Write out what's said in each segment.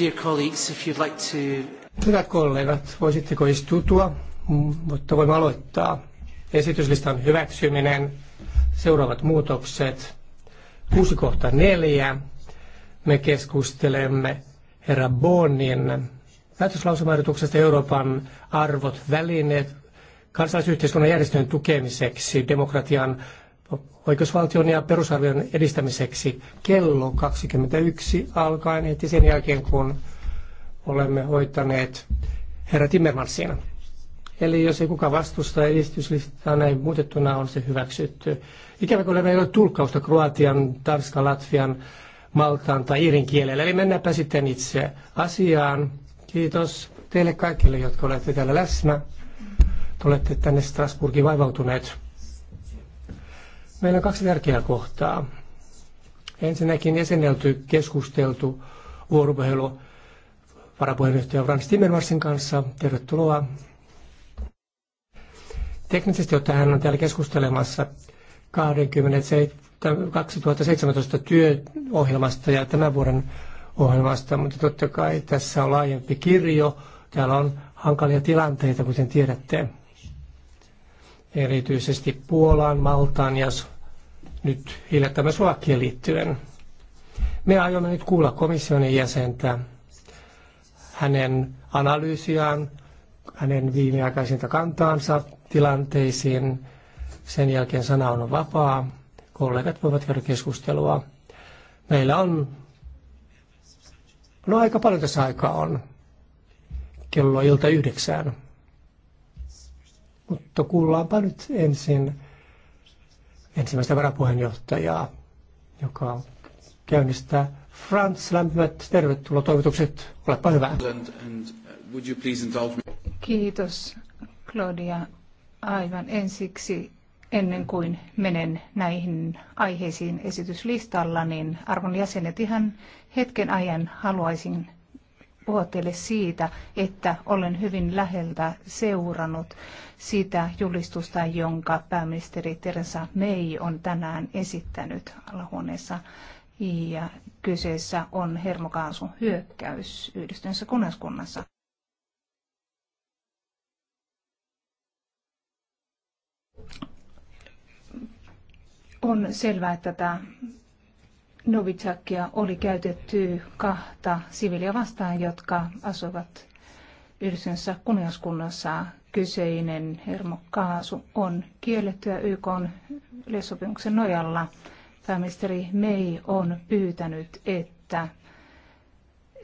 Dear colleagues, if you'd like to... Hyvät kollegat, voisitteko istutua, mutta voimme aloittaa. Esityslistan hyväksyminen, seuraavat muutokset. 6 kohta 4. Me keskustelemme herra Bonin päätöslausumaehdotuksesta Euroopan arvot, välineet, kansalaisyhteiskunnan järjestöjen tukemiseksi, demokratian oikeusvaltion ja perusarvion edistämiseksi kello 21 alkaen heti sen jälkeen, kun olemme hoitaneet herra Timmermansina. Eli jos ei kukaan vastusta edistyslistaa näin muutettuna, on se hyväksytty. Ikävä kuin ei ole tulkkausta Kroatian, Tanskan, Latvian, Maltaan tai Iirin kielellä. Eli mennäänpä sitten itse asiaan. Kiitos teille kaikille, jotka olette täällä läsnä. olette tänne Strasburgiin vaivautuneet. Meillä on kaksi tärkeää kohtaa. Ensinnäkin jäsennelty, keskusteltu vuoropuhelu varapuheenjohtaja Frans Timmermansin kanssa. Tervetuloa. Teknisesti ottaen hän on täällä keskustelemassa 27, 2017 työohjelmasta ja tämän vuoden ohjelmasta, mutta totta kai tässä on laajempi kirjo. Täällä on hankalia tilanteita, kuten tiedätte erityisesti Puolaan, Maltaan ja nyt hiljattamme Suakkiin liittyen. Me aiomme nyt kuulla komission jäsentä, hänen analyysiaan, hänen viimeaikaisinta kantaansa tilanteisiin. Sen jälkeen sana on vapaa. Kollegat voivat käydä keskustelua. Meillä on, no aika paljon tässä aikaa on. Kello ilta yhdeksään. Mutta kuullaanpa nyt ensin ensimmäistä varapuheenjohtajaa, joka käynnistää Frans, lämpimät tervetuloa toivotukset. Olepa hyvä. Kiitos, Claudia. Aivan ensiksi, ennen kuin menen näihin aiheisiin esityslistalla, niin arvon jäsenet ihan hetken ajan haluaisin puhua teille siitä, että olen hyvin läheltä seurannut sitä julistusta, jonka pääministeri Teresa May on tänään esittänyt alahuoneessa. Ja kyseessä on hermokaasun hyökkäys yhdistyneessä kunnaskunnassa. On selvää, että tämä Novichakia oli käytetty kahta siviliä vastaan, jotka asuvat yhdessä kuningaskunnassa. Kyseinen hermokaasu on kiellettyä YK yleissopimuksen nojalla. Pääministeri May on pyytänyt, että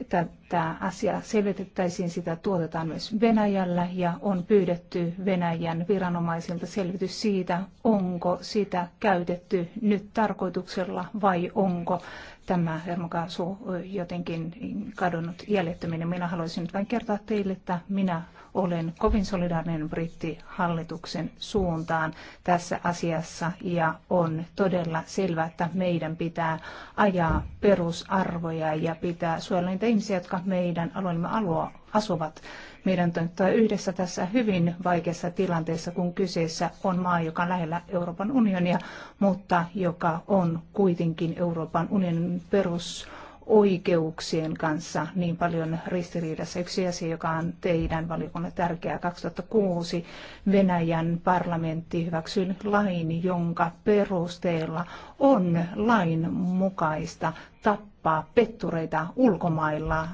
tätä asiaa selvitettäisiin, sitä tuotetaan myös Venäjällä ja on pyydetty Venäjän viranomaisilta selvitys siitä, onko sitä käytetty nyt tarkoituksella vai onko tämä hermokaasu jotenkin kadonnut jäljettöminen. Minä haluaisin nyt vain kertoa teille, että minä olen kovin solidaarinen brittihallituksen suuntaan tässä asiassa ja on todella selvää, että meidän pitää ajaa perusarvoja ja pitää suojella niitä ihmisiä, jotka meidän alueemme alue asuvat. Meidän toimittaa yhdessä tässä hyvin vaikeassa tilanteessa, kun kyseessä on maa, joka on lähellä Euroopan unionia, mutta joka on kuitenkin Euroopan unionin perus oikeuksien kanssa niin paljon ristiriidassa. Yksi asia, joka on teidän valiokunnan tärkeä, 2006 Venäjän parlamentti hyväksyi lain, jonka perusteella on lain mukaista tappaa pettureita ulkomailla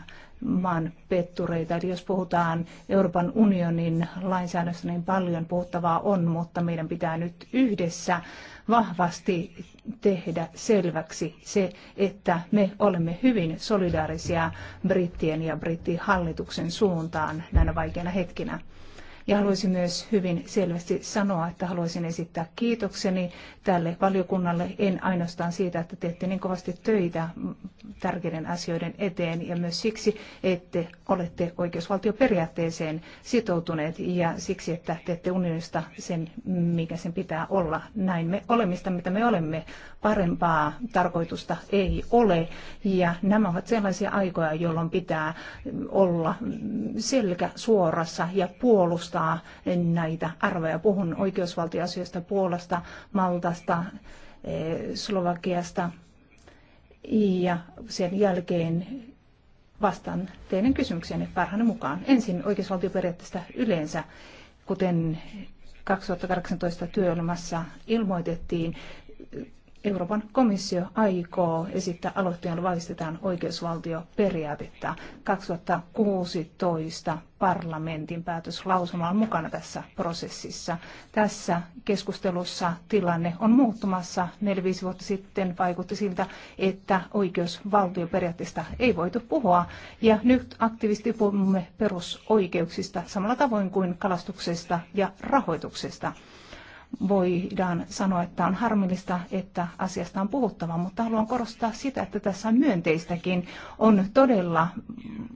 maan pettureita. Eli jos puhutaan Euroopan unionin lainsäädännöstä, niin paljon puhuttavaa on, mutta meidän pitää nyt yhdessä vahvasti tehdä selväksi se, että me olemme hyvin solidaarisia brittien ja brittihallituksen suuntaan näinä vaikeina hetkinä. Ja haluaisin myös hyvin selvästi sanoa, että haluaisin esittää kiitokseni tälle valiokunnalle, en ainoastaan siitä, että teette niin kovasti töitä tärkeiden asioiden eteen ja myös siksi, että olette oikeusvaltioperiaatteeseen sitoutuneet ja siksi, että teette unionista sen, mikä sen pitää olla. Näin me olemme sitä, mitä me olemme. Parempaa tarkoitusta ei ole ja nämä ovat sellaisia aikoja, jolloin pitää olla selkä suorassa ja puolustaa puolustaa näitä arvoja. Puhun oikeusvaltioasioista Puolasta, Maltasta, eh, Slovakiasta ja sen jälkeen vastaan teidän kysymykseenne parhaani mukaan. Ensin oikeusvaltioperiaatteesta yleensä, kuten 2018 työelämässä ilmoitettiin, Euroopan komissio aikoo esittää aloitteen vahvistetaan oikeusvaltioperiaatetta. 2016 parlamentin päätöslausuma on mukana tässä prosessissa. Tässä keskustelussa tilanne on muuttumassa. 4-5 vuotta sitten vaikutti siltä, että oikeusvaltioperiaatteesta ei voitu puhua. Ja nyt aktiivisesti puhumme perusoikeuksista samalla tavoin kuin kalastuksesta ja rahoituksesta voidaan sanoa, että on harmillista, että asiasta on puhuttava, mutta haluan korostaa sitä, että tässä on myönteistäkin. On todella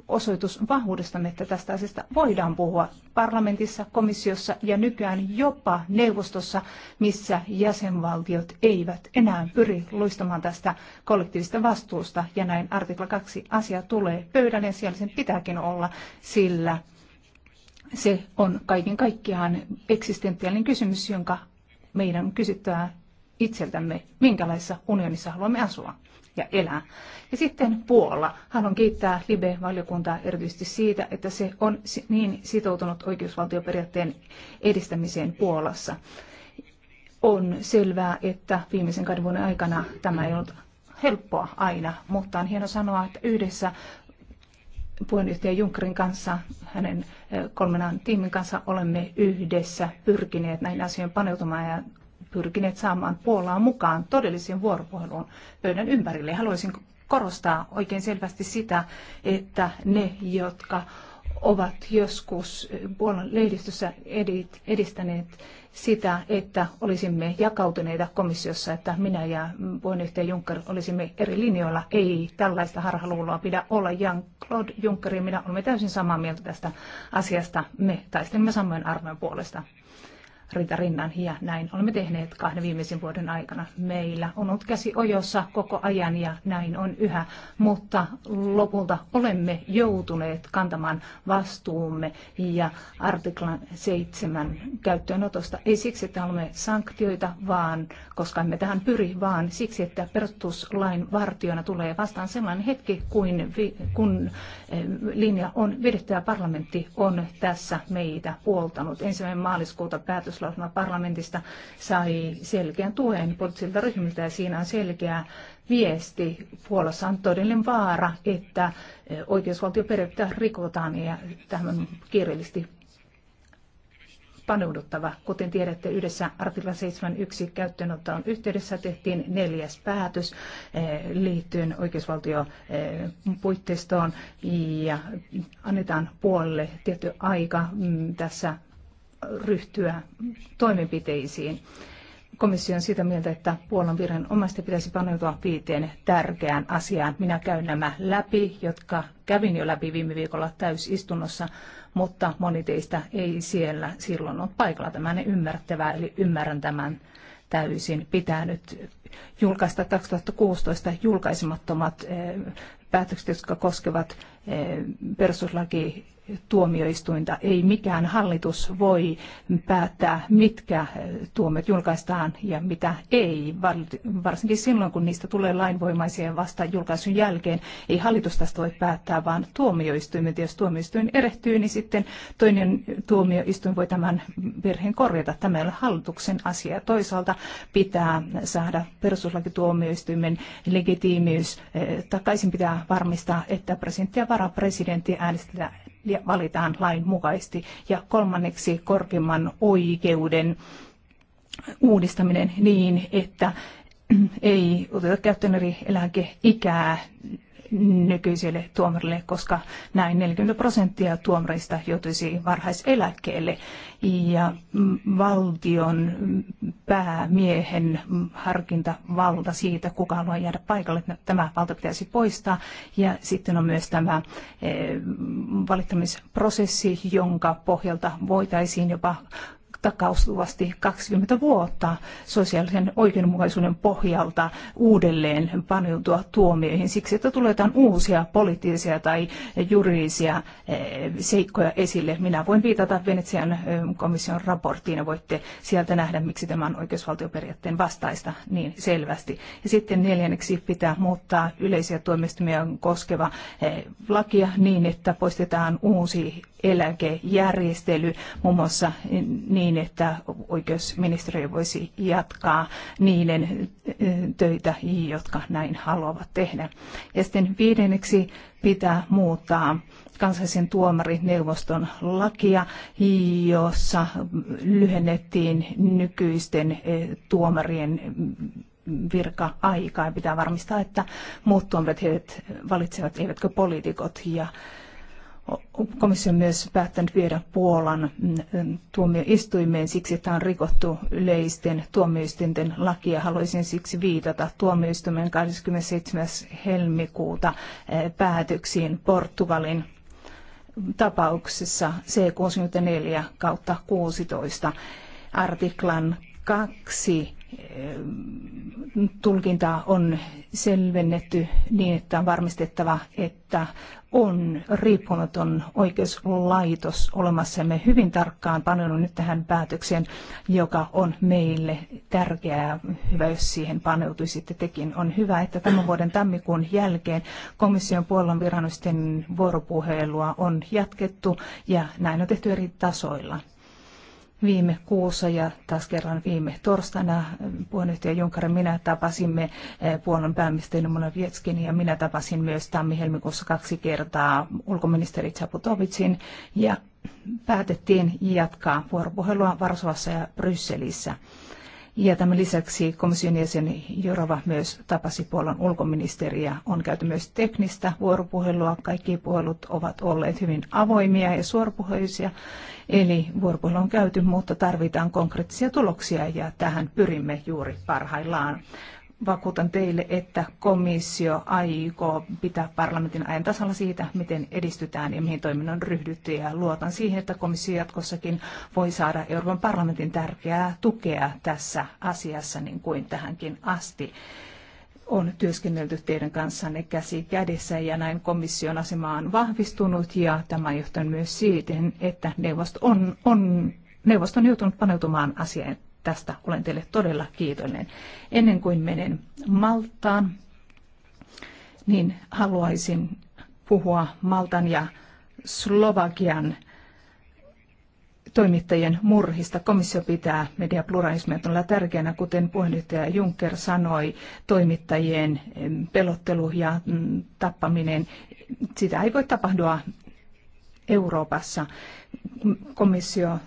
osoitus vahvuudesta, että tästä asiasta voidaan puhua parlamentissa, komissiossa ja nykyään jopa neuvostossa, missä jäsenvaltiot eivät enää pyri luistamaan tästä kollektiivista vastuusta. Ja näin artikla 2 asia tulee pöydälle ja siellä sen pitääkin olla, sillä se on kaiken kaikkiaan eksistentiaalinen kysymys, jonka meidän on kysyttävä itseltämme, minkälaisessa unionissa haluamme asua ja elää. Ja sitten Puola. Haluan kiittää Libe-valiokuntaa erityisesti siitä, että se on niin sitoutunut oikeusvaltioperiaatteen edistämiseen Puolassa. On selvää, että viimeisen kahden vuoden aikana tämä ei ollut helppoa aina, mutta on hieno sanoa, että yhdessä puheenjohtaja Junckerin kanssa, hänen eh, kolmenaan tiimin kanssa olemme yhdessä pyrkineet näihin asioihin paneutumaan ja pyrkineet saamaan Puolaa mukaan todelliseen vuoropuheluun pöydän ympärille. Haluaisin korostaa oikein selvästi sitä, että ne, jotka ovat joskus Puolan lehdistössä edistäneet sitä, että olisimme jakautuneita komissiossa, että minä ja puheenjohtaja Juncker olisimme eri linjoilla. Ei tällaista harhaluuloa pidä olla. Jean-Claude Juncker ja minä olemme täysin samaa mieltä tästä asiasta. Me taistelimme samoin arvojen puolesta rinta rinnan ja näin olemme tehneet kahden viimeisen vuoden aikana. Meillä on ollut käsi ojossa koko ajan ja näin on yhä, mutta lopulta olemme joutuneet kantamaan vastuumme ja artiklan 7 käyttöönotosta. Ei siksi, että haluamme sanktioita, vaan koska emme tähän pyri, vaan siksi, että perustuslain vartiona tulee vastaan sellainen hetki, kuin vi, kun eh, linja on vedetty ja parlamentti on tässä meitä puoltanut. Ensimmäinen maaliskuuta päätös päätöslausuma parlamentista sai selkeän tuen poliittisilta ryhmiltä ja siinä on selkeä viesti. Puolassa on todellinen vaara, että eh, oikeusvaltioperiaatteita rikotaan ja tähän kiireellisesti paneuduttava. Kuten tiedätte, yhdessä artikla 7.1 käyttöönottoon yhteydessä tehtiin neljäs päätös eh, liittyen oikeusvaltiopuitteistoon eh, ja annetaan puolelle tietty aika mm, tässä ryhtyä toimenpiteisiin. Komissio on sitä mieltä, että Puolan viranomaisten pitäisi paneutua viiteen tärkeään asiaan. Minä käyn nämä läpi, jotka kävin jo läpi viime viikolla täysistunnossa, mutta moni teistä ei siellä silloin ole paikalla. Tämä ne ymmärrettävää, eli ymmärrän tämän täysin. Pitää nyt julkaista 2016 julkaisemattomat eh, päätökset, jotka koskevat eh, perustuslaki tuomioistuinta. Ei mikään hallitus voi päättää, mitkä eh, tuomiot julkaistaan ja mitä ei. Varsinkin silloin, kun niistä tulee lainvoimaisia vasta julkaisun jälkeen, ei hallitus tästä voi päättää, vaan tuomioistuimet. Jos tuomioistuin erehtyy, niin sitten toinen tuomioistuin voi tämän virheen korjata. Tämä ei ole hallituksen asia. Toisaalta pitää saada perustuslakituomioistuimen legitiimiys. Eh, takaisin pitää varmistaa, että presidentti ja varapresidentti äänestetään valitaan lain mukaisesti. Ja kolmanneksi korkeimman oikeuden uudistaminen niin, että ei oteta käyttöön eri eläkeikää nykyiselle tuomarille, koska näin 40 prosenttia tuomareista joutuisi varhaiseläkkeelle. Ja valtion päämiehen harkintavalta siitä, kuka haluaa jäädä paikalle, että tämä valta pitäisi poistaa. Ja sitten on myös tämä eh, valittamisprosessi, jonka pohjalta voitaisiin jopa takautuvasti 20 vuotta sosiaalisen oikeudenmukaisuuden pohjalta uudelleen paneutua tuomioihin siksi, että tulee jotain uusia poliittisia tai juridisia eh, seikkoja esille. Minä voin viitata Venetsian eh, komission raporttiin ja voitte sieltä nähdä, miksi tämä on oikeusvaltioperiaatteen vastaista niin selvästi. Ja sitten neljänneksi pitää muuttaa yleisiä tuomistumia koskeva eh, lakia niin, että poistetaan uusi eläkejärjestely muun muassa niin, että oikeusministeriö voisi jatkaa niiden eh, töitä, jotka näin haluavat tehdä. Ja sitten viidenneksi pitää muuttaa kansallisen tuomarineuvoston lakia, jossa lyhennettiin nykyisten eh, tuomarien mm, virka-aikaa ja pitää varmistaa, että muut tuomarit valitsevat, eivätkö poliitikot. Ja komissio on myös päättänyt viedä Puolan mm, mm, tuomioistuimeen siksi, että on rikottu yleisten tuomioistuinten lakia. Haluaisin siksi viitata tuomioistuimen 27. helmikuuta eh, päätöksiin Portugalin tapauksessa C64 kautta 16 artiklan kaksi eh, tulkinta on selvennetty niin, että on varmistettava, että on riippumaton oikeuslaitos olemassa. Me hyvin tarkkaan paneudumme nyt tähän päätökseen, joka on meille tärkeää. Hyvä, jos siihen paneutuisitte tekin. On hyvä, että tämän vuoden tammikuun jälkeen komission puolen viranomaisten vuoropuhelua on jatkettu ja näin on tehty eri tasoilla viime kuussa ja taas kerran viime torstaina puheenjohtaja Juncker ja minä tapasimme eh, Puolan pääministeri vietskin ja minä tapasin myös tammi-helmikuussa kaksi kertaa ulkoministeri Chaputovicin ja päätettiin jatkaa vuoropuhelua Varsovassa ja Brysselissä. Ja tämän lisäksi komission jäsen Jorova myös tapasi Puolan ulkoministeriä. On käyty myös teknistä vuoropuhelua. Kaikki puhelut ovat olleet hyvin avoimia ja suorapuheisia. Eli vuoropuhelu on käyty, mutta tarvitaan konkreettisia tuloksia ja tähän pyrimme juuri parhaillaan vakuutan teille, että komissio aikoo pitää parlamentin ajan tasalla siitä, miten edistytään ja mihin toiminnon ryhdytty. Ja luotan siihen, että komissio jatkossakin voi saada Euroopan parlamentin tärkeää tukea tässä asiassa, niin kuin tähänkin asti on työskennelty teidän kanssanne käsi kädessä ja näin komission asema on vahvistunut ja tämä johtaa myös siihen, että neuvosto on, on, neuvosto on joutunut paneutumaan asiaan. Tästä olen teille todella kiitollinen. Ennen kuin menen Maltaan, niin haluaisin puhua Maltan ja Slovakian toimittajien murhista. Komissio pitää mediapluralismia todella tärkeänä, kuten puheenjohtaja Juncker sanoi, toimittajien pelottelu ja mm, tappaminen, sitä ei voi tapahtua Euroopassa. Komissio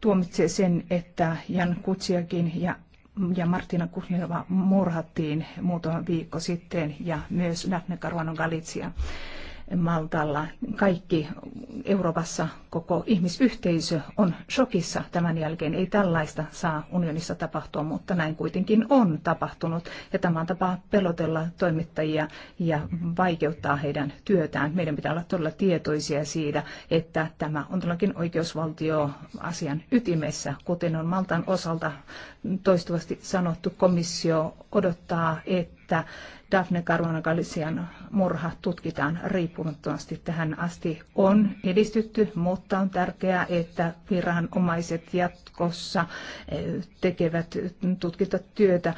tuomitsee sen, että Jan Kutsiakin ja ja Martina Kuhnjova murhattiin muutama viikko sitten ja myös Daphne Caruana Galizia. Maltalla. Kaikki Euroopassa, koko ihmisyhteisö on shokissa tämän jälkeen. Ei tällaista saa unionissa tapahtua, mutta näin kuitenkin on tapahtunut. Ja tämä on tapa pelotella toimittajia ja vaikeuttaa heidän työtään. Meidän pitää olla todella tietoisia siitä, että tämä on todellakin oikeusvaltio asian ytimessä, kuten on Maltan osalta toistuvasti sanottu, komissio odottaa, että Daphne Caruana Galician murha tutkitaan riippumattomasti. Tähän asti on edistytty, mutta on tärkeää, että viranomaiset jatkossa eh, tekevät tutkintatyötä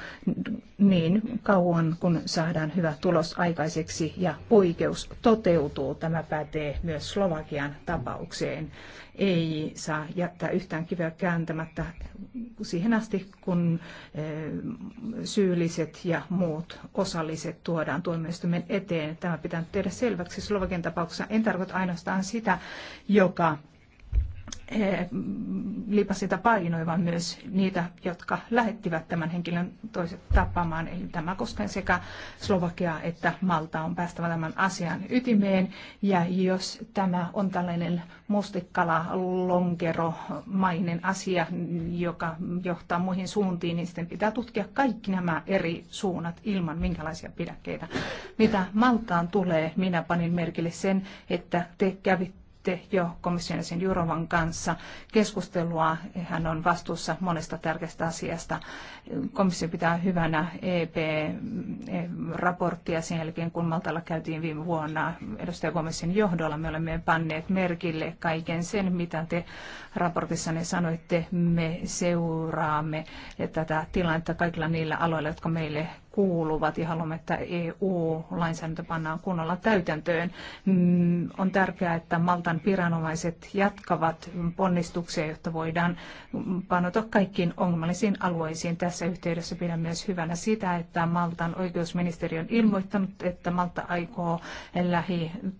niin kauan, kun saadaan hyvä tulos aikaiseksi ja oikeus toteutuu. Tämä pätee myös Slovakian tapaukseen ei saa jättää yhtään kiveä kääntämättä siihen asti, kun eh, syylliset ja muut osalliset tuodaan tuomioistuimen eteen. Tämä pitää tehdä selväksi Slovakian tapauksessa. En tarkoita ainoastaan sitä, joka Eh, lipasita painoi, vaan myös niitä, jotka lähettivät tämän henkilön toiset tapaamaan. Eli tämä koskee sekä Slovakiaa että Maltaa on päästävä tämän asian ytimeen. Ja jos tämä on tällainen mustikala lonkeromainen asia, joka johtaa muihin suuntiin, niin sitten pitää tutkia kaikki nämä eri suunnat ilman minkälaisia pidäkkeitä. Mitä Maltaan tulee, minä panin merkille sen, että te kävitte kävitte jo komission jäsen Jurovan kanssa keskustelua. Hän on vastuussa monesta tärkeästä asiasta. Komissio pitää hyvänä EP-raporttia e, sen jälkeen, kun Maltalla käytiin viime vuonna edustajakomission johdolla. Me olemme panneet merkille kaiken sen, mitä te raportissanne sanoitte. Me seuraamme tätä tilannetta kaikilla niillä aloilla, jotka meille kuuluvat ja haluamme, että EU-lainsäädäntö pannaan kunnolla täytäntöön. Mm, on tärkeää, että Maltan viranomaiset jatkavat ponnistuksia, jotta voidaan panota kaikkiin ongelmallisiin alueisiin. Tässä yhteydessä pidän myös hyvänä sitä, että Maltan oikeusministeriö on ilmoittanut, että Malta aikoo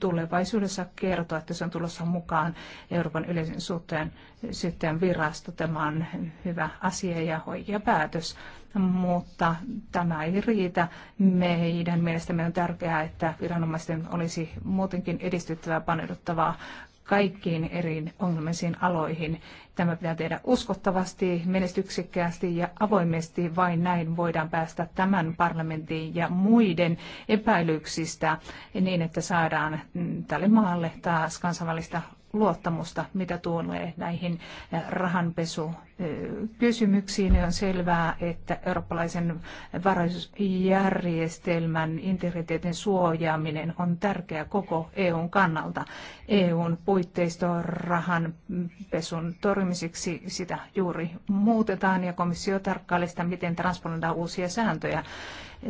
tulevaisuudessa kertoa, että se on tulossa mukaan Euroopan yleisen suhteen syyttäjän virasto. Tämä on hyvä asia ja oikea päätös, mutta tämä ei riitä. Meidän mielestämme on tärkeää, että viranomaisten olisi muutenkin edistyttävää paneuduttavaa kaikkiin eri ongelmisiin aloihin. Tämä pitää tehdä uskottavasti, menestyksekkäästi ja avoimesti. Vain näin voidaan päästä tämän parlamentin ja muiden epäilyksistä niin, että saadaan tälle maalle taas kansainvälistä luottamusta, mitä tulee näihin eh, rahanpesukysymyksiin. Eh, on selvää, että eurooppalaisen varaisuusjärjestelmän integriteetin suojaaminen on tärkeää koko EUn kannalta. EUn puitteisto rahanpesun torjumiseksi sitä juuri muutetaan ja komissio tarkkailee sitä, miten transponoidaan uusia sääntöjä.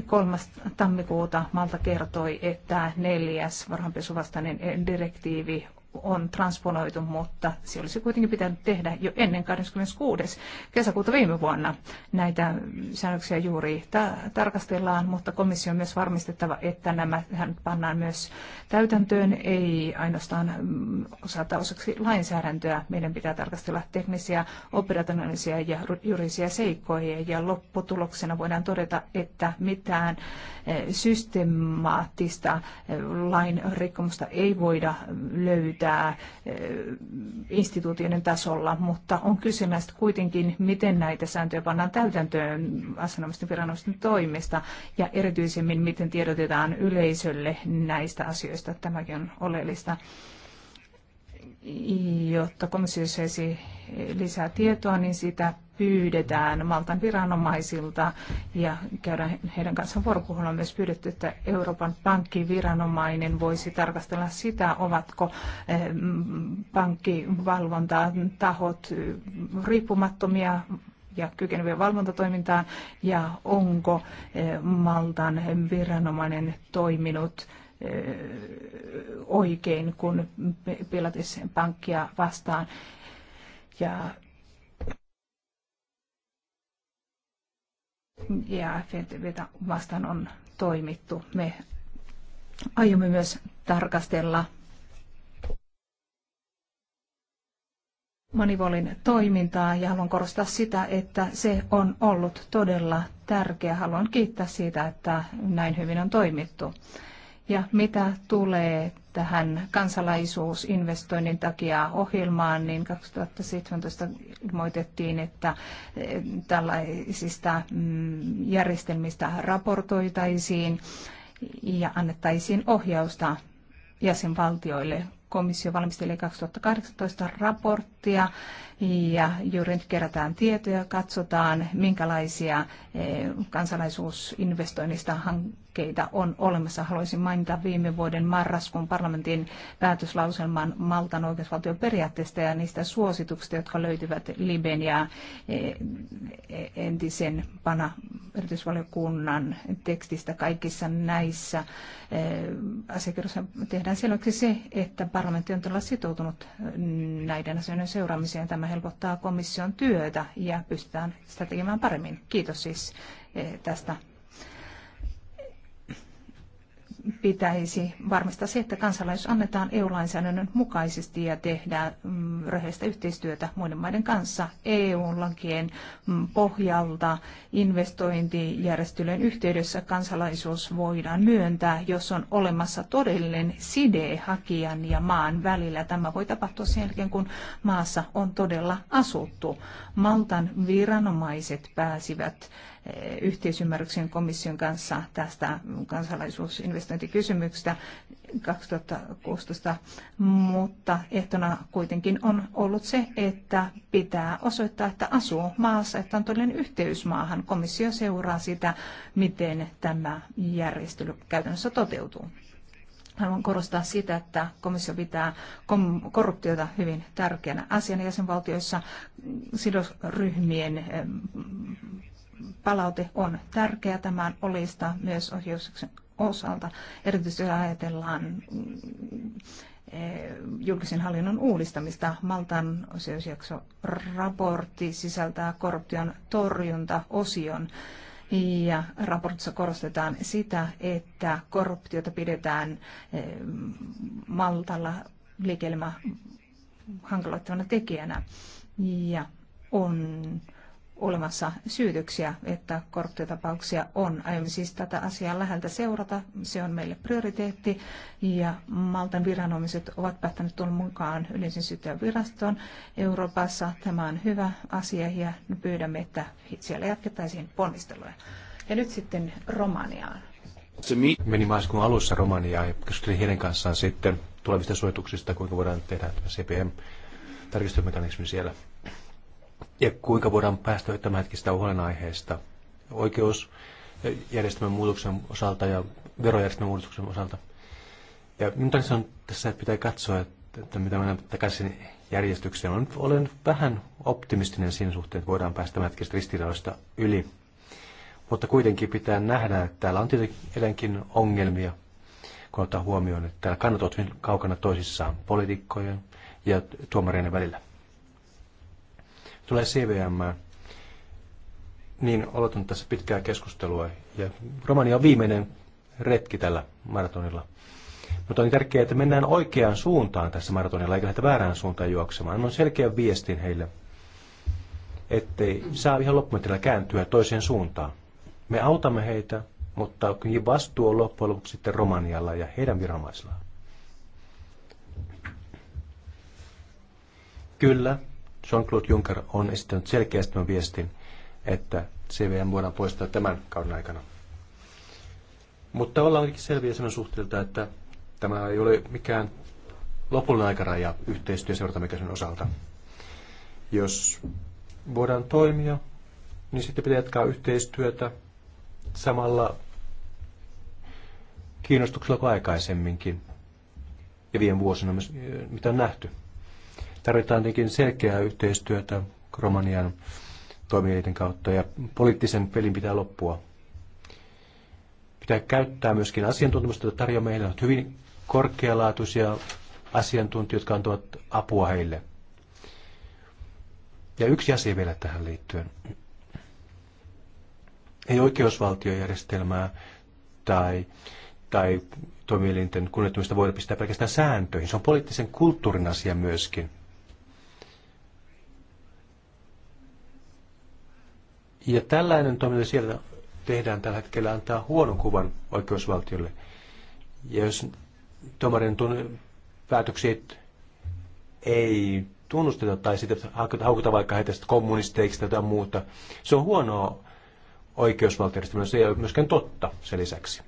3. tammikuuta Malta kertoi, että neljäs varhanpesuvastainen direktiivi on transponoitu, mutta se olisi kuitenkin pitänyt tehdä jo ennen 26. kesäkuuta viime vuonna. Näitä säännöksiä juuri ta- tarkastellaan, mutta komissio on myös varmistettava, että nämä pannaan myös täytäntöön, ei ainoastaan mm, osata osaksi lainsäädäntöä. Meidän pitää tarkastella teknisiä, operationaalisia ja juridisia seikkoja, ja lopputuloksena voidaan todeta, että mitään eh, systemaattista eh, lain rikkomusta ei voida löytää pitää eh, instituutioiden tasolla, mutta on kysymys kuitenkin, miten näitä sääntöjä pannaan täytäntöön asianomaisten viranomaisten toimesta ja erityisemmin, miten tiedotetaan yleisölle näistä asioista. Tämäkin on oleellista jotta komissio saisi lisää tietoa, niin sitä pyydetään Maltan viranomaisilta ja käydään heidän kanssaan vuoropuhelua myös pyydetty, että Euroopan pankkiviranomainen voisi tarkastella sitä, ovatko eh, pankkivalvontatahot riippumattomia ja kykeneviä valvontatoimintaan ja onko eh, Maltan viranomainen toiminut Eh, oikein, kun pilatis pankkia vastaan. Ja ja FTVtä vastaan on toimittu. Me aiomme myös tarkastella Manivolin toimintaa ja haluan korostaa sitä, että se on ollut todella tärkeä. Haluan kiittää siitä, että näin hyvin on toimittu. Ja mitä tulee tähän kansalaisuusinvestoinnin takia ohjelmaan, niin 2017 ilmoitettiin, että eh, tällaisista mm, järjestelmistä raportoitaisiin ja annettaisiin ohjausta jäsenvaltioille. Komissio valmisteli 2018 raporttia ja juuri nyt kerätään tietoja, katsotaan minkälaisia eh, kansalaisuusinvestoinnista hankkeita on olemassa. Haluaisin mainita viime vuoden marraskuun parlamentin päätöslauselman Maltan oikeusvaltion periaatteista ja niistä suosituksista, jotka löytyvät Liben ja eh, e, entisen pana erityisvaliokunnan tekstistä kaikissa näissä eh, asiakirjoissa tehdään selväksi se, että parlamentti on todella sitoutunut näiden asioiden seuraamiseen. Tämä helpottaa komission työtä ja pystytään sitä tekemään paremmin. Kiitos siis eh, tästä pitäisi varmistaa se, että kansalaisuus annetaan EU-lainsäädännön mukaisesti ja tehdään mm, rehellistä yhteistyötä muiden maiden kanssa EU-lakien mm, pohjalta investointijärjestelyjen yhteydessä kansalaisuus voidaan myöntää, jos on olemassa todellinen side hakijan ja maan välillä. Tämä voi tapahtua sen jälkeen, kun maassa on todella asuttu. Maltan viranomaiset pääsivät yhteisymmärryksen komission kanssa tästä kansalaisuusinvestointikysymyksestä 2016, mutta ehtona kuitenkin on ollut se, että pitää osoittaa, että asuu maassa, että on todellinen yhteys maahan. Komissio seuraa sitä, miten tämä järjestely käytännössä toteutuu. Haluan korostaa sitä, että komissio pitää korruptiota hyvin tärkeänä asiana jäsenvaltioissa sidosryhmien palaute on tärkeä. tämän olista myös ohjauksen osalta. Erityisesti ajatellaan mm, julkisen hallinnon uudistamista. Maltan osiosjakso raportti sisältää korruption torjuntaosion. Ja raportissa korostetaan sitä, että korruptiota pidetään mm, Maltalla liikelmä hankaloittavana tekijänä. Ja on olemassa syytöksiä, että korruptiotapauksia on. Aiomme siis tätä asiaa läheltä seurata. Se on meille prioriteetti ja Maltan viranomaiset ovat päättäneet tulla mukaan yleisen syyttäjän virastoon Euroopassa. Tämä on hyvä asia ja pyydämme, että siellä jatkettaisiin ponnisteluja. Ja nyt sitten Romaniaan. Meni maaliskuun alussa Romaniaan ja keskustelin heidän kanssaan sitten tulevista suojatuksista, kuinka voidaan tehdä CPM tarkistusmekanismi siellä ja kuinka voidaan päästä tämänhetkistä huolenaiheesta oikeusjärjestelmän muutoksen osalta ja verojärjestelmän muutoksen osalta. Ja minun on tässä, että pitää katsoa, että, että mitä mennään takaisin järjestykseen. Olen, olen vähän optimistinen siinä suhteen, että voidaan päästä tämänhetkistä ristiriidoista yli. Mutta kuitenkin pitää nähdä, että täällä on tietenkin edelleenkin ongelmia, kun ottaa huomioon, että täällä kannat ovat hyvin kaukana toisissaan poliitikkojen ja tuomareiden välillä tulee CVM, niin aloitan tässä pitkää keskustelua. Ja Romania on viimeinen retki tällä maratonilla. Mutta on tärkeää, että mennään oikeaan suuntaan tässä maratonilla, eikä lähdetä väärään suuntaan juoksemaan. On selkeän viestin heille, ettei saa ihan loppumetrillä kääntyä toiseen suuntaan. Me autamme heitä, mutta vastuu on loppujen lopuksi sitten Romanialla ja heidän viranomaisillaan. Kyllä, Jean-Claude Juncker on esittänyt selkeästi tämän viestin, että CVM voidaan poistaa tämän kauden aikana. Mutta ollaan ainakin selviä sen suhteelta, että tämä ei ole mikään lopullinen aikaraja yhteistyöseurantamekanismin osalta. Jos voidaan toimia, niin sitten pitää jatkaa yhteistyötä samalla kiinnostuksella kuin aikaisemminkin ja vien vuosina, mitä on nähty. Tarvitaan tietenkin selkeää yhteistyötä Romanian toimijoiden kautta ja poliittisen pelin pitää loppua. Pitää käyttää myöskin asiantuntemusta, jota tarjoaa meille on hyvin korkealaatuisia asiantuntijoita, jotka antavat apua heille. Ja yksi asia vielä tähän liittyen. Ei oikeusvaltiojärjestelmää tai, tai toimielinten kunnioittamista voida pistää pelkästään sääntöihin. Se on poliittisen kulttuurin asia myöskin. Ja tällainen toiminta siellä tehdään tällä hetkellä antaa huonon kuvan oikeusvaltiolle. Ja jos tuomarin tun- ei tunnusteta tai sitten haukuta vaikka heitä kommunisteiksi tai jotain muuta, se on huonoa oikeusvaltiojärjestelmää. Se ei ole myöskään totta sen lisäksi.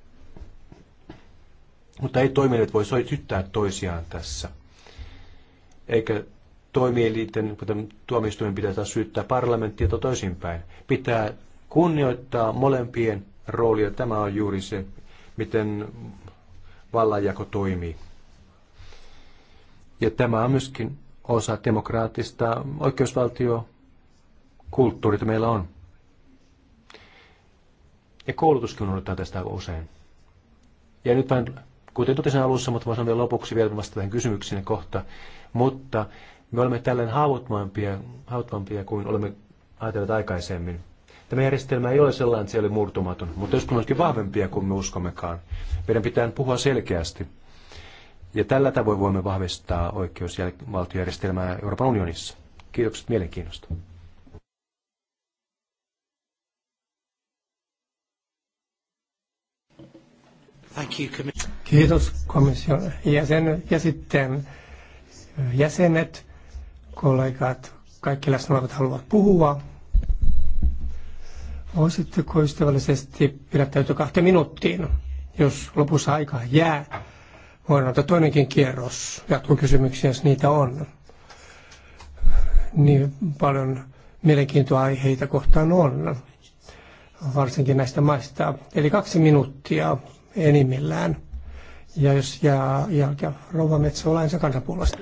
Mutta ei toimijat voi syyttää toisiaan tässä. Eikä toimielinten, kuten tuomioistuimen pitää taas syyttää parlamenttia tai toisinpäin. Pitää kunnioittaa molempien roolia. Tämä on juuri se, miten vallanjako toimii. Ja tämä on myöskin osa demokraattista oikeusvaltiokulttuurita meillä on. Ja koulutuskin unohdetaan tästä usein. Ja nyt vain, kuten totesin alussa, mutta voisin vielä lopuksi vielä vasta tähän kysymykseen kohta, mutta me olemme tällöin haavoittuvampia, haavoittuvampia kuin olemme ajatelleet aikaisemmin. Tämä järjestelmä ei ole sellainen, että se oli murtumaton, mutta joskus onkin vahvempia kuin me uskommekaan. Meidän pitää puhua selkeästi. Ja tällä tavoin voimme vahvistaa oikeusvaltiojärjestelmää Euroopan unionissa. Kiitokset mielenkiinnosta. Kiitos komission jäsen ja sitten jäsenet kollegat, kaikki läsnä olevat haluavat puhua. Voisitteko ystävällisesti pidättäytyä kahteen minuuttiin, jos lopussa aika jää? Voidaan ottaa toinenkin kierros kysymyksiä, jos niitä on. Niin paljon mielenkiintoa aiheita kohtaan on, varsinkin näistä maista. Eli kaksi minuuttia enimmillään. Ja jos jää jälkeen Rouva Metsola ensin kansanpuolesta.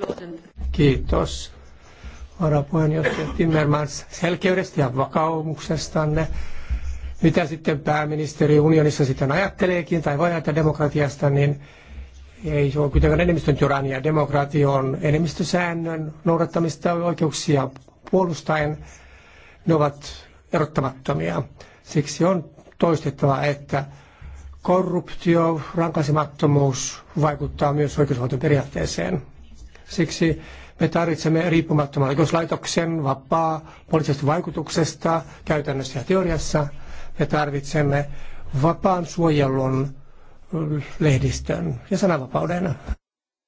Kiitos varapuheenjohtaja Timmermans selkeydestä ja vakaumuksestanne. Mitä sitten pääministeri unionissa sitten ajatteleekin tai voi ajatella demokratiasta, niin ei se ole kuitenkaan enemmistön tyrannia. Demokratia on enemmistösäännön noudattamista oikeuksia puolustaen. Ne ovat erottamattomia. Siksi on toistettava, että korruptio, rankaisemattomuus vaikuttaa myös oikeusvaltion periaatteeseen. Siksi me tarvitsemme riippumattoman oikeuslaitoksen vapaa poliittisesta vaikutuksesta käytännössä ja teoriassa. Me tarvitsemme vapaan suojelun lehdistön ja sananvapauden.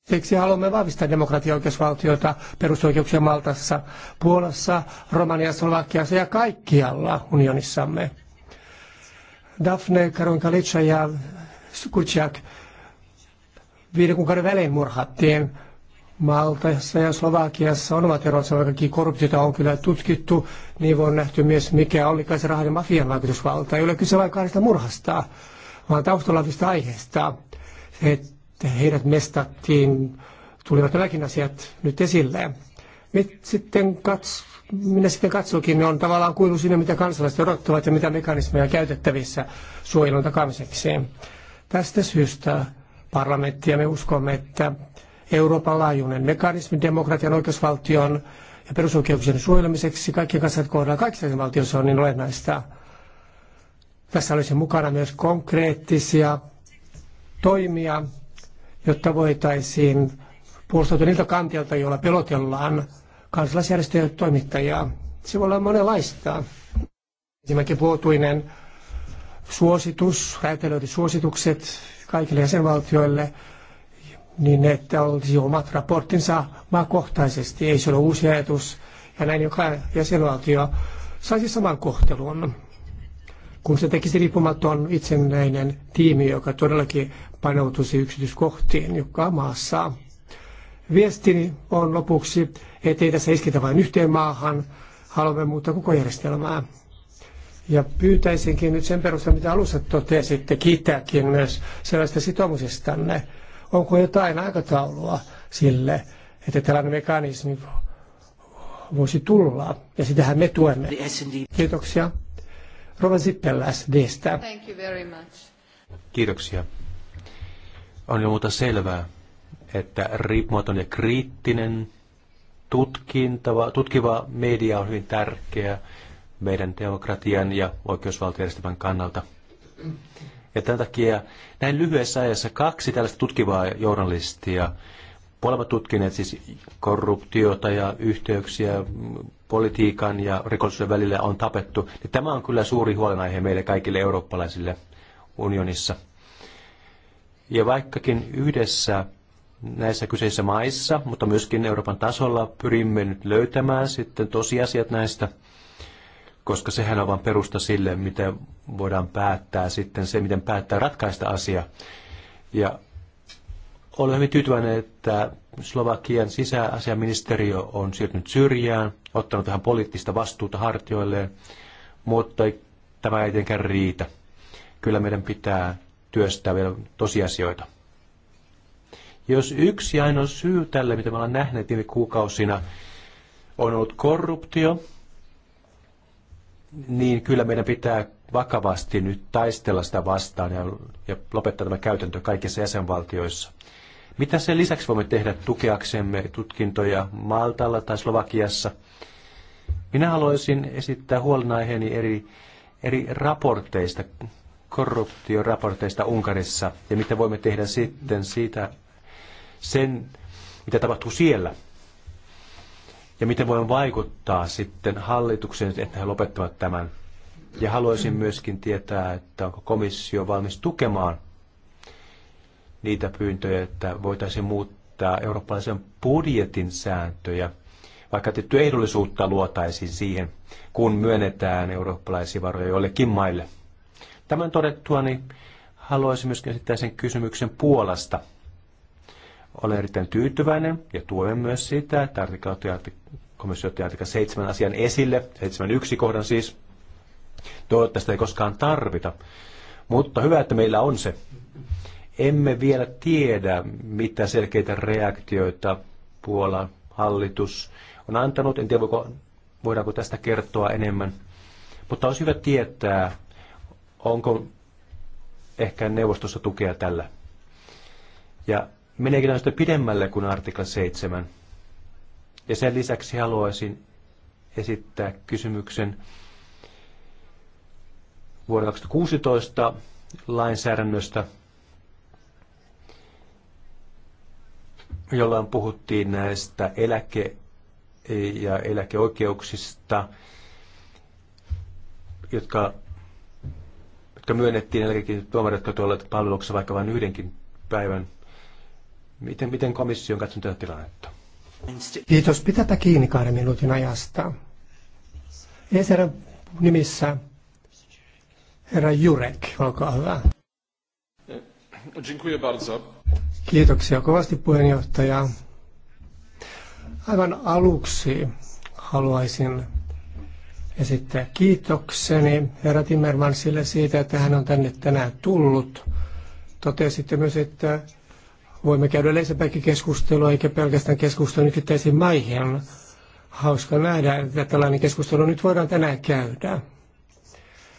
Siksi haluamme vahvistaa demokratia- oikeusvaltiota perusoikeuksia Maltassa, Puolassa, Romaniassa, Slovakiassa ja kaikkialla unionissamme. Daphne Karun Kalitsa ja Kutsiak viiden kuukauden välein murhattiin Maltassa ja Slovakiassa on ovat erossa, vaikkakin korruptiota on kyllä tutkittu, niin on nähty myös, mikä oli kai se rahan ja mafian vaikutusvalta. Ei ole kyse vain kahdesta murhasta, vaan taustalavista aiheesta. että heidät mestattiin, tulivat nämäkin asiat nyt esille. Mit sitten kats, minä sitten katsokin, ne on tavallaan kuilu siinä, mitä kansalaiset odottavat ja mitä mekanismeja käytettävissä suojelun takamiseksi. Tästä syystä parlamentti ja me uskomme, että Euroopan laajuinen mekanismi demokratian, oikeusvaltion ja perusoikeuksien suojelemiseksi kaikkien kanssa kohdalla kaikissa jäsenvaltioissa on niin olennaista. Tässä olisi mukana myös konkreettisia toimia, jotta voitaisiin puolustautua niiltä kantilta, joilla pelotellaan ja toimittajia. Se voi olla monenlaista. Esimerkiksi vuotuinen suositus, räätälöidyt suositukset kaikille jäsenvaltioille – niin että olisi omat raporttinsa maakohtaisesti. Ei se ole uusi ajatus. Ja näin joka jäsenvaltio saisi saman kohtelun, kun se tekisi riippumaton itsenäinen tiimi, joka todellakin paneutuisi yksityiskohtiin joka maassa. Viestini on lopuksi, ettei tässä iskitä vain yhteen maahan, haluamme muuttaa koko järjestelmää. Ja pyytäisinkin nyt sen perusteella, mitä alussa totesitte, kiittääkin myös sellaista sitoumusestanne, Onko jotain aikataulua sille, että tällainen mekanismi voisi tulla? Ja sitähän me tuemme. Kiitoksia. Rova Zippel SDstä. Thank you very much. Kiitoksia. On jo muuta selvää, että riippumaton ja kriittinen tutkintava, tutkiva media on hyvin tärkeä meidän demokratian ja oikeusvaltiojärjestelmän kannalta. Ja tämän takia näin lyhyessä ajassa kaksi tällaista tutkivaa journalistia, molemmat tutkineet siis korruptiota ja yhteyksiä politiikan ja rikollisuuden välillä on tapettu. Ja tämä on kyllä suuri huolenaihe meille kaikille eurooppalaisille unionissa. Ja vaikkakin yhdessä näissä kyseisissä maissa, mutta myöskin Euroopan tasolla pyrimme nyt löytämään sitten tosiasiat näistä koska sehän on vain perusta sille, miten voidaan päättää sitten se, miten päättää ratkaista asia. Ja olen hyvin tyytyväinen, että Slovakian sisäasiaministeriö on siirtynyt syrjään, ottanut vähän poliittista vastuuta hartioilleen, mutta tämä ei tietenkään riitä. Kyllä meidän pitää työstää vielä tosiasioita. Jos yksi ainoa syy tälle, mitä me ollaan nähneet viime kuukausina, on ollut korruptio, niin kyllä meidän pitää vakavasti nyt taistella sitä vastaan ja, ja lopettaa tämä käytäntö kaikissa jäsenvaltioissa. Mitä sen lisäksi voimme tehdä tukeaksemme tutkintoja Maltalla tai Slovakiassa? Minä haluaisin esittää huolenaiheeni eri, eri raporteista, korruptioraporteista Unkarissa ja mitä voimme tehdä sitten siitä, sen, mitä tapahtuu siellä ja miten voin vaikuttaa sitten hallitukseen, että he lopettavat tämän. Ja haluaisin myöskin tietää, että onko komissio valmis tukemaan niitä pyyntöjä, että voitaisiin muuttaa eurooppalaisen budjetin sääntöjä, vaikka tietty ehdollisuutta luotaisiin siihen, kun myönnetään eurooppalaisia varoja joillekin maille. Tämän todettua, niin haluaisin myöskin esittää sen kysymyksen Puolasta – olen erittäin tyytyväinen ja tuen myös sitä, että komissio otti artikla 7 asian esille, 7.1 kohdan siis. Toivottavasti ei koskaan tarvita, mutta hyvä, että meillä on se. Emme vielä tiedä, mitä selkeitä reaktioita Puolan hallitus on antanut. En tiedä, voiko, voidaanko tästä kertoa enemmän. Mutta olisi hyvä tietää, onko ehkä neuvostossa tukea tällä. Ja meneekin ainoastaan pidemmälle kuin artikla 7. Ja sen lisäksi haluaisin esittää kysymyksen vuoden 2016 lainsäädännöstä, jolloin puhuttiin näistä eläke- ja eläkeoikeuksista, jotka, jotka myönnettiin eläkekin tuomarit, jotka ovat palveluksessa vaikka vain yhdenkin päivän Miten, miten komissio on katsonut tätä tilannetta? Kiitos. Pitäpä kiinni kahden minuutin ajasta. Ensin nimissä herra Jurek, olkaa hyvä. Dziękuję bardzo. Kiitoksia kovasti puheenjohtaja. Aivan aluksi haluaisin esittää kiitokseni herra Timmermansille siitä, että hän on tänne tänään tullut. Totesitte myös, että voimme käydä yleisempääkin keskustelua, eikä pelkästään keskustelua yksittäisiin maihin. Hauska nähdä, että tällainen keskustelu nyt voidaan tänään käydä.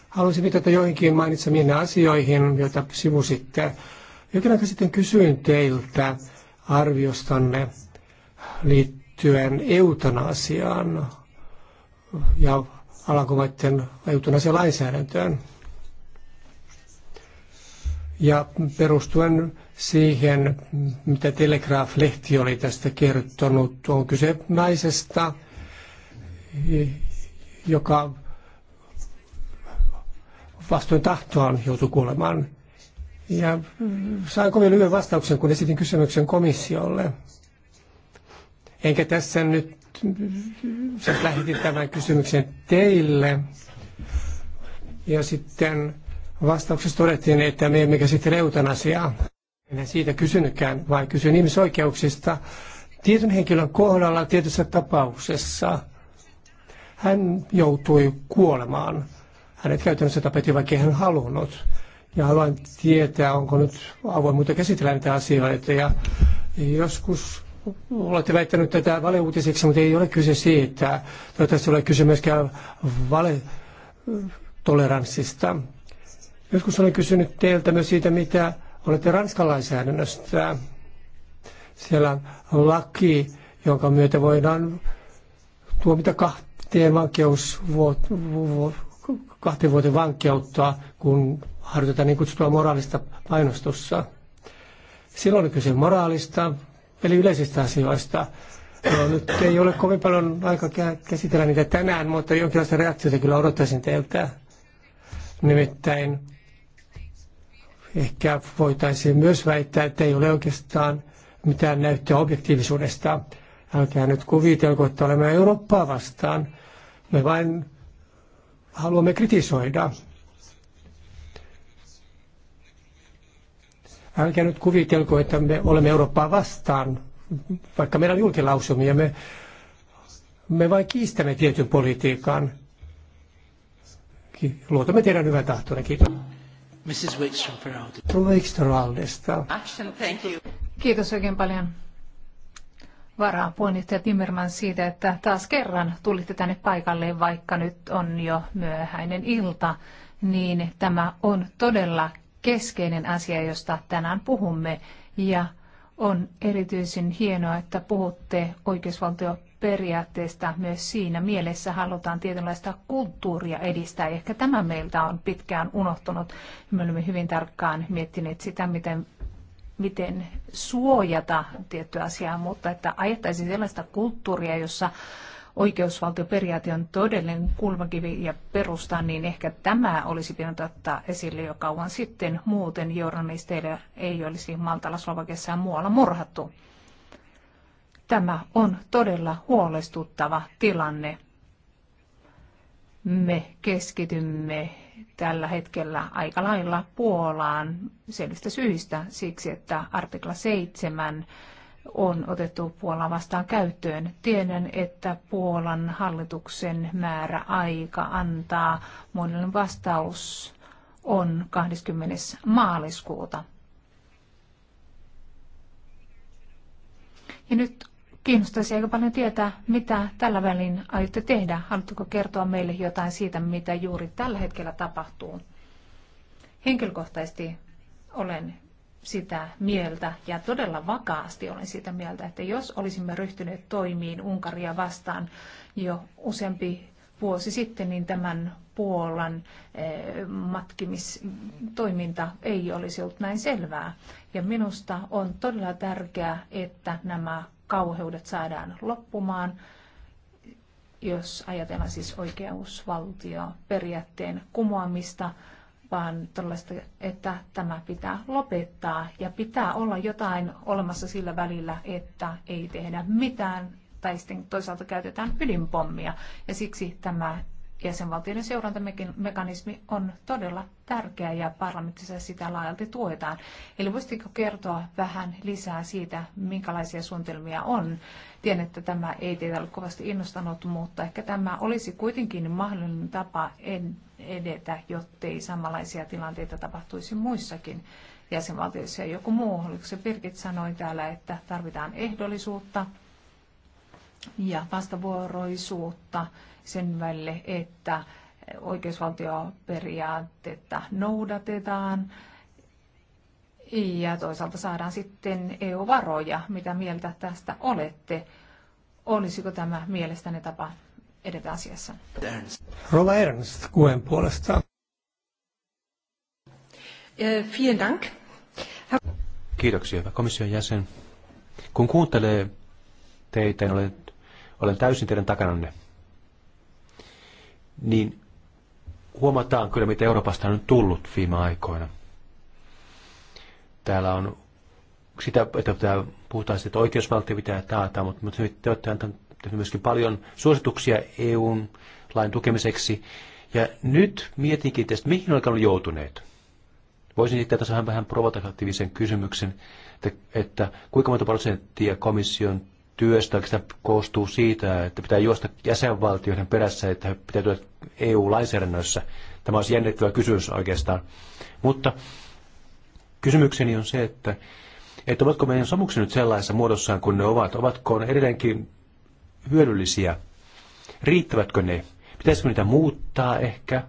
Haluaisin viitata joihinkin mainitsemiin asioihin, joita sivusitte. Jokin aika sitten kysyin teiltä arviostanne liittyen eutanasiaan ja alankomaiden eutanasialainsäädäntöön. lainsäädäntöön ja perustuen siihen, mitä Telegraph-lehti oli tästä kertonut, on kyse naisesta, joka vastoin tahtoaan joutui kuolemaan. Ja sain kovin lyhyen vastauksen, kun esitin kysymyksen komissiolle. Enkä tässä nyt lähetin tämän kysymyksen teille. Ja sitten vastauksessa todettiin, että me emme käsittele eutanasiaa. En siitä kysynytkään, vaan kysyn ihmisoikeuksista tietyn henkilön kohdalla tietyssä tapauksessa. Hän joutui kuolemaan. Hänet käytännössä tapetti, vaikka hän halunnut. Ja haluan tietää, onko nyt avoimuutta käsitellä näitä asioita. Ja joskus olette väittänyt tätä valeuutisiksi, mutta ei ole kyse siitä. Toivottavasti ole kyse myöskään vale toleranssista. Joskus olen kysynyt teiltä myös siitä, mitä olette Ranskan lainsäädännöstä. Siellä on laki, jonka myötä voidaan tuomita kahteen vankeus, kahteen vuoteen vankeutta, kun harjoitetaan niin kutsutua moraalista painostusta. Silloin on kyse moraalista, eli yleisistä asioista. No, nyt ei ole kovin paljon aikaa käsitellä niitä tänään, mutta jonkinlaista reaktiota kyllä odottaisin teiltä. Nimittäin Ehkä voitaisiin myös väittää, että ei ole oikeastaan mitään näyttöä objektiivisuudesta. Älkää nyt kuvitelko, että olemme Eurooppaa vastaan. Me vain haluamme kritisoida. Älkää nyt kuvitelko, että me olemme Eurooppaa vastaan, vaikka meillä on julkilausumia. Me, me vain kiistämme tietyn politiikan. Luotamme teidän hyvän tahtoon. Kiitos. Mrs. Wickstrom Action, thank you. Kiitos oikein paljon puheenjohtaja Timmerman siitä, että taas kerran tulitte tänne paikalle, vaikka nyt on jo myöhäinen ilta, niin tämä on todella keskeinen asia, josta tänään puhumme. Ja on erityisen hienoa, että puhutte oikeusvaltio periaatteesta myös siinä mielessä halutaan tietynlaista kulttuuria edistää. Ehkä tämä meiltä on pitkään unohtunut. Me olemme hyvin tarkkaan miettineet sitä, miten miten suojata tiettyä asiaa, mutta että ajettaisiin sellaista kulttuuria, jossa oikeusvaltioperiaate on todellinen kulmakivi ja perusta, niin ehkä tämä olisi pitänyt ottaa esille jo kauan sitten. Muuten journalisteille ei olisi Maltalla, Slovakiassa ja muualla murhattu. Tämä on todella huolestuttava tilanne. Me keskitymme tällä hetkellä aika lailla Puolaan selvistä syistä siksi, että artikla 7 on otettu Puolaan vastaan käyttöön. Tiedän, että Puolan hallituksen määrä aika antaa monille vastaus on 20. maaliskuuta. Ja nyt Kiinnostaisi aika paljon tietää, mitä tällä välin aiotte tehdä. Haluatteko kertoa meille jotain siitä, mitä juuri tällä hetkellä tapahtuu? Henkilökohtaisesti olen sitä mieltä ja todella vakaasti olen sitä mieltä, että jos olisimme ryhtyneet toimiin Unkaria vastaan jo useampi vuosi sitten, niin tämän Puolan eh, matkimistoiminta ei olisi ollut näin selvää. Ja minusta on todella tärkeää, että nämä kauheudet saadaan loppumaan, jos ajatellaan siis periaatteen kumoamista, vaan tällaista, että tämä pitää lopettaa ja pitää olla jotain olemassa sillä välillä, että ei tehdä mitään tai sitten toisaalta käytetään ydinpommia. Ja siksi tämä jäsenvaltioiden seurantamekanismi on todella tärkeä ja parlamentissa sitä laajalti tuetaan. Eli voisitko kertoa vähän lisää siitä, minkälaisia suunnitelmia on? Tiedän, että tämä ei teitä ole kovasti innostanut, mutta ehkä tämä olisi kuitenkin mahdollinen tapa edetä, jottei samanlaisia tilanteita tapahtuisi muissakin jäsenvaltioissa ja joku muu. Oliko se Birgit sanoi täällä, että tarvitaan ehdollisuutta ja vastavuoroisuutta sen välille, että oikeusvaltioperiaatetta noudatetaan ja toisaalta saadaan sitten EU-varoja. Mitä mieltä tästä olette? Olisiko tämä mielestäni tapa edetä asiassa? Rova Ernst kuen puolesta. Äh, vielen dank. Kiitoksia, hyvä komission jäsen. Kun kuuntelee teitä, niin olen, olen täysin teidän takananne niin huomataan kyllä, mitä Euroopasta on tullut viime aikoina. Täällä on sitä, että pitää, puhutaan siitä, että oikeusvaltio pitää taata, mutta, mutta te olette antaneet myöskin paljon suosituksia EUn lain tukemiseksi. Ja nyt mietinkin tästä, mihin olemme joutuneet. Voisin sitten tässä vähän provokatiivisen kysymyksen, että, että kuinka monta prosenttia komission työstä sitä koostuu siitä, että pitää juosta jäsenvaltioiden perässä, että he pitää työtä EU-lainsäädännössä. Tämä olisi jännittävä kysymys oikeastaan. Mutta kysymykseni on se, että, että ovatko meidän somuksemme nyt sellaisessa muodossaan kuin ne ovat? Ovatko ne edelleenkin hyödyllisiä? Riittävätkö ne? Pitäisikö niitä muuttaa ehkä?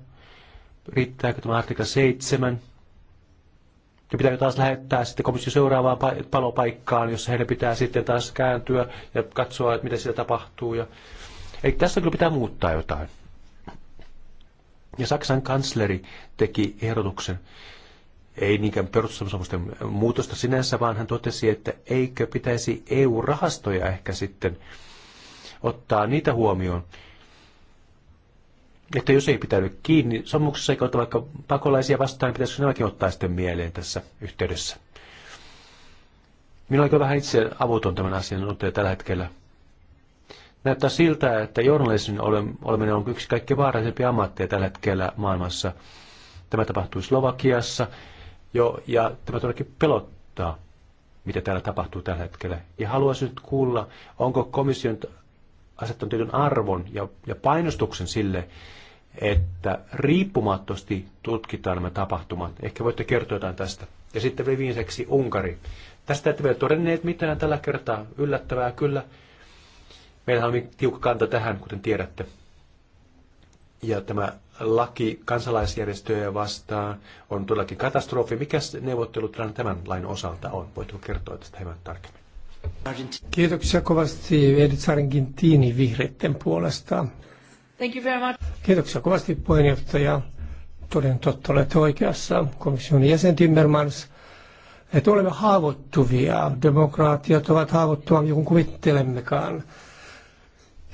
Riittääkö tämä artikla 7? ja pitääkö taas lähettää sitten komissio seuraavaan palopaikkaan, jossa heidän pitää sitten taas kääntyä ja katsoa, että mitä siellä tapahtuu. Ja... Eli tässä kyllä pitää muuttaa jotain. Ja Saksan kansleri teki ehdotuksen, ei niinkään perustussopimusten muutosta sinänsä, vaan hän totesi, että eikö pitäisi EU-rahastoja ehkä sitten ottaa niitä huomioon, että jos ei pitäydy kiinni sopimuksessa eikä ota vaikka pakolaisia vastaan, niin pitäisikö nämäkin ottaa sitten mieleen tässä yhteydessä? Minulla on vähän itse avuton tämän asian ottaja tällä hetkellä. Näyttää siltä, että journalismin oleminen on yksi kaikkein vaarallisempi ammatteja tällä hetkellä maailmassa. Tämä tapahtui Slovakiassa jo, ja tämä todellakin pelottaa, mitä täällä tapahtuu tällä hetkellä. Ja haluaisin nyt kuulla, onko komission asettanut tietyn arvon ja, ja painostuksen sille, että riippumattomasti tutkitaan nämä tapahtumat. Ehkä voitte kertoa jotain tästä. Ja sitten vielä viimeiseksi Unkari. Tästä ette vielä todenneet mitään tällä kertaa. Yllättävää kyllä. Meillähän on tiukka kanta tähän, kuten tiedätte. Ja tämä laki kansalaisjärjestöjä vastaan on todellakin katastrofi. Mikä neuvottelut tämän lain osalta on? Voitko kertoa tästä hieman tarkemmin? Kiitoksia kovasti Edith Sargentini vihreiden puolesta. Thank you very much. Kiitoksia kovasti puheenjohtaja. Toden totta olette oikeassa, komission jäsen Timmermans, että olemme haavoittuvia. Demokraatiot ovat haavoittuvia, kun kuvittelemmekaan.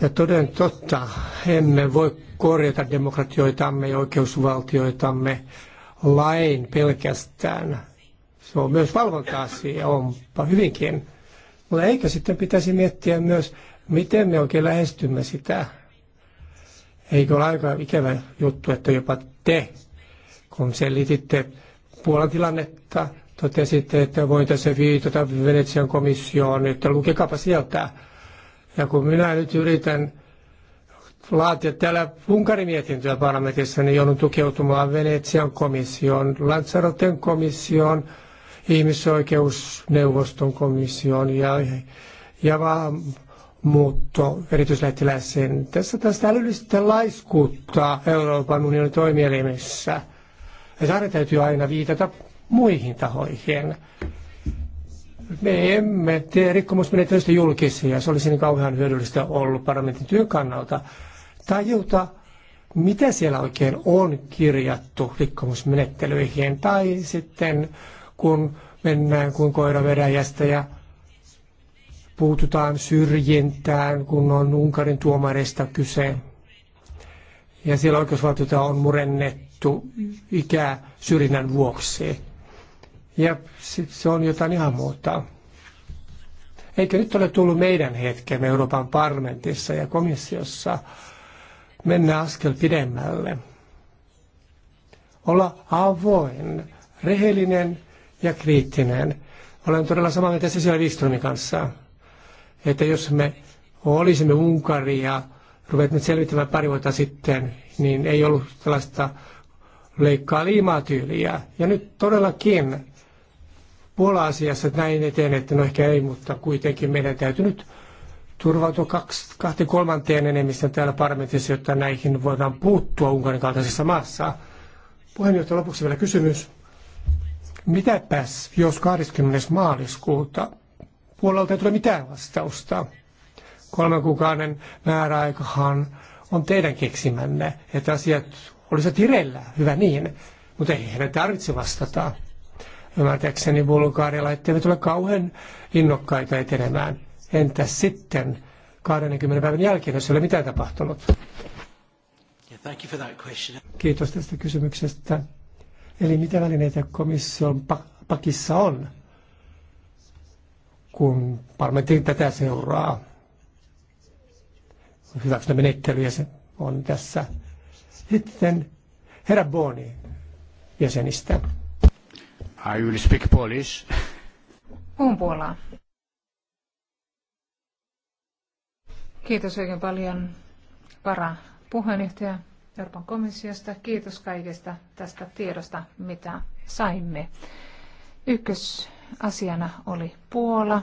Ja toden totta, emme voi korjata demokratioitamme ja oikeusvaltioitamme lain pelkästään. Se on myös valvonta-asia, onpa hyvinkin. Mutta eikö sitten pitäisi miettiä myös, miten me oikein lähestymme sitä? Eikö ole aika ikävä juttu, että jopa te, kun selititte Puolan tilannetta, totesitte, että voin tässä viitata Venetsian komissioon, että lukekapa sieltä. Ja kun minä nyt yritän laatia täällä Unkarin mietintöä parlamentissa, niin joudun tukeutumaan Venetsian komissioon, Lanzaroten komissioon, ihmisoikeusneuvoston komission ja, ja muutto erityislähettiläisen. Tässä tästä älyllistä laiskuutta Euroopan unionin toimielimissä. Että aina täytyy aina viitata muihin tahoihin. Me emme tee rikkomusmenettelystä julkisia. Se olisi niin kauhean hyödyllistä ollut parlamentin työn kannalta. Tajuta, mitä siellä oikein on kirjattu rikkomusmenettelyihin. Tai sitten kun mennään kuin koira veräjästä ja puututaan syrjintään, kun on Unkarin tuomareista kyse. Ja siellä oikeusvaltiota on murennettu ikää syrjinnän vuoksi. Ja se on jotain ihan muuta. Eikö nyt ole tullut meidän hetkemme Euroopan parlamentissa ja komissiossa mennä askel pidemmälle? Olla avoin, rehellinen ja kriittinen. Olen todella samaa mieltä Cecilia Wikströmin kanssa, että jos me olisimme Unkaria, ruvet nyt selvittämään pari vuotta sitten, niin ei ollut tällaista leikkaa liimaa tyyliä. Ja nyt todellakin Puola-asiassa näin eteen, että no ehkä ei, mutta kuitenkin meidän täytyy nyt turvautua kaksi, kahteen kolmanteen enemmistön täällä parlamentissa, jotta näihin voidaan puuttua Unkarin kaltaisessa maassa. Puheenjohtaja, lopuksi vielä kysymys. Mitäpäs, jos 20. maaliskuuta puolelta ei tule mitään vastausta? Kolmen kuukauden määräaikahan on teidän keksimänne, että asiat olisivat vireillä, hyvä niin, mutta ei heidän tarvitse vastata. Ymmärtääkseni Bulgaarialla etteivät ole kauhean innokkaita etenemään. Entäs sitten 20 päivän jälkeen, jos ei ole mitään tapahtunut? Kiitos tästä kysymyksestä. Eli mitä välineitä komission pakissa on, kun parlamentti tätä seuraa? menettelyjä se on tässä. Sitten herra Boni jäsenistä. I will speak Polish. Puhun puolaa. Kiitos oikein paljon, vara puheenjohtaja. Euroopan komissiosta. Kiitos kaikesta tästä tiedosta, mitä saimme. Ykkösasiana oli Puola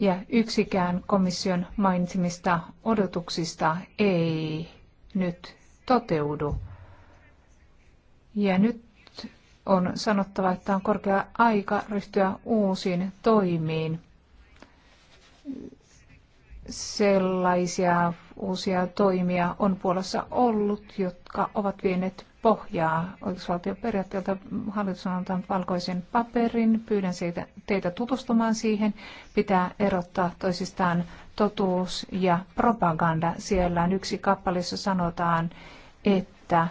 ja yksikään komission mainitsemista odotuksista ei nyt toteudu. Ja nyt on sanottava, että on korkea aika ryhtyä uusiin toimiin sellaisia uusia toimia on Puolassa ollut, jotka ovat vieneet pohjaa oikeusvaltioperiaatteelta. Hallitus on antanut valkoisen paperin. Pyydän siitä, teitä tutustumaan siihen. Pitää erottaa toisistaan totuus ja propaganda. Siellä on yksi kappale, jossa sanotaan, että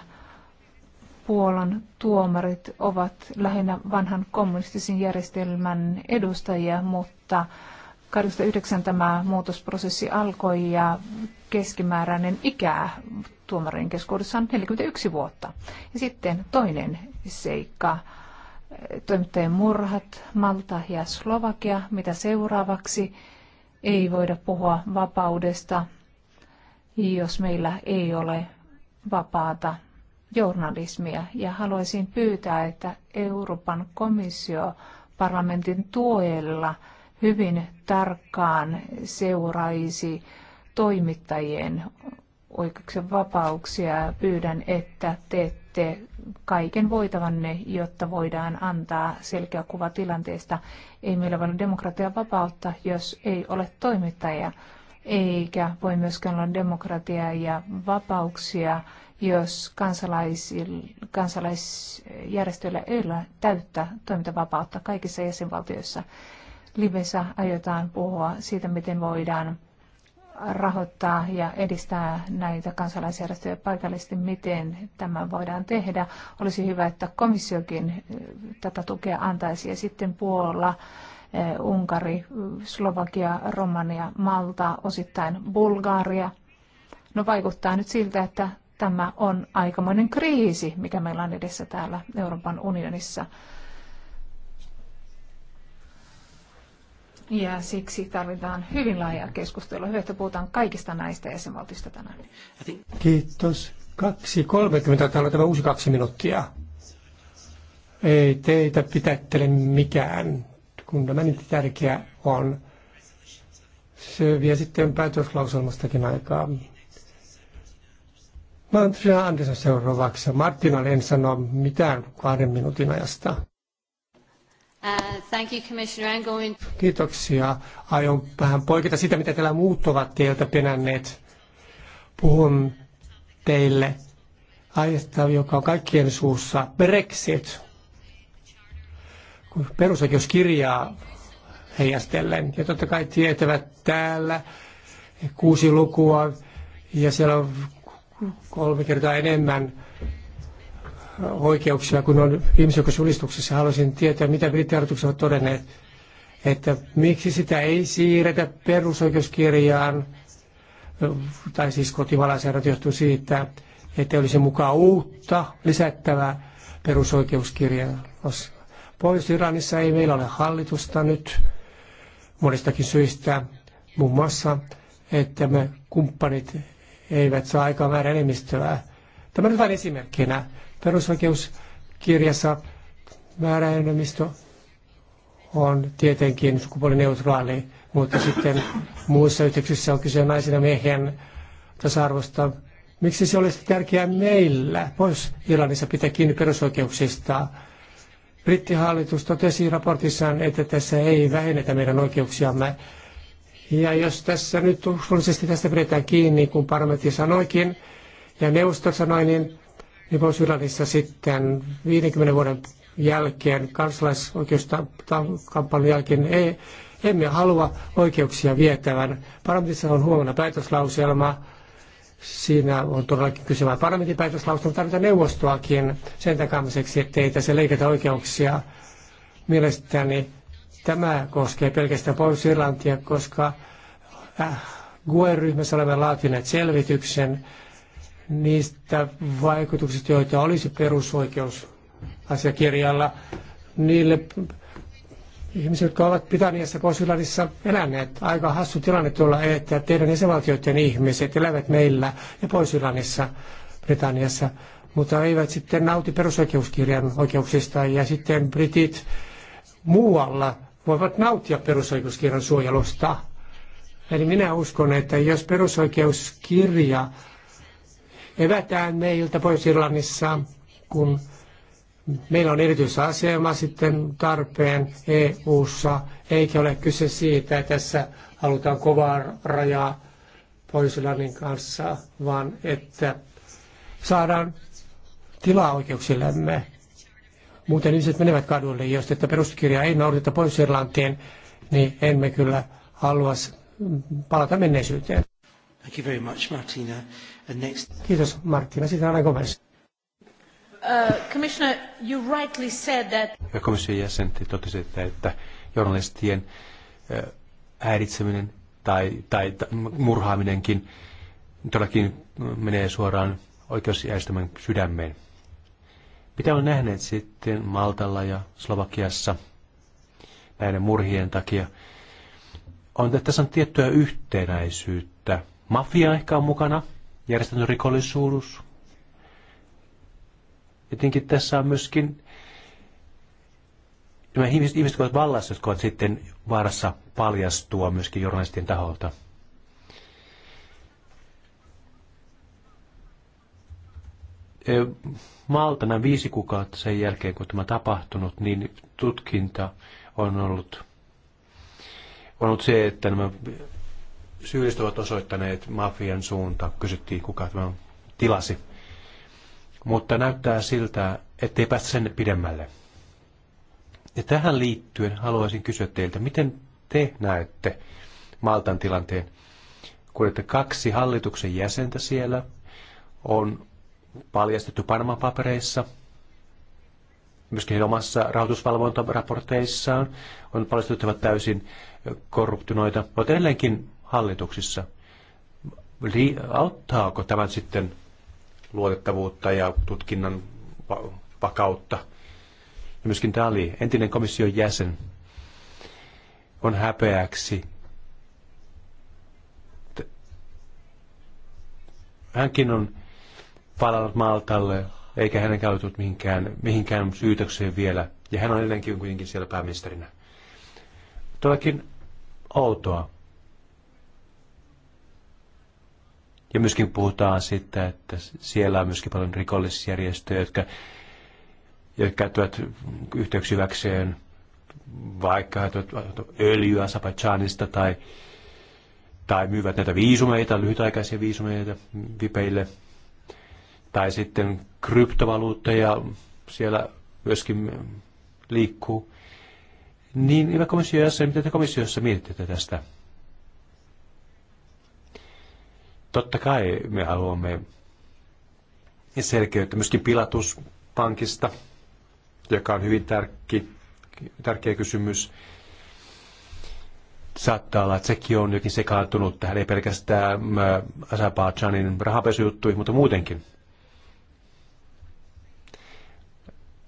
Puolan tuomarit ovat lähinnä vanhan kommunistisen järjestelmän edustajia, mutta 89 tämä muutosprosessi alkoi ja keskimääräinen ikä tuomarin keskuudessa on 41 vuotta. Ja sitten toinen seikka, toimittajien murhat, Malta ja Slovakia, mitä seuraavaksi ei voida puhua vapaudesta, jos meillä ei ole vapaata journalismia. Ja haluaisin pyytää, että Euroopan komissio parlamentin tuella – hyvin tarkkaan seuraisi toimittajien oikeuksien vapauksia. Pyydän, että teette kaiken voitavanne, jotta voidaan antaa selkeä kuva tilanteesta. Ei meillä ole demokratia vapautta, jos ei ole toimittajia. Eikä voi myöskään olla demokratiaa ja vapauksia, jos kansalaisjärjestöillä ei ole täyttä toimintavapautta kaikissa jäsenvaltioissa livessä aiotaan puhua siitä, miten voidaan rahoittaa ja edistää näitä kansalaisjärjestöjä paikallisesti, miten tämä voidaan tehdä. Olisi hyvä, että komissiokin eh, tätä tukea antaisi ja sitten Puola, eh, Unkari, Slovakia, Romania, Malta, osittain Bulgaria. No vaikuttaa nyt siltä, että tämä on aikamoinen kriisi, mikä meillä on edessä täällä Euroopan unionissa. Ja siksi tarvitaan hyvin laajaa keskustelua. Hyvä, että puhutaan kaikista näistä jäsenvaltioista tänään. Kiitos. Kaksi, kolmekymmentä, täällä on tämä uusi kaksi minuuttia. Ei teitä pitättele mikään, kun tämä niin tärkeä on. Se vie sitten päätöslauselmastakin aikaa. Mä Andersson seuraavaksi. Martina en sano mitään kahden minuutin ajasta. Uh, thank you, Commissioner. I'm going... Kiitoksia. Aion vähän poiketa sitä, mitä täällä muut ovat teiltä penänneet. Puhun teille aiheesta, joka on kaikkien suussa, Brexit. Perusoikeuskirjaa heijastellen. Ja totta kai tietävät täällä kuusi lukua ja siellä on kolme kertaa enemmän oikeuksia, kun on ihmisoikeusjulistuksessa. Haluaisin tietää, mitä brittiharjoitukset ovat todenneet, että miksi sitä ei siirretä perusoikeuskirjaan, tai siis kotivalainsäädäntö johtuu siitä, että olisi mukaan uutta lisättävää perusoikeuskirjaan. Pohjois-Iranissa ei meillä ole hallitusta nyt monistakin syistä, muun muassa, että me kumppanit eivät saa aikaan määrä enemmistöä Tämä nyt vain esimerkkinä. Perusoikeuskirjassa määräenemmistö on tietenkin sukupuolineutraali, mutta sitten muussa yhteyksissä on kyse naisen ja miehen tasa-arvosta. Miksi se olisi tärkeää meillä? Pois Irlannissa pitää kiinni perusoikeuksista. Brittihallitus totesi raportissaan, että tässä ei vähennetä meidän oikeuksiamme. Ja jos tässä nyt uskollisesti tästä pidetään kiinni, niin kuin parlamentti sanoikin, ja neuvosto sanoi, niin, niin pois Iranissa sitten 50 vuoden jälkeen, kansalaisoikeuskampanjan jälkeen, ei, emme halua oikeuksia vietävän. Parlamentissa on huomenna päätöslauselma. Siinä on todellakin kyse vain parlamentin päätöslauselma, mutta tarvitaan neuvostoakin sen takamiseksi, ettei tässä leikata oikeuksia. Mielestäni tämä koskee pelkästään Pohjois-Irlantia, koska äh, GUE-ryhmässä olemme laatineet selvityksen niistä vaikutuksista, joita olisi perusoikeusasiakirjalla niille ihmisille, jotka ovat Britanniassa konsularissa eläneet. Aika hassu tilanne tuolla, että teidän jäsenvaltioiden ihmiset elävät meillä ja pois Britanniassa, mutta eivät sitten nauti perusoikeuskirjan oikeuksista ja sitten britit muualla voivat nauttia perusoikeuskirjan suojelusta. Eli minä uskon, että jos perusoikeuskirja evätään meiltä Pohjois-Irlannissa, kun meillä on erityisasema sitten tarpeen EU-ssa, eikä ole kyse siitä, että tässä halutaan kovaa rajaa Pohjois-Irlannin kanssa, vaan että saadaan tilaa oikeuksillemme. Muuten ihmiset menevät kadulle, jos tätä peruskirjaa ei noudateta Pohjois-Irlantiin, niin emme kyllä halua palata menneisyyteen. Thank you very much, Martina next... Kiitos Martina. Sitten Anna Gomez. commissioner, you rightly said that... Ja komission jäsen totesitte, että journalistien häiritseminen uh, tai, tai murhaaminenkin todellakin menee suoraan oikeusjärjestelmän sydämeen. Mitä on nähneet sitten Maltalla ja Slovakiassa näiden murhien takia? On, että tässä on tiettyä yhtenäisyyttä. Mafia ehkä on mukana, järjestänyt rikollisuus. Jotenkin tässä on myöskin nämä ihmiset, ihmiset ovat vallassa, jotka ovat sitten vaarassa paljastua myöskin journalistien taholta. Maltana viisi kuukautta sen jälkeen, kun tämä tapahtunut, niin tutkinta on ollut, on ollut se, että nämä syylliset ovat osoittaneet mafian suunta. Kysyttiin, kuka tämä tilasi. Mutta näyttää siltä, ettei päästä sen pidemmälle. Ja tähän liittyen haluaisin kysyä teiltä, miten te näette Maltan tilanteen, kun että kaksi hallituksen jäsentä siellä on paljastettu Panama-papereissa, myöskin heidän omassa rahoitusvalvontaraporteissaan on paljastettu täysin korruptunoita, mutta edelleenkin hallituksissa. Auttaako tämä sitten luotettavuutta ja tutkinnan vakautta? Ja myöskin Dali, entinen komission jäsen, on häpeäksi. Hänkin on palannut Maltalle, eikä hänen käytetty mihinkään, mihinkään syytökseen vielä. Ja hän on edelleenkin kuitenkin siellä pääministerinä. Todellakin outoa. Ja myöskin puhutaan siitä, että siellä on myöskin paljon rikollisjärjestöjä, jotka, jotka käyttävät yhteyksiä hyväkseen, vaikka öljyä Sabajanista tai, tai myyvät näitä viisumeita, lyhytaikaisia viisumeita vipeille, tai sitten kryptovaluutteja siellä myöskin liikkuu. Niin hyvä komissio jäsen, mitä te komissiossa mietitte tästä? Totta kai me haluamme selkeyttä myöskin pilatuspankista, joka on hyvin tärkki, tärkeä kysymys. Saattaa olla, että sekin on jokin sekaantunut tähän, ei pelkästään äh, Azerbaijanin rahapesujuttuihin, mutta muutenkin.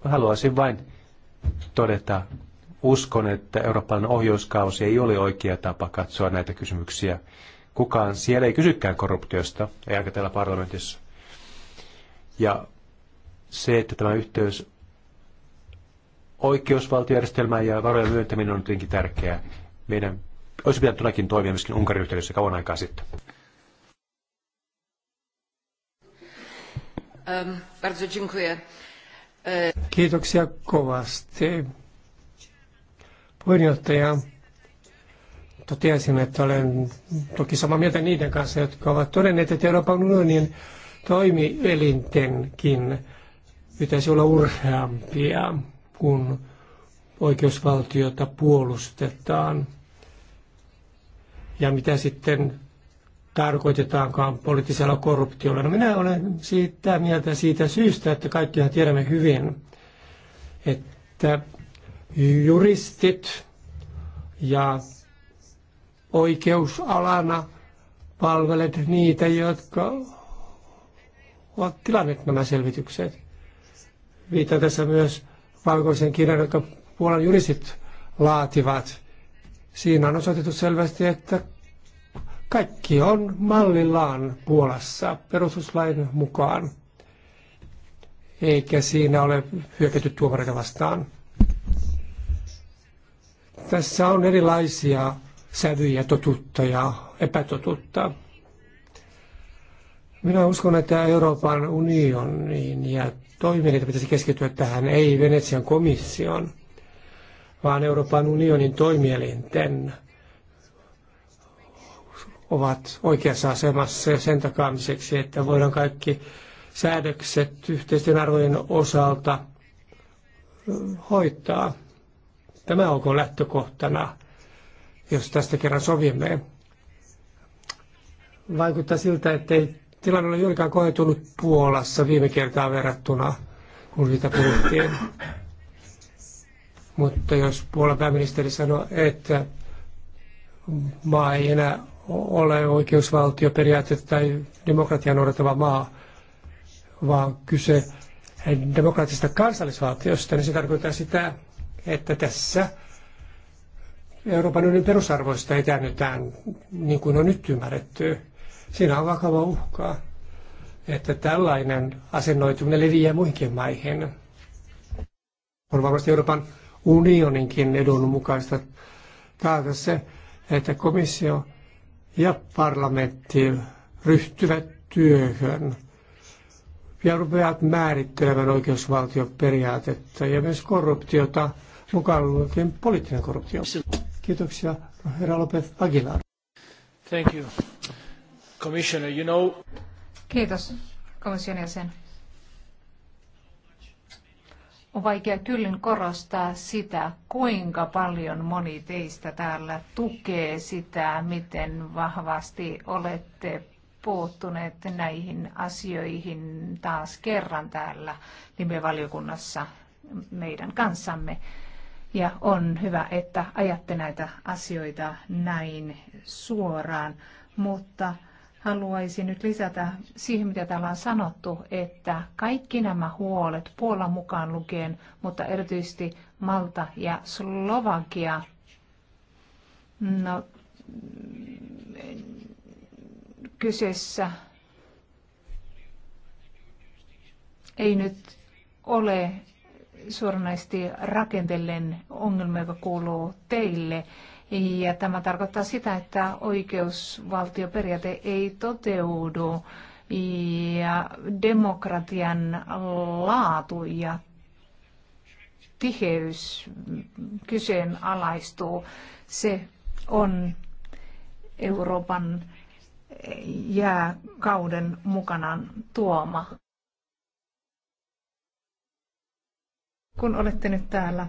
Haluaisin vain todeta, uskon, että eurooppalainen ohjauskausi ei ole oikea tapa katsoa näitä kysymyksiä kukaan siellä ei kysykään korruptiosta, eikä täällä parlamentissa. Ja se, että tämä yhteys oikeusvaltiojärjestelmään ja varojen myöntäminen on tietenkin tärkeää. Meidän olisi pitänyt todellakin toimia myöskin Unkarin yhteydessä kauan aikaa sitten. Ähm, Kiitoksia kovasti. Puheenjohtaja, toteaisin, että olen toki samaa mieltä niiden kanssa, jotka ovat todenneet, että Euroopan unionin toimielintenkin pitäisi olla urheampia, kun oikeusvaltiota puolustetaan. Ja mitä sitten tarkoitetaankaan poliittisella korruptiolla. No minä olen siitä mieltä siitä syystä, että kaikkihan tiedämme hyvin, että juristit ja oikeusalana palvelet niitä, jotka ovat tilanneet nämä selvitykset. Viitan tässä myös valkoisen kirjan, jonka Puolan juristit laativat. Siinä on osoitettu selvästi, että kaikki on mallillaan Puolassa perustuslain mukaan, eikä siinä ole hyökätty tuomareita vastaan. Tässä on erilaisia sävyjä totuutta ja epätotuutta. Minä uskon, että Euroopan unionin ja toimijoita pitäisi keskittyä tähän, ei Venetsian komission, vaan Euroopan unionin toimielinten ovat oikeassa asemassa sen takaamiseksi, että voidaan kaikki säädökset yhteisten arvojen osalta hoitaa. Tämä onko lähtökohtana jos tästä kerran sovimme. Vaikuttaa siltä, ettei tilanne ole juurikaan koetunut Puolassa viime kertaa verrattuna, kun siitä puhuttiin. Mutta jos Puolan pääministeri sanoi, että maa ei enää ole periaatteessa tai demokratiaa noudattava maa, vaan kyse demokraattisesta kansallisvaltiosta, niin se tarkoittaa sitä, että tässä Euroopan unionin perusarvoista etäännytään niin kuin on nyt ymmärretty. Siinä on vakava uhka, että tällainen asennoituminen leviää muihinkin maihin. On varmasti Euroopan unioninkin edun mukaista taata se, että komissio ja parlamentti ryhtyvät työhön ja rupeavat määrittelemään oikeusvaltioperiaatetta ja myös korruptiota, mukaan lukien poliittinen korruptio. Kiitoksia, herra López Aguilar. Thank you. Commissioner, you know... Kiitos, komission jäsen. On vaikea kyllin korostaa sitä, kuinka paljon moni teistä täällä tukee sitä, miten vahvasti olette puuttuneet näihin asioihin taas kerran täällä nimevaliokunnassa meidän kanssamme. Ja on hyvä, että ajatte näitä asioita näin suoraan, mutta haluaisin nyt lisätä siihen, mitä täällä on sanottu, että kaikki nämä huolet, Puola mukaan lukien, mutta erityisesti Malta ja Slovakia, no, kyseessä ei nyt ole suoranaisesti rakentellen ongelma, joka kuuluu teille. Ja tämä tarkoittaa sitä, että oikeusvaltioperiaate ei toteudu ja demokratian laatu ja tiheys kyseenalaistuu. Se on Euroopan jääkauden mukanaan tuoma. Kun olette nyt täällä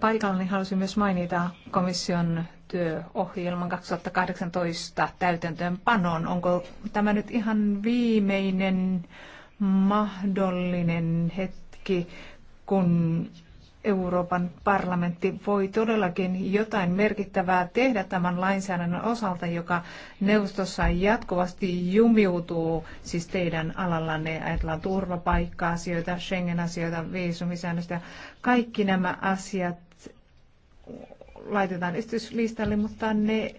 paikalla, niin haluaisin myös mainita komission työohjelman 2018 täytäntöönpanon. Onko tämä nyt ihan viimeinen mahdollinen hetki, kun Euroopan parlamentti voi todellakin jotain merkittävää tehdä tämän lainsäädännön osalta, joka neuvostossa jatkuvasti jumiutuu, siis teidän alallanne, ajatellaan turvapaikka-asioita, Schengen-asioita, viisumisäännöstä, kaikki nämä asiat laitetaan esityslistalle, mutta ne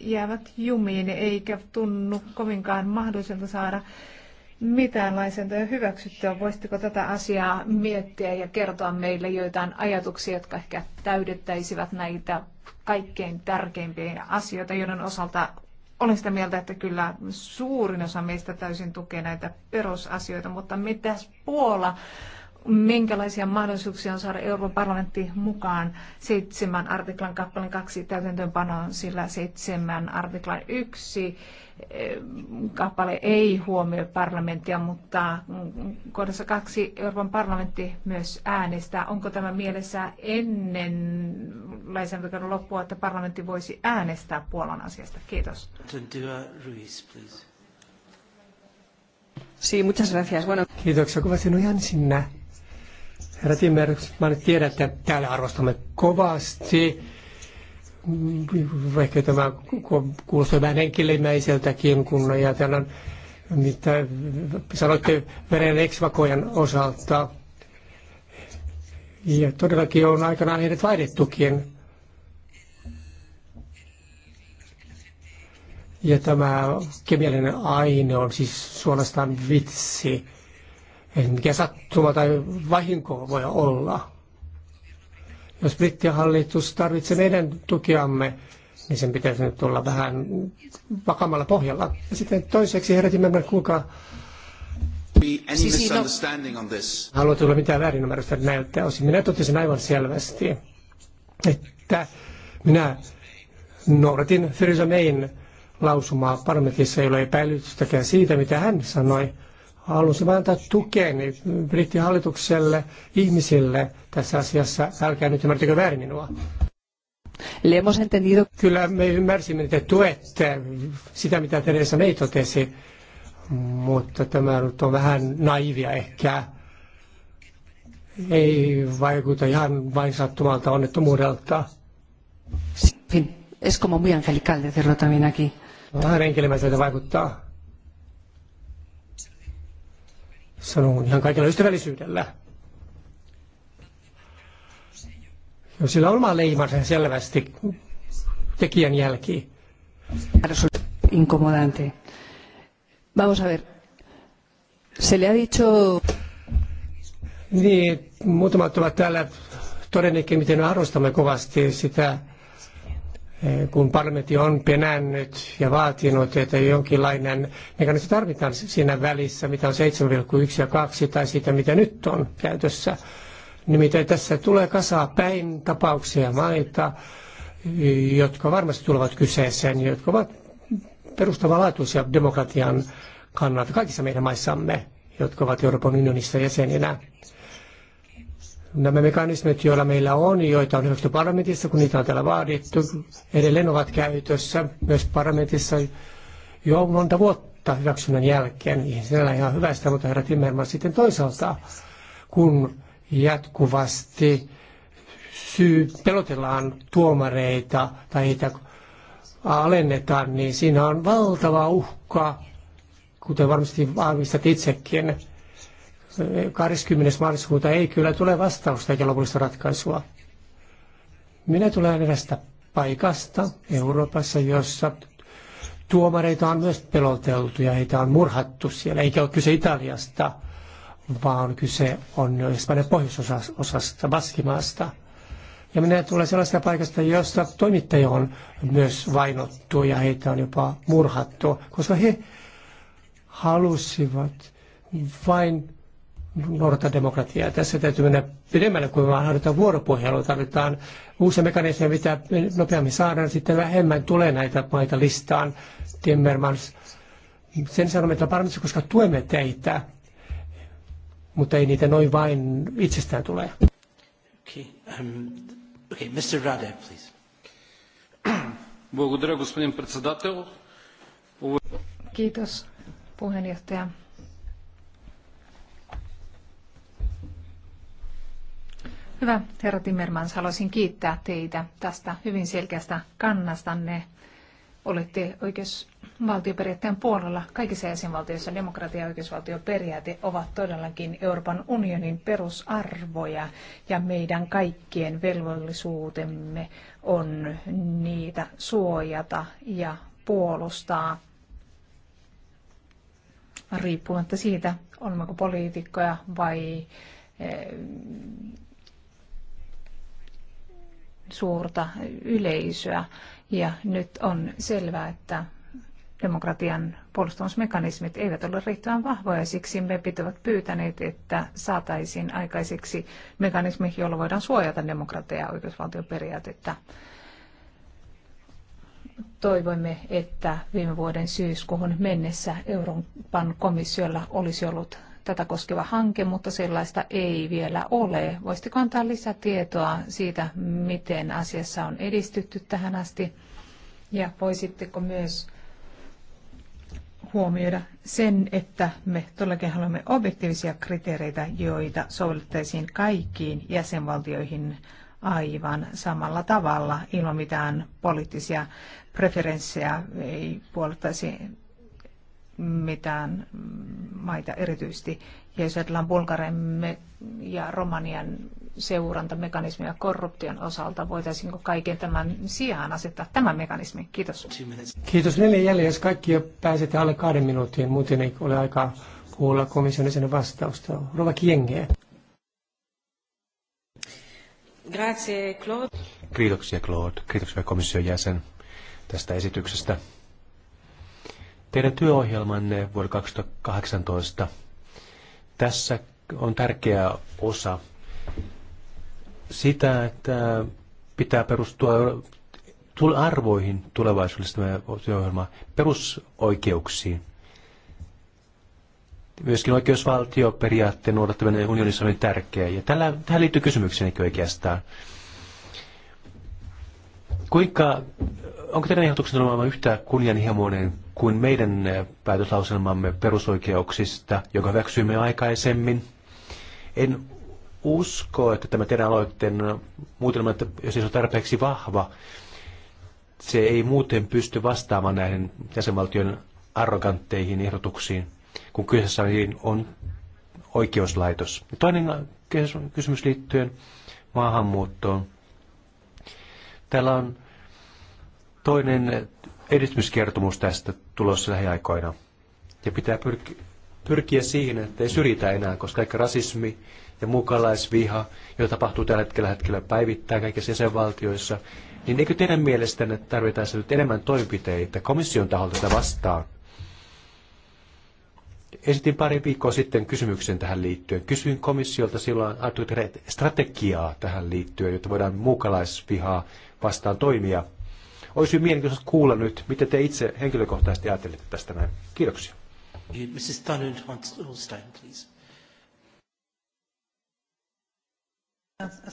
jäävät jumiin eikä tunnu kovinkaan mahdolliselta saada mitään lainsäädäntöä hyväksyttyä. Voisitteko tätä asiaa miettiä ja kertoa meille joitain ajatuksia, jotka ehkä täydettäisivät näitä kaikkein tärkeimpiä asioita, joiden osalta olen sitä mieltä, että kyllä suurin osa meistä täysin tukee näitä perusasioita, mutta mitäs Puola minkälaisia mahdollisuuksia on saada Euroopan parlamentti mukaan seitsemän artiklan kappaleen kaksi täytäntöönpanoon, sillä seitsemän artiklan yksi eh, kappale ei huomioi parlamenttia, mutta kohdassa kaksi Euroopan parlamentti myös äänestää. Onko tämä mielessä ennen lainsäädäntökauden loppua, että parlamentti voisi äänestää Puolan asiasta? Kiitos. Sí, muchas gracias. Bueno. Kiitoksia no ihan sinne Herra nyt tiedän, että täällä arvostamme kovasti. Ehkä tämä kuulostaa vähän henkilimäiseltäkin, kun ajatellaan, mitä sanoitte veren eksvakojan osalta. Ja todellakin on aikanaan heidät vaihdettukin. Ja tämä kemiallinen aine on siis suorastaan vitsi mikä sattuma tai vahinko voi olla. Jos brittihallitus tarvitsee meidän tukiamme, niin sen pitäisi nyt olla vähän vakamalla pohjalla. Ja sitten toiseksi herätimme, kuinka Haluat tulla mitään väärinymmärrystä näiltä osin. Minä totesin aivan selvästi, että minä noudatin Theresa Mayn lausumaa parlamentissa, ei ole siitä, mitä hän sanoi halusin antaa tukeni brittihallitukselle, ihmisille tässä asiassa. Älkää nyt ymmärtäkö väärin minua. Le hemos entendido. Kyllä me ymmärsimme, että tuette sitä, mitä Teresa May totesi, mutta tämä nyt on vähän naivia ehkä. Ei vaikuta ihan vain sattumalta onnettomuudelta. Es como muy angelical decirlo también aquí. Vähän enkelimäiseltä vaikuttaa. sanon ihan kaikella ystävällisyydellä. No, sillä on oma leima sen niin selvästi tekijän jälki. Incomodante. Vamos a ver. Se le ha dicho... Niin, muutamat ovat täällä todennekin, miten arvostamme kovasti sitä Eh, kun parlamentti on penännyt ja vaatinut, että jonkinlainen mekanismi tarvitaan siinä välissä, mitä on 7,1 ja 2 tai siitä, mitä nyt on käytössä. Nimittäin tässä tulee kasaa päin tapauksia maita, jotka varmasti tulevat kyseeseen, jotka ovat perustavanlaatuisia demokratian kannalta kaikissa meidän maissamme, jotka ovat Euroopan unionissa jäseninä. Nämä mekanismit, joilla meillä on, joita on hyväksytty parlamentissa, kun niitä on täällä vaadittu, edelleen ovat käytössä myös parlamentissa jo monta vuotta hyväksynnän jälkeen. Ihmisellä on ihan hyvästä, mutta herra Timmermans sitten toisaalta, kun jatkuvasti syy, pelotellaan tuomareita tai heitä alennetaan, niin siinä on valtava uhka, kuten varmasti vahvistat itsekin, 20. maaliskuuta ei kyllä tule vastausta eikä lopullista ratkaisua. Minä tulen edestä paikasta Euroopassa, jossa tuomareita on myös peloteltu ja heitä on murhattu siellä. Eikä ole kyse Italiasta, vaan kyse on Espanjan pohjoisosasta, Baskimaasta. Ja minä tulen sellaista paikasta, jossa toimittaja on myös vainottu ja heitä on jopa murhattu, koska he halusivat vain noudattaa demokratiaa. Tässä täytyy mennä pidemmälle kuin vaan harjoittaa vuoropuhelua. Tarvitaan uusia mekanismeja, mitä nopeammin saadaan, sitten vähemmän tulee näitä maita listaan. Timmermans, sen sanomme, että on koska tuemme teitä, mutta ei niitä noin vain itsestään tule. Okay. Um, okay. Mr. Rade, please. Kiitos, puheenjohtaja. Hyvä herra Timmermans, haluaisin kiittää teitä tästä hyvin selkeästä kannastanne. Olette oikeusvaltioperiaatteen puolella. Kaikissa jäsenvaltioissa demokratia- ja oikeusvaltioperiaate ovat todellakin Euroopan unionin perusarvoja ja meidän kaikkien velvollisuutemme on niitä suojata ja puolustaa riippumatta siitä, olemmeko poliitikkoja vai eh, suurta yleisöä. Ja nyt on selvää, että demokratian puolustamismekanismit eivät ole riittävän vahvoja, siksi me pitävät pyytäneet, että saataisiin aikaiseksi mekanismi, jolla voidaan suojata demokratiaa ja oikeusvaltioperiaatetta. Toivoimme, että viime vuoden syyskuuhun mennessä Euroopan komissiolla olisi ollut tätä koskeva hanke, mutta sellaista ei vielä ole. Voisitko antaa lisätietoa siitä, miten asiassa on edistytty tähän asti? Ja voisitteko myös huomioida sen, että me todellakin haluamme objektiivisia kriteereitä, joita sovellettaisiin kaikkiin jäsenvaltioihin aivan samalla tavalla ilman mitään poliittisia preferenssejä, ei puoluttaisi mitään maita erityisesti. Ja jos ajatellaan Bulgarian ja Romanian seurantamekanismia korruption osalta, voitaisiinko kaiken tämän sijaan asettaa tämä mekanismi? Kiitos. Kiitos. Neljä jäljellä, jos kaikki pääsette alle kahden minuutin, muuten ei ole aikaa kuulla komission jäsenen vastausta. Rova Kienge. Grazie, Claude. Kiitoksia, Claude. Kiitoksia komission jäsen tästä esityksestä teidän työohjelmanne vuonna 2018. Tässä on tärkeä osa sitä, että pitää perustua arvoihin tulevaisuudessa tämä työohjelma, perusoikeuksiin. Myöskin oikeusvaltioperiaatteen noudattaminen unionissa on tärkeää. Ja tällä, tähän liittyy kysymykseni oikeastaan. Kuinka, onko teidän ehdotuksenne olemaan yhtä kunnianhimoinen kuin meidän eh, päätöslauselmamme perusoikeuksista, joka hyväksyimme aikaisemmin. En usko, että tämä teidän aloitteen eh, muutelma, että jos se on tarpeeksi vahva, se ei muuten pysty vastaamaan näihin jäsenvaltion arrogantteihin ehdotuksiin, kun kyseessä on oikeuslaitos. Ja toinen eh, kysymys liittyen maahanmuuttoon. Täällä on toinen edistyskertomus tästä tulossa lähiaikoina. Ja pitää pyrki, pyrkiä siihen, että ei syrjitä enää, koska kaikki rasismi ja mukalaisviha, joita tapahtuu tällä hetkellä, hetkellä päivittäin kaikissa jäsenvaltioissa, niin eikö teidän mielestänne tarvitaan nyt enemmän toimenpiteitä komission taholta tätä vastaan? Esitin pari viikkoa sitten kysymyksen tähän liittyen. Kysyin komissiolta silloin strategiaa tähän liittyen, jotta voidaan muukalaisvihaa vastaan toimia. Olisi mielenkiintoista kuulla nyt, mitä te itse henkilökohtaisesti ajattelette tästä näin. Kiitoksia. Mrs. Tanund Holstein, please.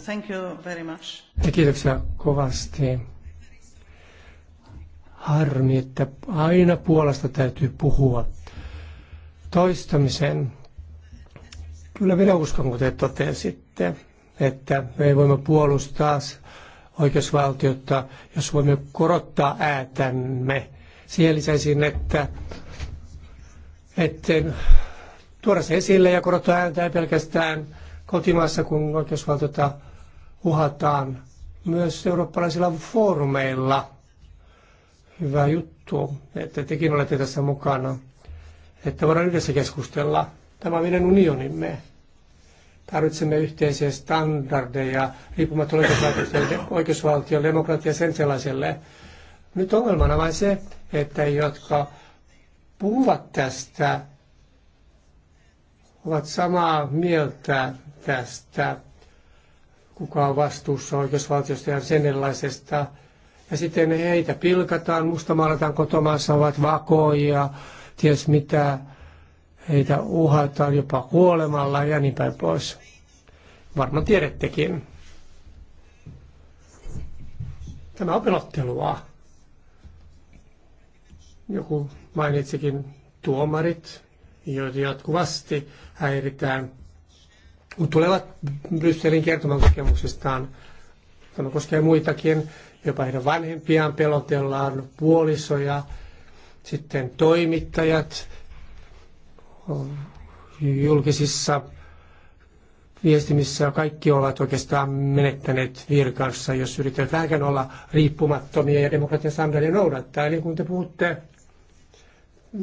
Thank you very much. Kiitoksia kovasti. Harmi, että aina Puolasta täytyy puhua toistamisen. Kyllä minä uskon, kuten totesitte, että me voimme puolustaa oikeusvaltiota, jos voimme korottaa äätämme. Siihen lisäisin, että että tuoda se esille ja korottaa ääntä ei pelkästään kotimaassa, kun oikeusvaltiota uhataan myös eurooppalaisilla foorumeilla. Hyvä juttu, että tekin olette tässä mukana, että voidaan yhdessä keskustella. Tämä on meidän unionimme. Tarvitsemme yhteisiä standardeja, riippumatta oikeusvaltio, demokratia sen sellaiselle. Nyt ongelmana vain se, että jotka puhuvat tästä, ovat samaa mieltä tästä, kuka on vastuussa oikeusvaltiosta ja sen erilaisesta. Ja sitten heitä pilkataan, mustamaalataan kotomaassa, ovat vakoja, ties mitä heitä uhataan jopa kuolemalla ja niin päin pois. Varmaan tiedettekin. Tämä on pelottelua. Joku mainitsikin tuomarit, joita jatkuvasti häiritään, mutta tulevat Brysselin kertomaan kokemuksistaan. Tämä koskee muitakin, jopa heidän vanhempiaan pelotellaan, puolisoja, sitten toimittajat, julkisissa viestimissä kaikki ovat oikeastaan menettäneet virkansa, jos yritetään vähän olla riippumattomia ja demokratian standardia noudattaa. Eli kun te puhutte,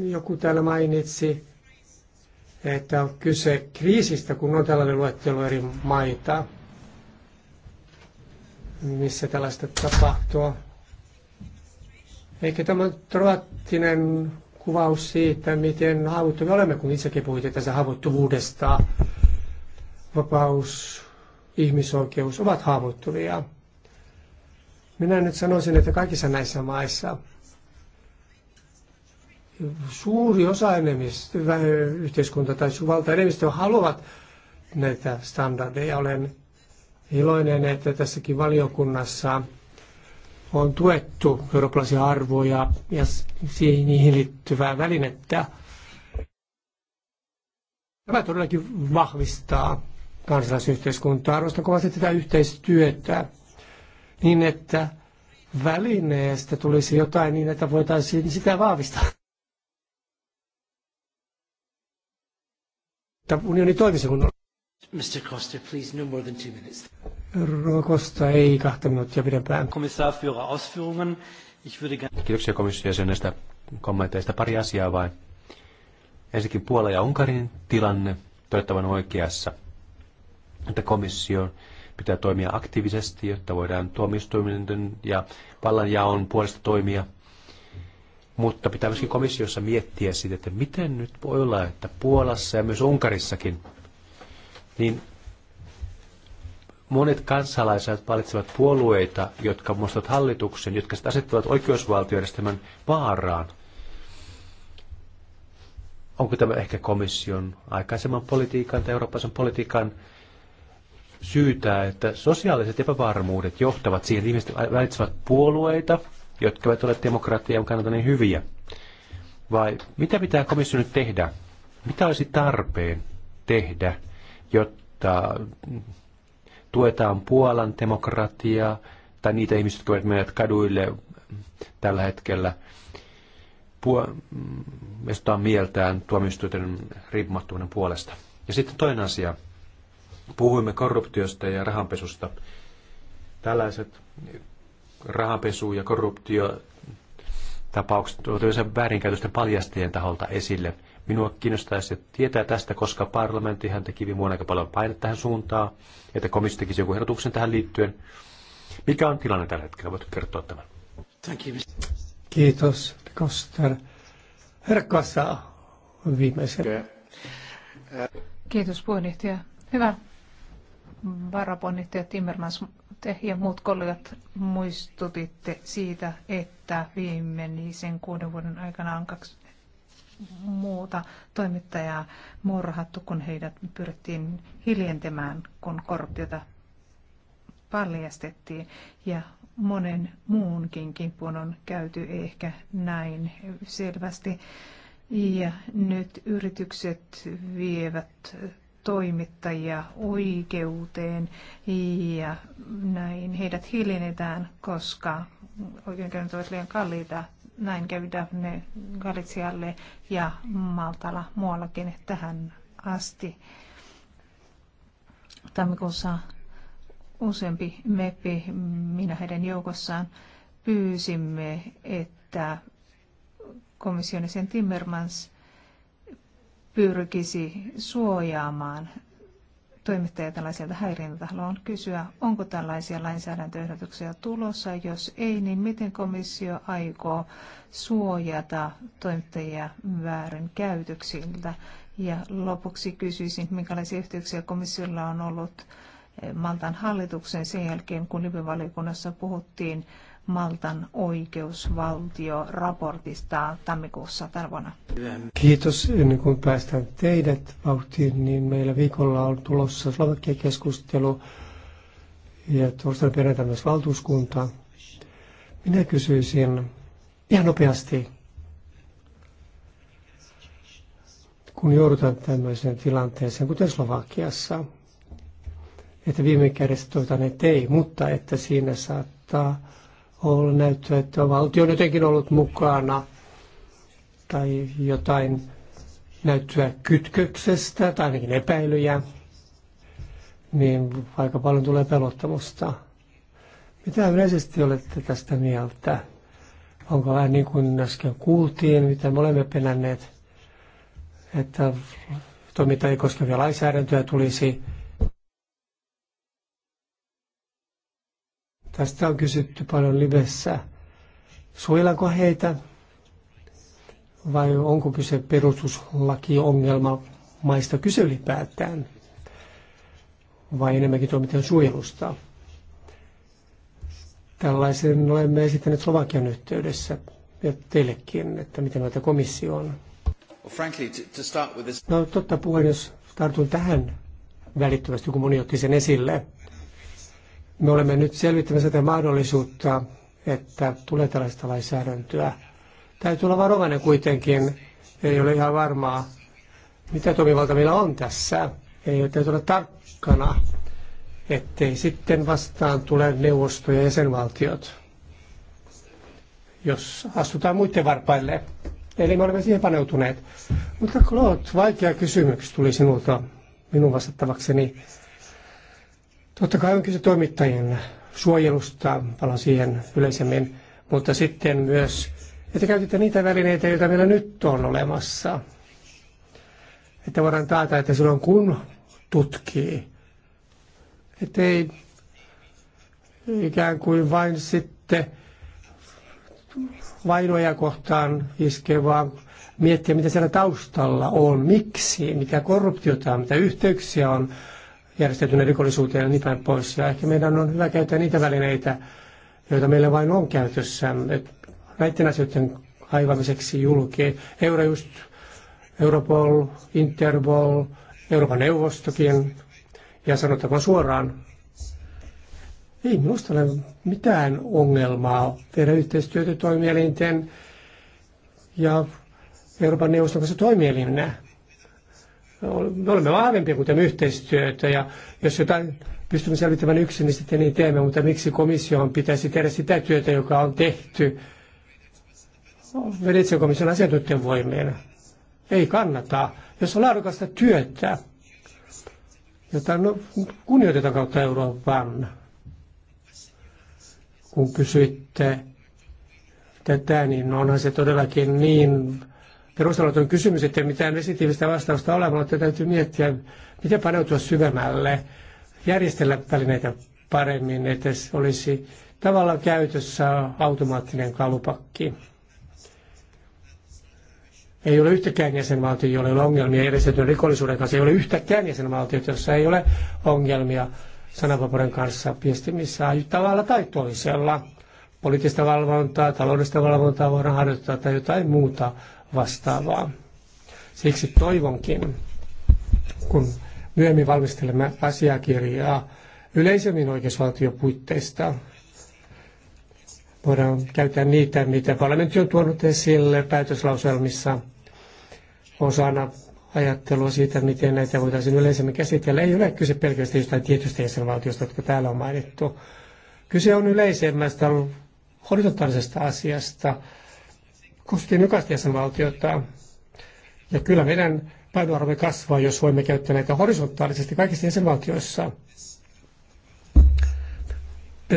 joku täällä mainitsi, että on kyse kriisistä, kun on tällainen luettelo eri maita, missä tällaista tapahtuu. Eikä tämä troattinen kuvaus siitä, miten haavoittuvia olemme, kun itsekin puhuitte tässä haavoittuvuudesta. Vapaus, ihmisoikeus ovat haavoittuvia. Minä nyt sanoisin, että kaikissa näissä maissa suuri osa enemmistö, yhteiskunta tai enemmistö haluavat näitä standardeja. Olen iloinen, että tässäkin valiokunnassa on tuettu eurooppalaisia arvoja ja siihen niihin liittyvää välinettä. Tämä todellakin vahvistaa kansalaisyhteiskuntaa. Arvostan kovasti tätä yhteistyötä niin, että välineestä tulisi jotain niin, että voitaisiin sitä vahvistaa. Tämä unioni toimisi kunnolla. Mr. Costa, please, no more than two minutes. Rokosta ei kahta minuuttia pidempään. Kiitoksia komission kommenteista. Pari asiaa vain. Ensinnäkin Puola ja Unkarin tilanne toivottavan oikeassa, että komissio pitää toimia aktiivisesti, jotta voidaan tuomioistuimen ja vallanjaon puolesta toimia. Mutta pitää myöskin komissiossa miettiä sitä, että miten nyt voi olla, että Puolassa ja myös Unkarissakin, niin monet kansalaiset valitsevat puolueita, jotka muistavat hallituksen, jotka sitten asettavat oikeusvaltiojärjestelmän vaaraan. Onko tämä ehkä komission aikaisemman politiikan tai eurooppalaisen politiikan syytä, että sosiaaliset epävarmuudet johtavat siihen, että ihmiset valitsevat puolueita, jotka eivät ole demokratian kannalta niin hyviä? Vai mitä pitää komissio nyt tehdä? Mitä olisi tarpeen tehdä, jotta tuetaan Puolan demokratiaa tai niitä ihmisiä, jotka menevät kaduille tällä hetkellä estotaan mm, mieltään tuomioistuinten riippumattomuuden puolesta. Ja sitten toinen asia. Puhuimme korruptiosta ja rahanpesusta. Tällaiset rahanpesu- ja korruptiotapaukset ovat yleensä väärinkäytösten paljastajien taholta esille – Minua kiinnostaisi tietää tästä, koska parlamenttihan teki viime vuonna aika paljon painetta tähän suuntaan, että komissio tekisi joku ehdotuksen tähän liittyen. Mikä on tilanne tällä hetkellä? Voitko kertoa tämän? Kiitos, Koster. Herra Kassa, viimeisen. Kiitos puheenjohtaja. Hyvä varapuheenjohtaja Timmermans, te ja muut kollegat muistutitte siitä, että viimeisen kuuden vuoden aikana on muuta toimittajaa murhattu, kun heidät pyrittiin hiljentämään, kun korruptiota paljastettiin. Ja monen muunkin kimppuun on käyty ehkä näin selvästi. Ja nyt yritykset vievät toimittajia oikeuteen ja näin heidät hiljennetään, koska oikeudenkäynnit ovat liian kalliita näin kävi Daphne Galicialle ja Maltalla muuallakin tähän asti. Tammikuussa useampi meppi, minä heidän joukossaan, pyysimme, että komissionisen Timmermans pyrkisi suojaamaan toimittaja tällaiselta häirintä Haluan kysyä, onko tällaisia lainsäädäntöehdotuksia tulossa? Jos ei, niin miten komissio aikoo suojata toimittajia käytöksiltä? Ja lopuksi kysyisin, minkälaisia yhteyksiä komissiolla on ollut Maltan hallituksen sen jälkeen, kun libyvaliokunnassa puhuttiin Maltan oikeusvaltioraportista tammikuussa tänä vuonna. Kiitos. Ennen kuin päästään teidät vauhtiin, niin meillä viikolla on tulossa Slovakia-keskustelu ja torstaina perjantaina myös valtuuskunta. Minä kysyisin ihan nopeasti, kun joudutaan tämmöiseen tilanteeseen, kuten Slovakiassa, että viime kädessä toivotaan, että ei, mutta että siinä saattaa ollut näyttöä, että valtio on jotenkin ollut mukana tai jotain näyttöä kytköksestä tai ainakin epäilyjä, niin aika paljon tulee pelottamusta. Mitä yleisesti olette tästä mieltä? Onko vähän niin kuin äsken kuultiin, mitä me olemme penänneet, että toimintaa ei koskevia lainsäädäntöjä tulisi Tästä on kysytty paljon livessä. Suojellaanko heitä vai onko kyse perustuslakiongelma maista kyse ylipäätään? Vai enemmänkin toimitaan suojelusta? Tällaisen olemme esittäneet Slovakian yhteydessä ja teillekin, että miten näitä komissio on. No totta puheen, jos tartun tähän välittömästi, kun moni otti sen esille – me olemme nyt selvittämässä tätä mahdollisuutta, että tulee tällaista lainsäädäntöä. Täytyy olla varovainen kuitenkin. Ei ole ihan varmaa, mitä toimivalta meillä on tässä. Ei täytyy olla tarkkana, ettei sitten vastaan tule neuvosto ja jäsenvaltiot, jos astutaan muiden varpaille. Eli me olemme siihen paneutuneet. Mutta Claude, vaikea kysymys tuli sinulta minun vastattavakseni. Totta kai on kyse toimittajien suojelusta, palaan siihen yleisemmin, mutta sitten myös, että käytetään niitä välineitä, joita meillä nyt on olemassa. Että voidaan taata, että silloin kun tutkii, ettei ikään kuin vain sitten vainoja kohtaan iske, vaan miettiä, mitä siellä taustalla on, miksi, mitä korruptiota on, mitä yhteyksiä on järjestäytyneen rikollisuuteen ja niin päin pois. Ja ehkä meidän on hyvä käyttää niitä välineitä, joita meillä vain on käytössä, että näiden asioiden kaivamiseksi julki. Eurojust, Europol, Interpol, Euroopan neuvostokin, ja sanotaan suoraan, ei minusta ole mitään ongelmaa tehdä yhteistyötä toimielinten ja Euroopan neuvoston kanssa toimielinnä me olemme vahvempia, kuin tämä yhteistyötä ja jos jotain pystymme selvittämään yksin, niin sitten niin teemme, mutta miksi komission pitäisi tehdä sitä työtä, joka on tehty Venetsian komission asiantuntijan voimien? Ei kannata. Jos on laadukasta työtä, jota no, kunnioitetaan kautta Euroopan, kun kysyitte tätä, niin onhan se todellakin niin perusteluton kysymys, ettei mitään esitiivistä vastausta ole, mutta täytyy miettiä, miten paneutua syvemmälle, järjestellä välineitä paremmin, että olisi tavallaan käytössä automaattinen kalupakki. Ei ole yhtäkään jäsenvaltio, jolla ei ole ongelmia järjestetyn rikollisuuden kanssa. Ei ole yhtäkään jäsenvaltio, jossa ei ole ongelmia sananvapauden kanssa viestimissä tavalla tai toisella. Poliittista valvontaa, taloudellista valvontaa voidaan harjoittaa tai jotain muuta vastaavaa. Siksi toivonkin, kun myöhemmin valmistelemme asiakirjaa yleisemmin oikeusvaltiopuitteista, voidaan käyttää niitä, mitä parlamentti on tuonut esille päätöslauselmissa osana ajattelua siitä, miten näitä voitaisiin yleisemmin käsitellä. Ei ole kyse pelkästään jostain tietystä jäsenvaltiosta, jotka täällä on mainittu. Kyse on yleisemmästä horisontaalisesta asiasta, koskien jokaista jäsenvaltiota. Ja kyllä meidän painoarvo kasvaa, jos voimme käyttää näitä horisontaalisesti kaikissa jäsenvaltioissa.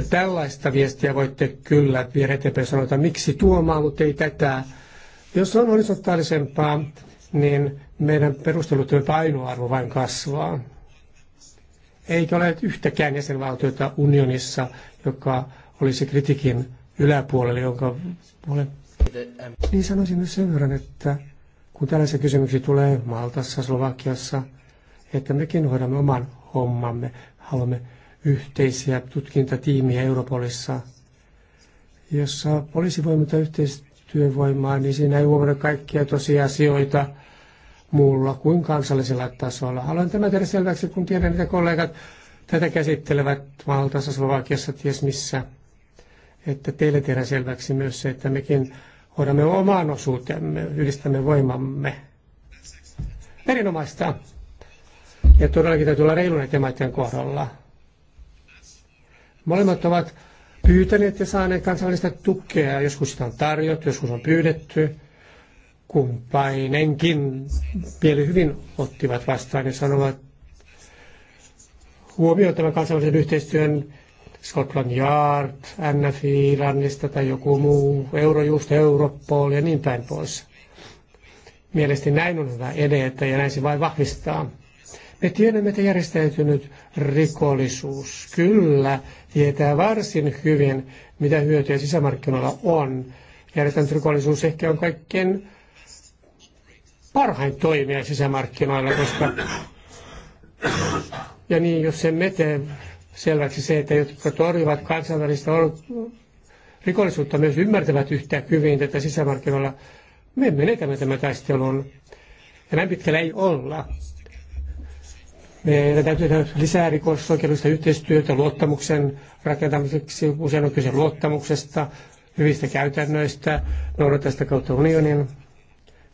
tällaista viestiä voitte kyllä viedä eteenpäin sanota, miksi tuomaa, mutta ei tätä. Jos on horisontaalisempaa, niin meidän perustelutyön painoarvo vain kasvaa. Eikä ole yhtäkään jäsenvaltiota unionissa, joka olisi kritiikin yläpuolelle, jonka puolen niin sanoisin myös sen verran, että kun tällaisia kysymyksiä tulee Maltassa, Slovakiassa, että mekin hoidamme oman hommamme, haluamme yhteisiä tutkintatiimiä Europolissa, jossa poliisi poliisivoiminta yhteistyövoimaa, niin siinä ei huomioida kaikkia tosiasioita muulla kuin kansallisella tasolla. Haluan tämä tehdä selväksi, kun tiedän, että kollegat tätä käsittelevät Maltassa, Slovakiassa, ties missä, että teille tehdään selväksi myös se, että mekin hoidamme oman osuutemme, yhdistämme voimamme. Erinomaista. Ja todellakin täytyy olla reilu näiden maiden kohdalla. Molemmat ovat pyytäneet ja saaneet kansainvälistä tukea. Joskus sitä on tarjottu, joskus on pyydetty. Kumpainenkin mieli hyvin ottivat vastaan ja sanovat huomioon tämän kansainvälisen yhteistyön Scotland Yard, NFI Irannista tai joku muu, Eurojust, Europol ja niin päin pois. Mielestäni näin on hyvä edetä ja näin se vain vahvistaa. Me tiedämme, että järjestäytynyt rikollisuus kyllä tietää varsin hyvin, mitä hyötyä sisämarkkinoilla on. Järjestäytynyt rikollisuus ehkä on kaikkein parhain toimija sisämarkkinoilla, koska ja niin, jos emme tee selväksi se, että jotka torjuvat kansainvälistä rikollisuutta myös ymmärtävät yhtä hyvin tätä sisämarkkinoilla. Me menetämme tämän taistelun. Ja näin pitkällä ei olla. Meidän täytyy tehdä lisää rikosoikeudellista yhteistyötä luottamuksen rakentamiseksi. Usein on kyse luottamuksesta, hyvistä käytännöistä, noudatasta kautta unionin.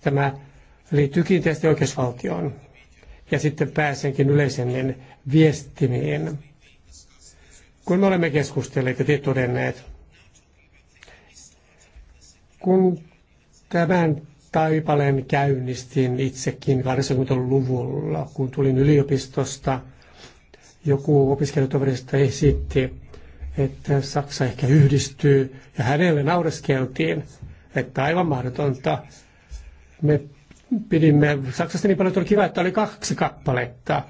Tämä liittyy kiinteästi oikeusvaltioon. Ja sitten pääsenkin yleisemmin viestimiin kun me olemme keskustelleet ja te todenneet, kun tämän taipaleen käynnistin itsekin 80-luvulla, kun tulin yliopistosta, joku opiskelijatoverista esitti, että Saksa ehkä yhdistyy, ja hänelle naureskeltiin, että aivan mahdotonta. Me pidimme Saksasta niin paljon, että oli kiva, että oli kaksi kappaletta.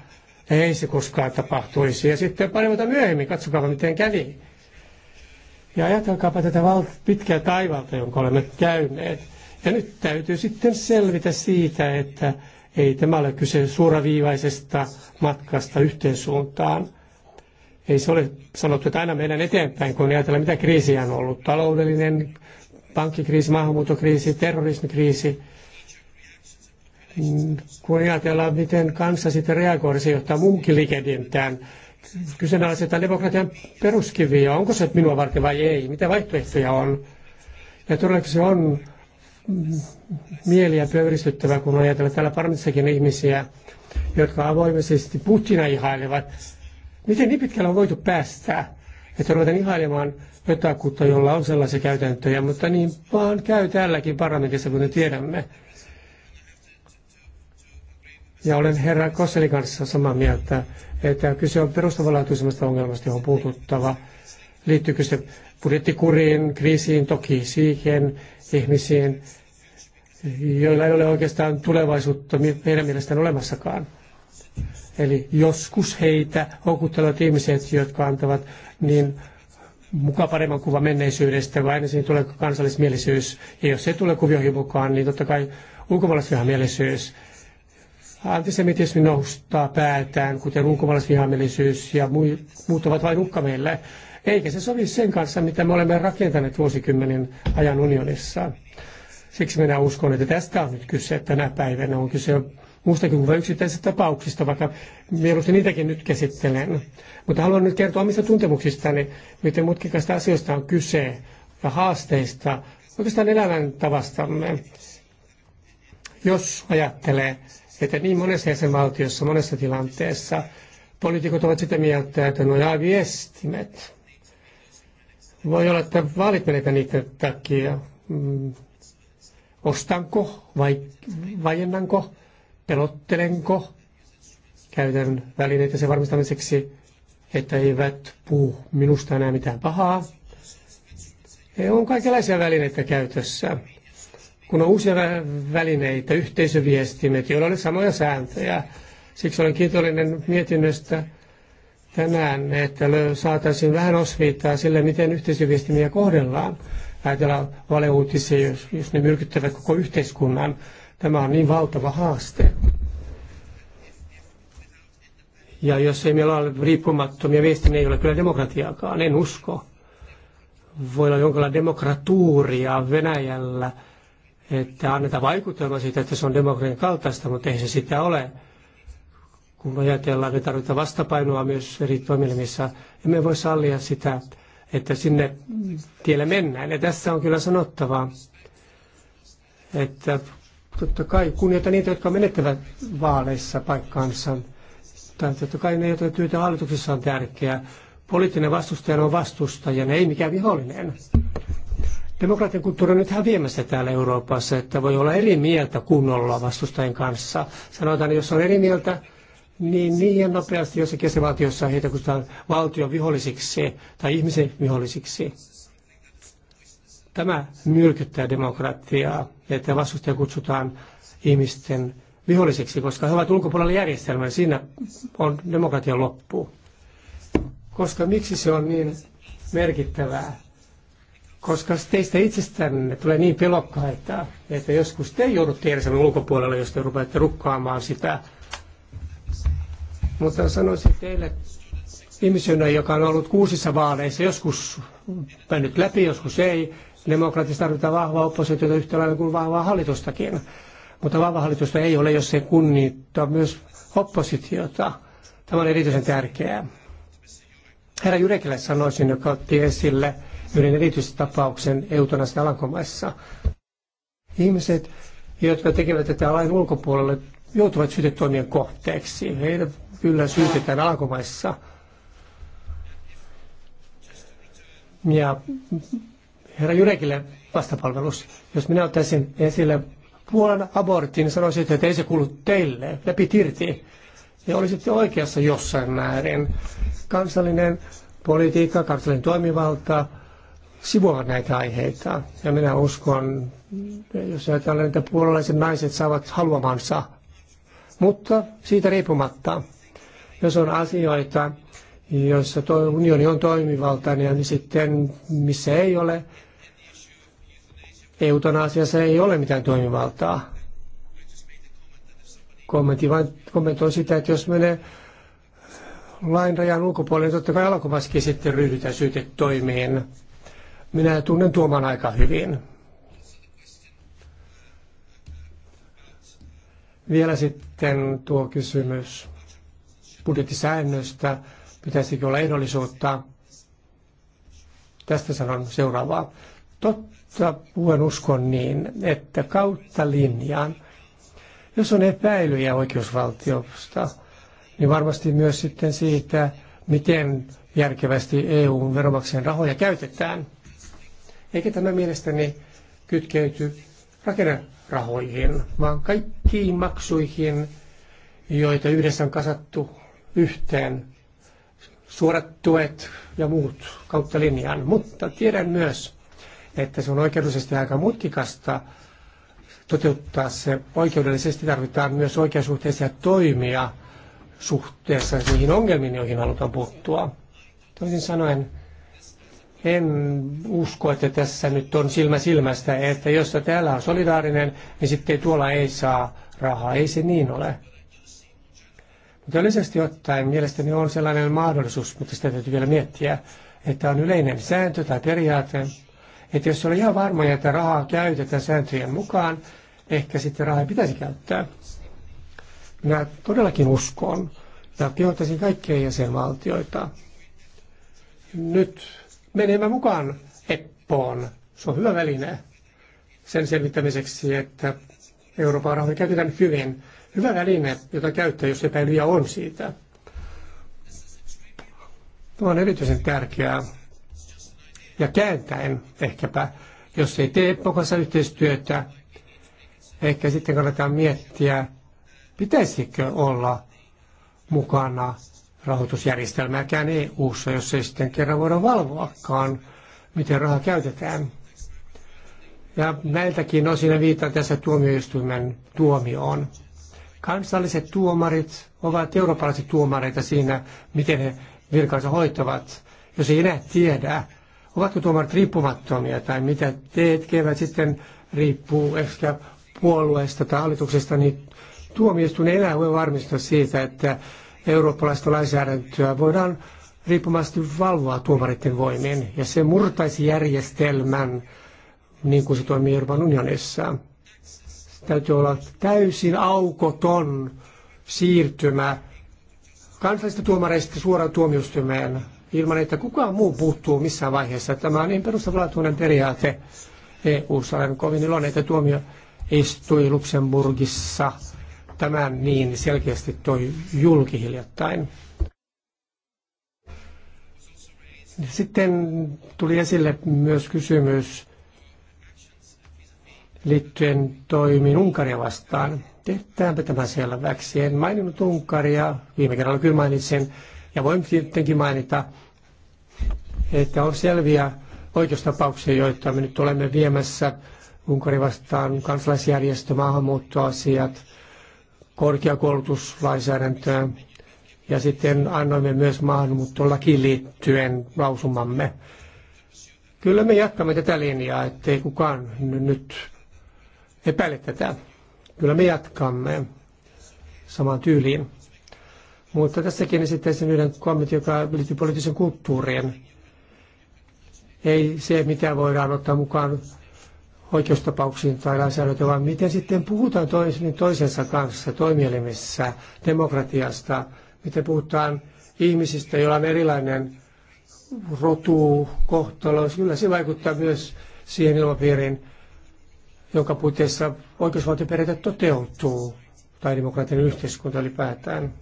Ei se koskaan tapahtuisi. Ja sitten pari vuotta myöhemmin, katsokaa miten kävi. Ja ajatelkaapa tätä pitkää taivalta, jonka olemme käyneet. Ja nyt täytyy sitten selvitä siitä, että ei tämä ole kyse suoraviivaisesta matkasta yhteen suuntaan. Ei se ole sanottu, että aina meidän eteenpäin, kun ajatellaan, mitä kriisiä on ollut. Taloudellinen, pankkikriisi, maahanmuuttokriisi, terrorismikriisi – kun ajatellaan, miten kansa sitten reagoi, niin se johtaa muunkin liikehdintään. Kyseenalaistetaan demokratian peruskiviä, onko se minua varten vai ei, mitä vaihtoehtoja on. Ja todellakin se on mieliä pöyristyttävää, kun ajatellaan täällä parmissakin ihmisiä, jotka avoimesti Putina ihailevat. Miten niin pitkällä on voitu päästä, että ruvetaan ihailemaan jotakuta, jolla on sellaisia käytäntöjä, mutta niin vaan käy täälläkin parlamentissa, kuten tiedämme. Ja olen herra Kosselin kanssa samaa mieltä, että kyse on perustavanlaatuisemmasta ongelmasta, johon puututtava. Liittyykö se budjettikuriin, kriisiin, toki siihen, ihmisiin, joilla ei ole oikeastaan tulevaisuutta meidän mielestään olemassakaan. Eli joskus heitä houkuttelevat ihmiset, jotka antavat niin muka paremman kuvan menneisyydestä, vai aina siinä tulee kansallismielisyys. Ja jos se tulee kuvioihin mukaan, niin totta kai ulkomaalaisvihamielisyys antisemitismi noustaa päätään, kuten ulkomaalaisvihamielisyys ja muut ovat vain uhka meille. Eikä se sovi sen kanssa, mitä me olemme rakentaneet vuosikymmenen ajan unionissa. Siksi minä uskon, että tästä on nyt kyse tänä päivänä. On kyse muustakin kuin yksittäisistä tapauksista, vaikka mieluusti niitäkin nyt käsittelen. Mutta haluan nyt kertoa omista tuntemuksistani, miten mutkikasta asioista on kyse ja haasteista, oikeastaan elämäntavastamme. Jos ajattelee että niin monessa jäsenvaltiossa, monessa tilanteessa poliitikot ovat sitä mieltä, että nuo viestimet. Voi olla, että vaalit menetään niiden takia. Mm, ostanko vai vaiennanko? Pelottelenko? Käytän välineitä sen varmistamiseksi, että eivät puhu minusta enää mitään pahaa. E, on kaikenlaisia välineitä käytössä kun on uusia välineitä, yhteisöviestimet, joilla oli samoja sääntöjä. Siksi olen kiitollinen mietinnöstä tänään, että saataisiin vähän osviittaa sille, miten yhteisöviestimiä kohdellaan. Ajatellaan valeuutisia, jos, jos ne myrkyttävät koko yhteiskunnan. Tämä on niin valtava haaste. Ja jos ei meillä ole riippumattomia viestimiä, niin ei ole kyllä demokratiaakaan, en usko. Voi olla jonkinlainen demokratuuria Venäjällä – että annetaan vaikutelma siitä, että se on demokratian kaltaista, mutta ei se sitä ole. Kun ajatellaan, että tarvitaan vastapainoa myös eri toimielimissä, emme voi sallia sitä, että sinne tielle mennään. Ja tässä on kyllä sanottavaa, että totta kai kunnioita niitä, jotka menettävät vaaleissa paikkaansa. Tai totta kai ne, joita työtä hallituksessa on tärkeää. Poliittinen vastustaja on vastustaja, ei mikään vihollinen. Demokratian kulttuuri on nyt häviämässä täällä Euroopassa, että voi olla eri mieltä kunnolla vastustajien kanssa. Sanotaan, että jos on eri mieltä, niin niin nopeasti jossakin jäsenvaltiossa heitä kutsutaan valtion vihollisiksi tai ihmisen vihollisiksi. Tämä myrkyttää demokratiaa, että vastustajia kutsutaan ihmisten vihollisiksi, koska he ovat ulkopuolella järjestelmää. Siinä on demokratian loppu. Koska miksi se on niin merkittävää? koska teistä itsestänne tulee niin pelokkaita, että joskus te joudutte järjestelmän ulkopuolella, jos te rupeatte rukkaamaan sitä. Mutta sanoisin teille ihmisenä, joka on ollut kuusissa vaaleissa, joskus mennyt läpi, joskus ei. Demokraatissa tarvitaan vahvaa oppositiota yhtä lailla kuin vahvaa hallitustakin. Mutta vahva hallitusta ei ole, jos se kunnittaa myös oppositiota. Tämä on erityisen tärkeää. Herra Jyrekille sanoisin, joka otti esille yhden erityistapauksen eutanasta Alankomaissa. Ihmiset, jotka tekevät tätä lain ulkopuolelle, joutuvat syytetoimien kohteeksi. Heitä kyllä syytetään Alankomaissa. Ja herra Jurekille vastapalvelus. Jos minä ottaisin esille Puolan abortin, niin sanoisin, että ei se kuulu teille, läpi tirti. Ja olisitte oikeassa jossain määrin. Kansallinen politiikka, kansallinen toimivalta sivuavat näitä aiheita. Ja minä uskon, jos ajatellaan, että puolalaiset naiset saavat haluamansa. Mutta siitä riippumatta, jos on asioita, joissa unioni on toimivaltainen, niin sitten missä ei ole, eutanasiassa ei ole mitään toimivaltaa. Kommentti vain, kommentoi sitä, että jos menee lain rajan ulkopuolelle, niin totta kai alkuvaskin sitten ryhdytään syytetoimiin. toimeen. Minä tunnen Tuoman aika hyvin. Vielä sitten tuo kysymys budjettisäännöstä. Pitäisikö olla ehdollisuutta? Tästä sanon seuraavaa. Totta puhuen uskon niin, että kautta linjaan, jos on epäilyjä oikeusvaltiosta, niin varmasti myös sitten siitä, miten järkevästi EUn veromaksien rahoja käytetään – eikä tämä mielestäni kytkeyty rakennerahoihin, vaan kaikkiin maksuihin, joita yhdessä on kasattu yhteen, suorat tuet ja muut kautta linjan. Mutta tiedän myös, että se on oikeudellisesti aika mutkikasta toteuttaa se. Oikeudellisesti tarvitaan myös oikeasuhteisia toimia suhteessa niihin ongelmiin, joihin halutaan puuttua. Toisin sanoen, en usko, että tässä nyt on silmä silmästä, että jos täällä on solidaarinen, niin sitten tuolla ei saa rahaa. Ei se niin ole. Mutta yleisesti ottaen mielestäni on sellainen mahdollisuus, mutta sitä täytyy vielä miettiä, että on yleinen sääntö tai periaate, että jos ollaan ihan varmoja, että rahaa käytetään sääntöjen mukaan, ehkä sitten rahaa ei pitäisi käyttää. Minä todellakin uskon ja kehottaisin kaikkia jäsenvaltioita nyt menemään mukaan EPPOon. Se on hyvä väline sen selvittämiseksi, että Euroopan rahoja käytetään hyvin. Hyvä väline, jota käyttää, jos epäilyjä on siitä. Tämä on erityisen tärkeää. Ja kääntäen ehkäpä, jos ei tee EPPOn yhteistyötä, ehkä sitten kannattaa miettiä, pitäisikö olla mukana rahoitusjärjestelmääkään EU-ssa, jos ei sitten kerran voida valvoakaan, miten raha käytetään. Ja näiltäkin osin viittaan tässä tuomioistuimen tuomioon. Kansalliset tuomarit ovat eurooppalaiset tuomareita siinä, miten he virkansa hoitavat. Jos ei enää tiedä, ovatko tuomarit riippumattomia tai mitä tekevät sitten riippuu ehkä puolueesta tai hallituksesta, niin tuomioistuin ei enää voi varmistaa siitä, että eurooppalaista lainsäädäntöä voidaan riippumattomasti valvoa tuomareiden voimin, ja se murtaisi järjestelmän niin kuin se toimii Euroopan unionissa. Se täytyy olla täysin aukoton siirtymä kansallisista tuomareista suoraan tuomioistuimeen ilman, että kukaan muu puuttuu missään vaiheessa. Tämä on niin perustavanlaatuinen periaate. EU-ssa olen kovin iloinen, että tuomio istui Luxemburgissa – tämän niin selkeästi toi julki hiljattain. Sitten tuli esille myös kysymys liittyen toimiin Unkaria vastaan. Tehtäänpä tämä selväksi. En maininnut Unkaria, viime kerralla kyllä mainitsin, ja voin tietenkin mainita, että on selviä oikeustapauksia, joita me nyt olemme viemässä Unkari vastaan kansalaisjärjestö, maahanmuuttoasiat, korkeakoulutuslainsäädäntöä ja sitten annoimme myös maahanmuuttolakiin liittyen lausumamme. Kyllä me jatkamme tätä linjaa, ettei kukaan nyt epäile tätä. Kyllä me jatkamme samaan tyyliin. Mutta tässäkin esittäisin yhden kommentin, joka liittyy poliittisen kulttuuriin. Ei se, mitä voidaan ottaa mukaan oikeustapauksiin tai lainsäädäntöön, vaan miten sitten puhutaan toisen, niin toisensa kanssa toimielimissä demokratiasta, miten puhutaan ihmisistä, joilla on erilainen rotu, kohtalo. Kyllä se vaikuttaa myös siihen ilmapiiriin, jonka puitteissa oikeusvaltioperiaate toteutuu tai demokraattinen yhteiskunta ylipäätään.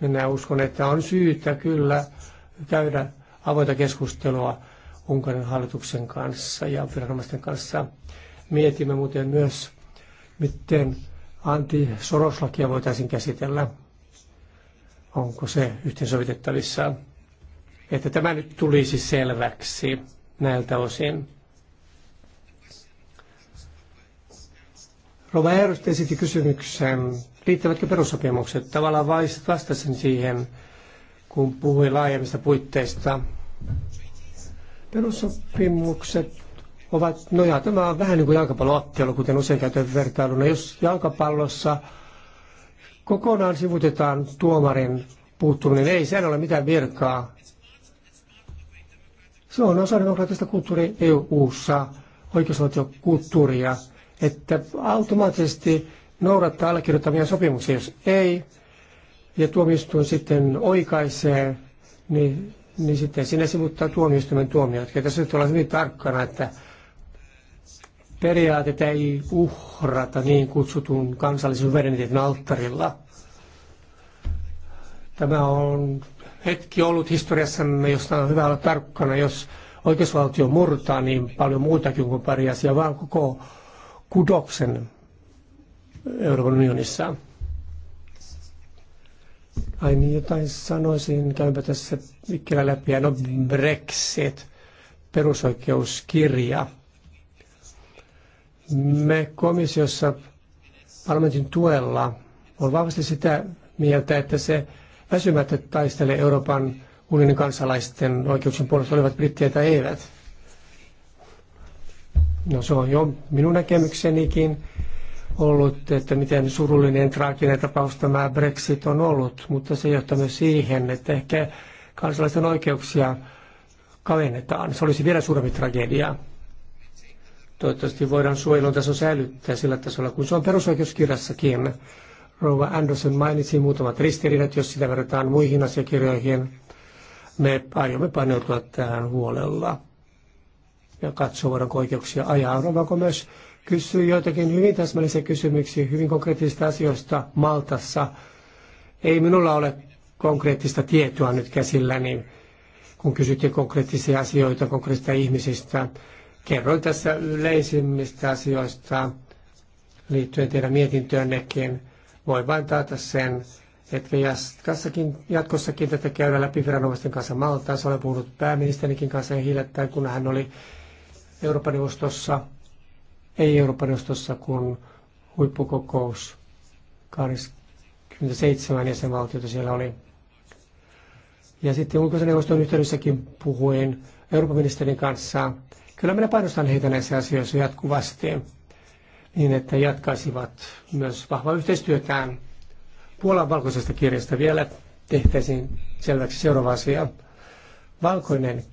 Minä uskon, että on syytä kyllä käydä avointa keskustelua Unkarin hallituksen kanssa ja viranomaisten kanssa. Mietimme muuten myös, miten anti-soroslakia voitaisiin käsitellä. Onko se yhteensovitettavissa? Että tämä nyt tulisi selväksi näiltä osin. Rova Eerost esitti kysymyksen, riittävätkö perussopimukset? Tavallaan vastasin siihen, kun puhui laajemmista puitteista Perussopimukset ovat, no ja tämä on vähän niin kuin jalkapalloottelu, kuten usein käytetään vertailuna. Jos jalkapallossa kokonaan sivutetaan tuomarin puuttuminen, niin ei sen ole mitään virkaa. Se on osa demokraattista kulttuuri EU-ssa, oikeusvaltiokulttuuria, että automaattisesti noudattaa allekirjoittamia sopimuksia. Jos ei, ja tuomioistuin sitten oikaisee, niin niin sitten sinne sivuttaa tuomioistuimen tuomiot. Ja tässä nyt ollaan hyvin tarkkana, että periaatteita ei uhrata niin kutsutun kansallisen suvereniteetin alttarilla. Tämä on hetki ollut historiassamme, josta on hyvä olla tarkkana, jos oikeusvaltio murtaa niin paljon muutakin kuin pari asiaa, vaan koko kudoksen Euroopan unionissa. Ai niin, jotain sanoisin, käympä tässä vikkelä läpi. No Brexit, perusoikeuskirja. Me komissiossa parlamentin tuella on vahvasti sitä mieltä, että se väsymättä taistelee Euroopan unionin kansalaisten oikeuksien puolesta, olivat brittejä tai eivät. No se on jo minun näkemyksenikin, ollut, että miten surullinen traaginen tapaus tämä Brexit on ollut, mutta se johtaa myös siihen, että ehkä kansalaisten oikeuksia kavennetaan. Se olisi vielä suurempi tragedia. Toivottavasti voidaan suojelun taso säilyttää sillä tasolla, kun se on perusoikeuskirjassakin. Rouva Anderson mainitsi muutamat ristiriidat, jos sitä verrataan muihin asiakirjoihin. Me aiomme paneutua tähän huolella ja katsoa, voidaanko oikeuksia ajaa. Ollaanko myös kysyi joitakin hyvin täsmällisiä kysymyksiä hyvin konkreettisista asioista Maltassa. Ei minulla ole konkreettista tietoa nyt käsilläni, niin kun kysyttiin konkreettisia asioita konkreettisista ihmisistä. Kerroin tässä yleisimmistä asioista liittyen teidän mietintöönnekin. Voin vain taata sen, että jatkossakin, jatkossakin tätä käydään läpi viranomaisten kanssa Maltassa. Olen puhunut pääministerikin kanssa hiljattain, kun hän oli Euroopan neuvostossa – ei Euroopan neuvostossa, kun huippukokous 27 jäsenvaltiota siellä oli. Ja sitten ulkoisen neuvoston yhteydessäkin puhuin Euroopan ministerin kanssa. Kyllä minä painostan heitä näissä asioissa jatkuvasti niin, että jatkaisivat myös vahvaa yhteistyötään. Puolan valkoisesta kirjasta vielä tehtäisiin selväksi seuraava asia. Valkoinen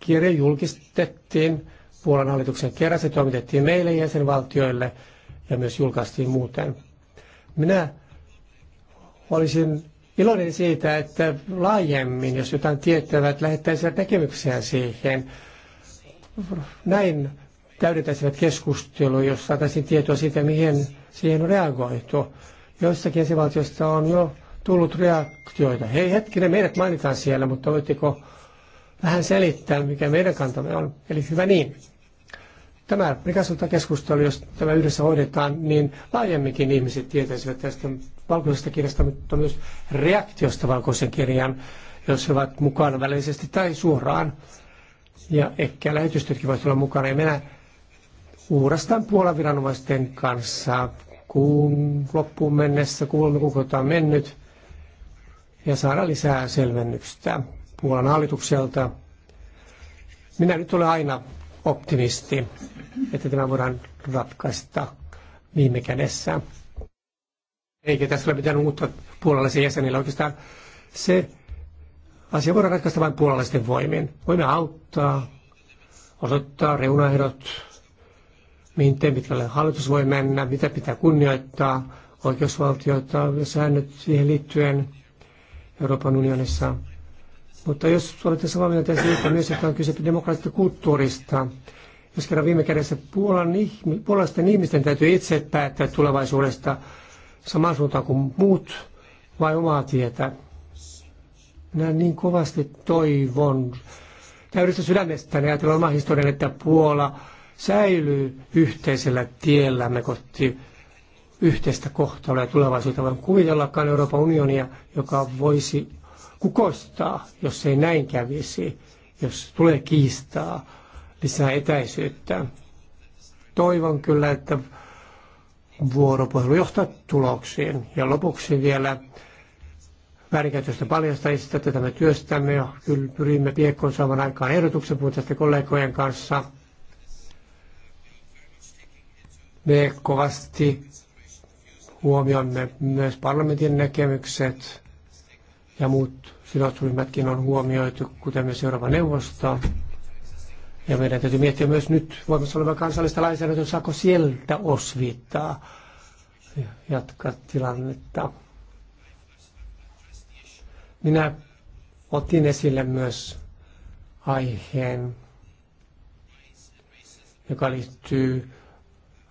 kirja julkistettiin Puolan hallituksen kerran se toimitettiin meille jäsenvaltioille ja myös julkaistiin muuten. Minä olisin iloinen siitä, että laajemmin, jos jotain tiettävät, lähettäisivät näkemyksiä siihen. Näin täydentäisivät keskustelu, jos saataisiin tietoa siitä, mihin siihen on reagoitu. Joissakin jäsenvaltioista on jo tullut reaktioita. Hei hetkinen, meidät mainitaan siellä, mutta voitteko vähän selittää, mikä meidän kantamme on. Eli hyvä niin. Tämä rikastuntakeskustelu, keskustelu, jos tämä yhdessä hoidetaan, niin laajemminkin ihmiset tietäisivät tästä valkoisesta kirjasta, mutta myös reaktiosta valkoisen kirjan, jos he ovat mukana välisesti tai suoraan. Ja ehkä lähetystötkin voivat olla mukana. Ja minä uurastan Puolan viranomaisten kanssa kuun loppuun mennessä, kuulemme kuinka on mennyt, ja saada lisää selvennystä Puolan hallitukselta. Minä nyt olen aina optimisti, että tämä voidaan ratkaista viime kädessä. Eikä tässä ole mitään uutta puolalaisen jäsenillä oikeastaan. Se asia voidaan ratkaista vain puolalaisten voimin. Voimme auttaa, osoittaa reunaehdot, miten pitkälle hallitus voi mennä, mitä pitää kunnioittaa, oikeusvaltioita ja säännöt siihen liittyen Euroopan unionissa. Mutta jos olette samaa mieltä siitä myös, että on kyse demokraattisesta kulttuurista, jos kerran viime kädessä Puolan, puolalaisten ihmisten täytyy itse päättää tulevaisuudesta samaan suuntaan kuin muut vai omaa tietä. Minä niin kovasti toivon täydestä sydämestäni ajatella oman historian, että Puola säilyy yhteisellä tiellämme kohti yhteistä kohtaloa ja tulevaisuutta. Voin kuvitellakaan Euroopan unionia, joka voisi kukoistaa, jos ei näin kävisi, jos tulee kiistaa lisää etäisyyttä. Toivon kyllä, että vuoropuhelu johtaa tuloksiin. Ja lopuksi vielä väärinkäytöstä paljastajista. Tätä me työstämme ja kyllä pyrimme piekkoon saamaan aikaan ehdotuksen puutteesta kollegojen kanssa. Me kovasti huomioimme myös parlamentin näkemykset ja muut sidosryhmätkin on huomioitu, kuten myös Euroopan neuvosto. Ja meidän täytyy miettiä myös nyt voimassa oleva kansallista lainsäädäntöä, saako sieltä osviittaa jatkaa tilannetta. Minä otin esille myös aiheen, joka liittyy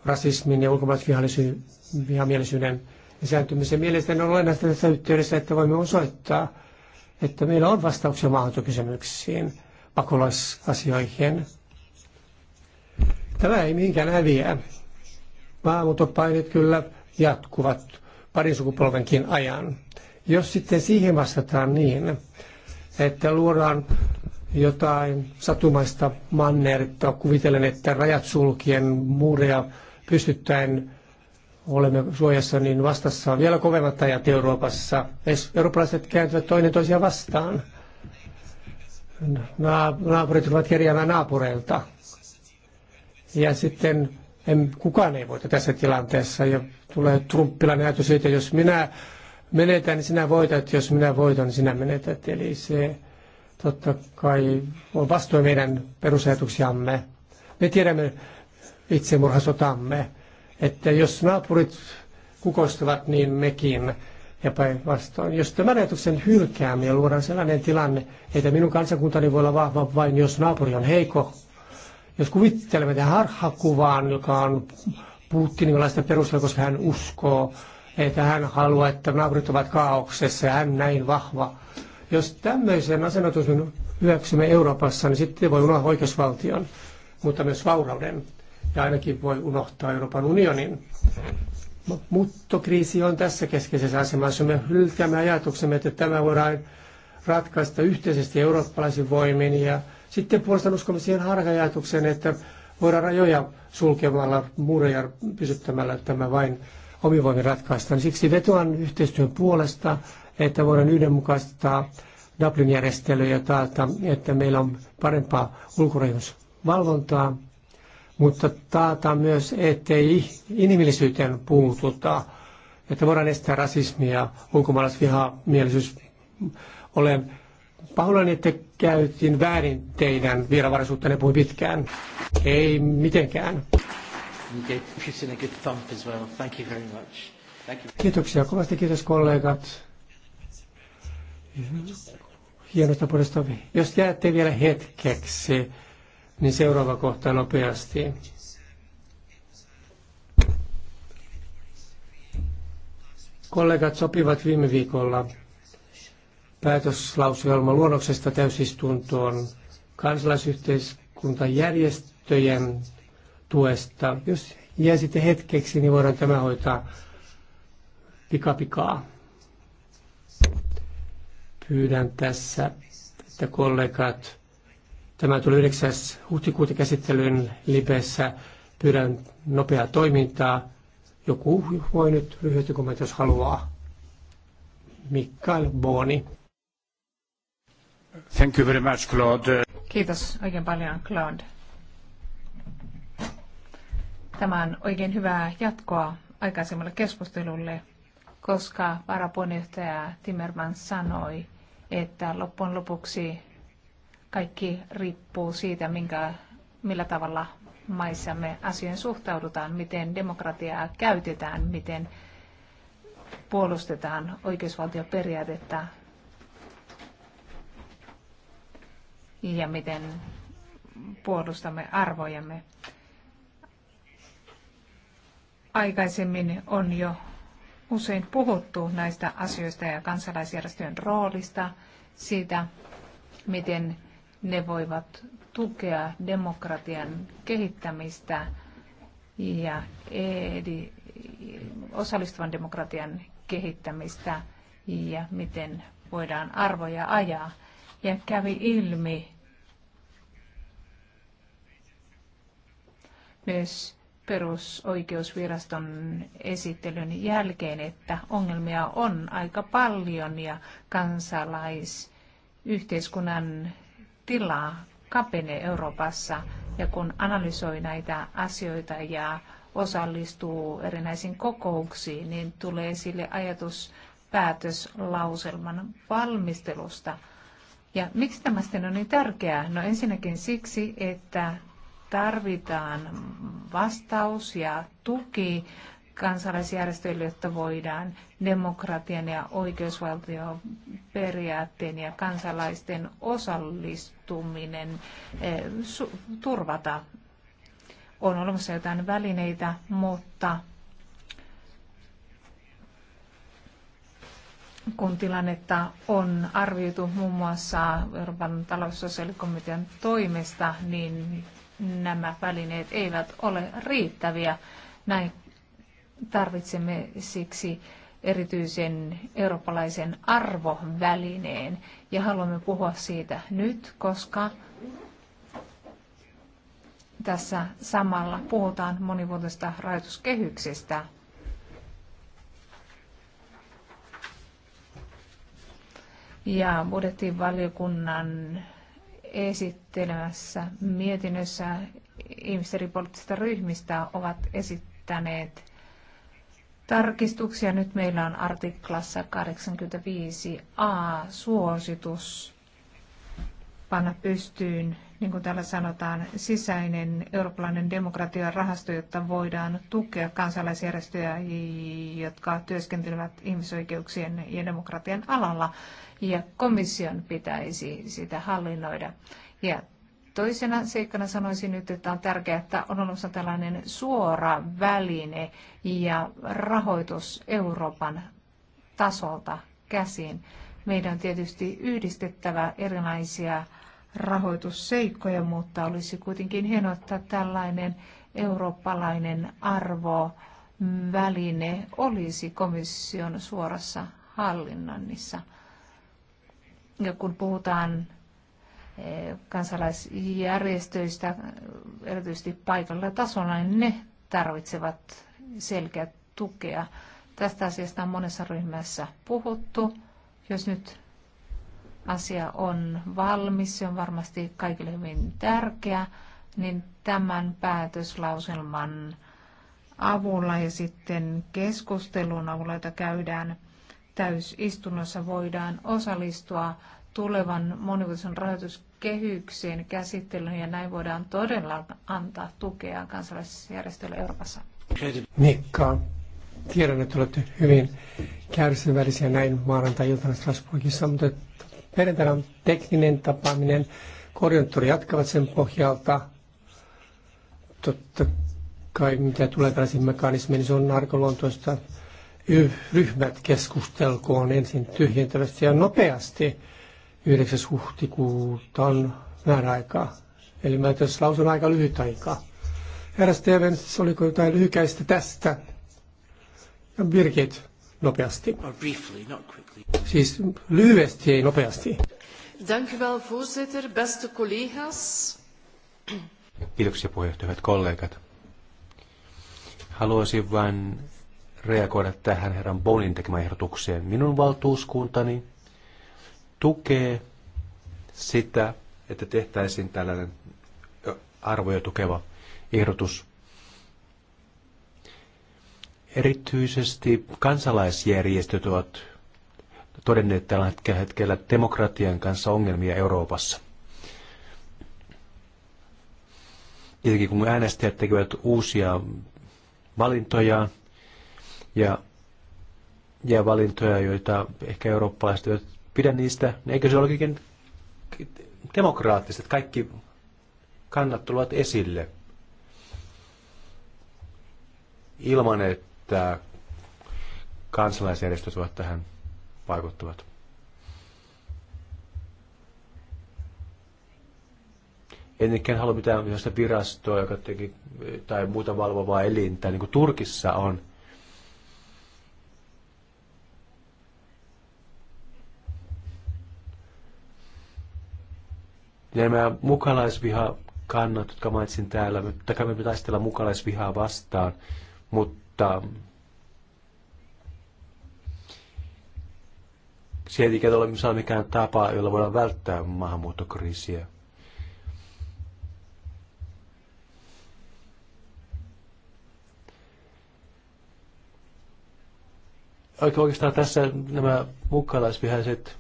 rasismin ja ulkomaisvihamielisyyden lisääntymisen. Mielestäni on olennaista tässä yhteydessä, että voimme osoittaa, että meillä on vastauksia maahantokysymyksiin, pakolaisasioihin. Tämä ei mihinkään häviä. Maahanmuuttopaineet kyllä jatkuvat parin sukupolvenkin ajan. Jos sitten siihen vastataan niin, että luodaan jotain satumaista mannerta, kuvitellen, että rajat sulkien, muureja pystyttäen olemme suojassa, niin vastassa on vielä kovemmat ajat Euroopassa. Eurooppalaiset kääntyvät toinen toisia vastaan. Naapurit ovat kerjäämään naapureilta. Ja sitten en, kukaan ei voita tässä tilanteessa. Ja tulee trumppilainen ajatus siitä, jos minä menetän, niin sinä voitat. Jos minä voitan, niin sinä menetät. Eli se totta kai on vastoin meidän perusajatuksiamme. Me tiedämme itsemurhasotamme että jos naapurit kukoistuvat, niin mekin ja päinvastoin. Jos tämä ajatuksen hylkäämme ja luodaan sellainen tilanne, että minun kansakuntani voi olla vahva vain, jos naapuri on heiko, jos kuvittelemme tämän harhakuvaan, joka on Putinilaista perusteella, koska hän uskoo, että hän haluaa, että naapurit ovat kaauksessa ja hän näin vahva. Jos tämmöisen asennotuksen hyväksymme Euroopassa, niin sitten voi unohtaa oikeusvaltion, mutta myös vaurauden ja ainakin voi unohtaa Euroopan unionin. mutta kriisi on tässä keskeisessä asemassa. Me hylkäämme ajatuksemme, että tämä voidaan ratkaista yhteisesti eurooppalaisin voimin. Ja sitten puolestaan uskomme siihen harhaajatukseen, että voidaan rajoja sulkemalla, muureja pysyttämällä tämä vain omivoimin ratkaistaan. Siksi vetoan yhteistyön puolesta, että voidaan yhdenmukaistaa dublin järjestelyjä ja taata, että meillä on parempaa ulkorajoitusvalvontaa mutta taata myös, ettei inhimillisyyteen puututa, että voidaan estää rasismia, ulkomaalaisvihaa, mielisyys. Olen pahoillani, että käytin väärin teidän vieraanvaraisuuttanne puhuin pitkään. Ei mitenkään. Kiitoksia kovasti, kiitos kollegat. Hienosta puolesta. Jos jäätte vielä hetkeksi, niin seuraava kohta nopeasti. Kollegat sopivat viime viikolla päätöslauselman luonnoksesta täysistuntoon kansalaisyhteiskuntajärjestöjen tuesta. Jos jää sitten hetkeksi, niin voidaan tämä hoitaa pikapikaa. Pyydän tässä, että kollegat Tämä tuli 9. huhtikuuta käsittelyyn Libessä. Pyydän nopeaa toimintaa. Joku voi nyt lyhyesti kommentti, jos haluaa. Mikael Boni. Thank you very much, Claude. Kiitos oikein paljon, Claude. Tämä on oikein hyvää jatkoa aikaisemmalle keskustelulle, koska varapuheenjohtaja Timmermans sanoi, että loppujen lopuksi kaikki riippuu siitä, minkä, millä tavalla maissamme asioihin suhtaudutaan, miten demokratiaa käytetään, miten puolustetaan oikeusvaltioperiaatetta ja miten puolustamme arvojamme. Aikaisemmin on jo usein puhuttu näistä asioista ja kansalaisjärjestöjen roolista, siitä, miten ne voivat tukea demokratian kehittämistä ja edi, osallistuvan demokratian kehittämistä ja miten voidaan arvoja ajaa. Ja kävi ilmi myös perusoikeusviraston esittelyn jälkeen, että ongelmia on aika paljon ja kansalaisyhteiskunnan tilaa kapenee Euroopassa ja kun analysoi näitä asioita ja osallistuu erinäisiin kokouksiin, niin tulee sille ajatus päätöslauselman valmistelusta. Ja miksi tämä sitten on niin tärkeää? No ensinnäkin siksi, että tarvitaan vastaus ja tuki kansalaisjärjestöille, jotta voidaan demokratian ja oikeusvaltioperiaatteen ja kansalaisten osallistuminen eh, turvata. On olemassa jotain välineitä, mutta kun tilannetta on arvioitu muun muassa Euroopan taloussosiaalikomitean toimesta, niin nämä välineet eivät ole riittäviä. Näin tarvitsemme siksi erityisen eurooppalaisen arvovälineen ja haluamme puhua siitä nyt, koska tässä samalla puhutaan monivuotisesta rajoituskehyksestä. Ja budjettivaliokunnan esittelemässä mietinnössä ihmiset eri poliittisista ryhmistä ovat esittäneet tarkistuksia. Nyt meillä on artiklassa 85a suositus panna pystyyn, niin kuin täällä sanotaan, sisäinen eurooppalainen demokratia rahasto, jotta voidaan tukea kansalaisjärjestöjä, jotka työskentelevät ihmisoikeuksien ja demokratian alalla, ja komission pitäisi sitä hallinnoida. Ja Toisena seikkana sanoisin nyt, että on tärkeää, että on olemassa tällainen suora väline ja rahoitus Euroopan tasolta käsiin. Meidän on tietysti yhdistettävä erilaisia rahoitusseikkoja, mutta olisi kuitenkin hienoa, että tällainen eurooppalainen arvoväline olisi komission suorassa hallinnannissa. Ja kun puhutaan kansalaisjärjestöistä, erityisesti paikalla tasolla, niin ne tarvitsevat selkeä tukea. Tästä asiasta on monessa ryhmässä puhuttu. Jos nyt asia on valmis, se on varmasti kaikille hyvin tärkeä, niin tämän päätöslauselman avulla ja sitten keskustelun avulla, jota käydään täysistunnossa, voidaan osallistua tulevan monivuotisen rahoituskehyksen käsittelyyn ja näin voidaan todella antaa tukea kansalaisjärjestöille Euroopassa. Mikka, tiedän, että olette hyvin kärsivällisiä näin maanantai-iltana Strasbourgissa, mutta perjantaina on tekninen tapaaminen. Koordinaattori jatkavat sen pohjalta. Totta kai mitä tulee tällaisiin mekanismiin, niin se on arkaluontoista ryhmät keskustelkoon ensin tyhjentävästi ja nopeasti 9. huhtikuuta on määräaika. Eli mä tässä lausun aika lyhyt aikaa. Herra Stevens, oliko jotain lyhykäistä tästä? Ja Birgit, nopeasti. Or briefly, not quickly. Siis lyhyesti, ei nopeasti. voorzitter, beste collega's. Kiitoksia puheenjohtaja, hyvät kollegat. Haluaisin vain reagoida tähän herran Bonin tekemään ehdotukseen. Minun valtuuskuntani tukee sitä, että tehtäisiin tällainen arvoja tukeva ehdotus. Erityisesti kansalaisjärjestöt ovat todenneet tällä hetkellä demokratian kanssa ongelmia Euroopassa. Tietenkin kun äänestäjät tekevät uusia valintoja ja, ja valintoja, joita ehkä eurooppalaiset eivät pidä niistä, eikö se olekin demokraattista, että kaikki kannat tulevat esille ilman, että kansalaisjärjestöt ovat tähän vaikuttavat. Ennenkin halua mitään virastoa joka teki, tai muuta valvovaa elintä, niin kuin Turkissa on – nämä mukalaisviha kannat, jotka mainitsin täällä, me, tai me taistella mukalaisvihaa vastaan, mutta se ei ole missään mikään tapa, jolla voidaan välttää maahanmuuttokriisiä. Oikeastaan tässä nämä mukalaisvihaiset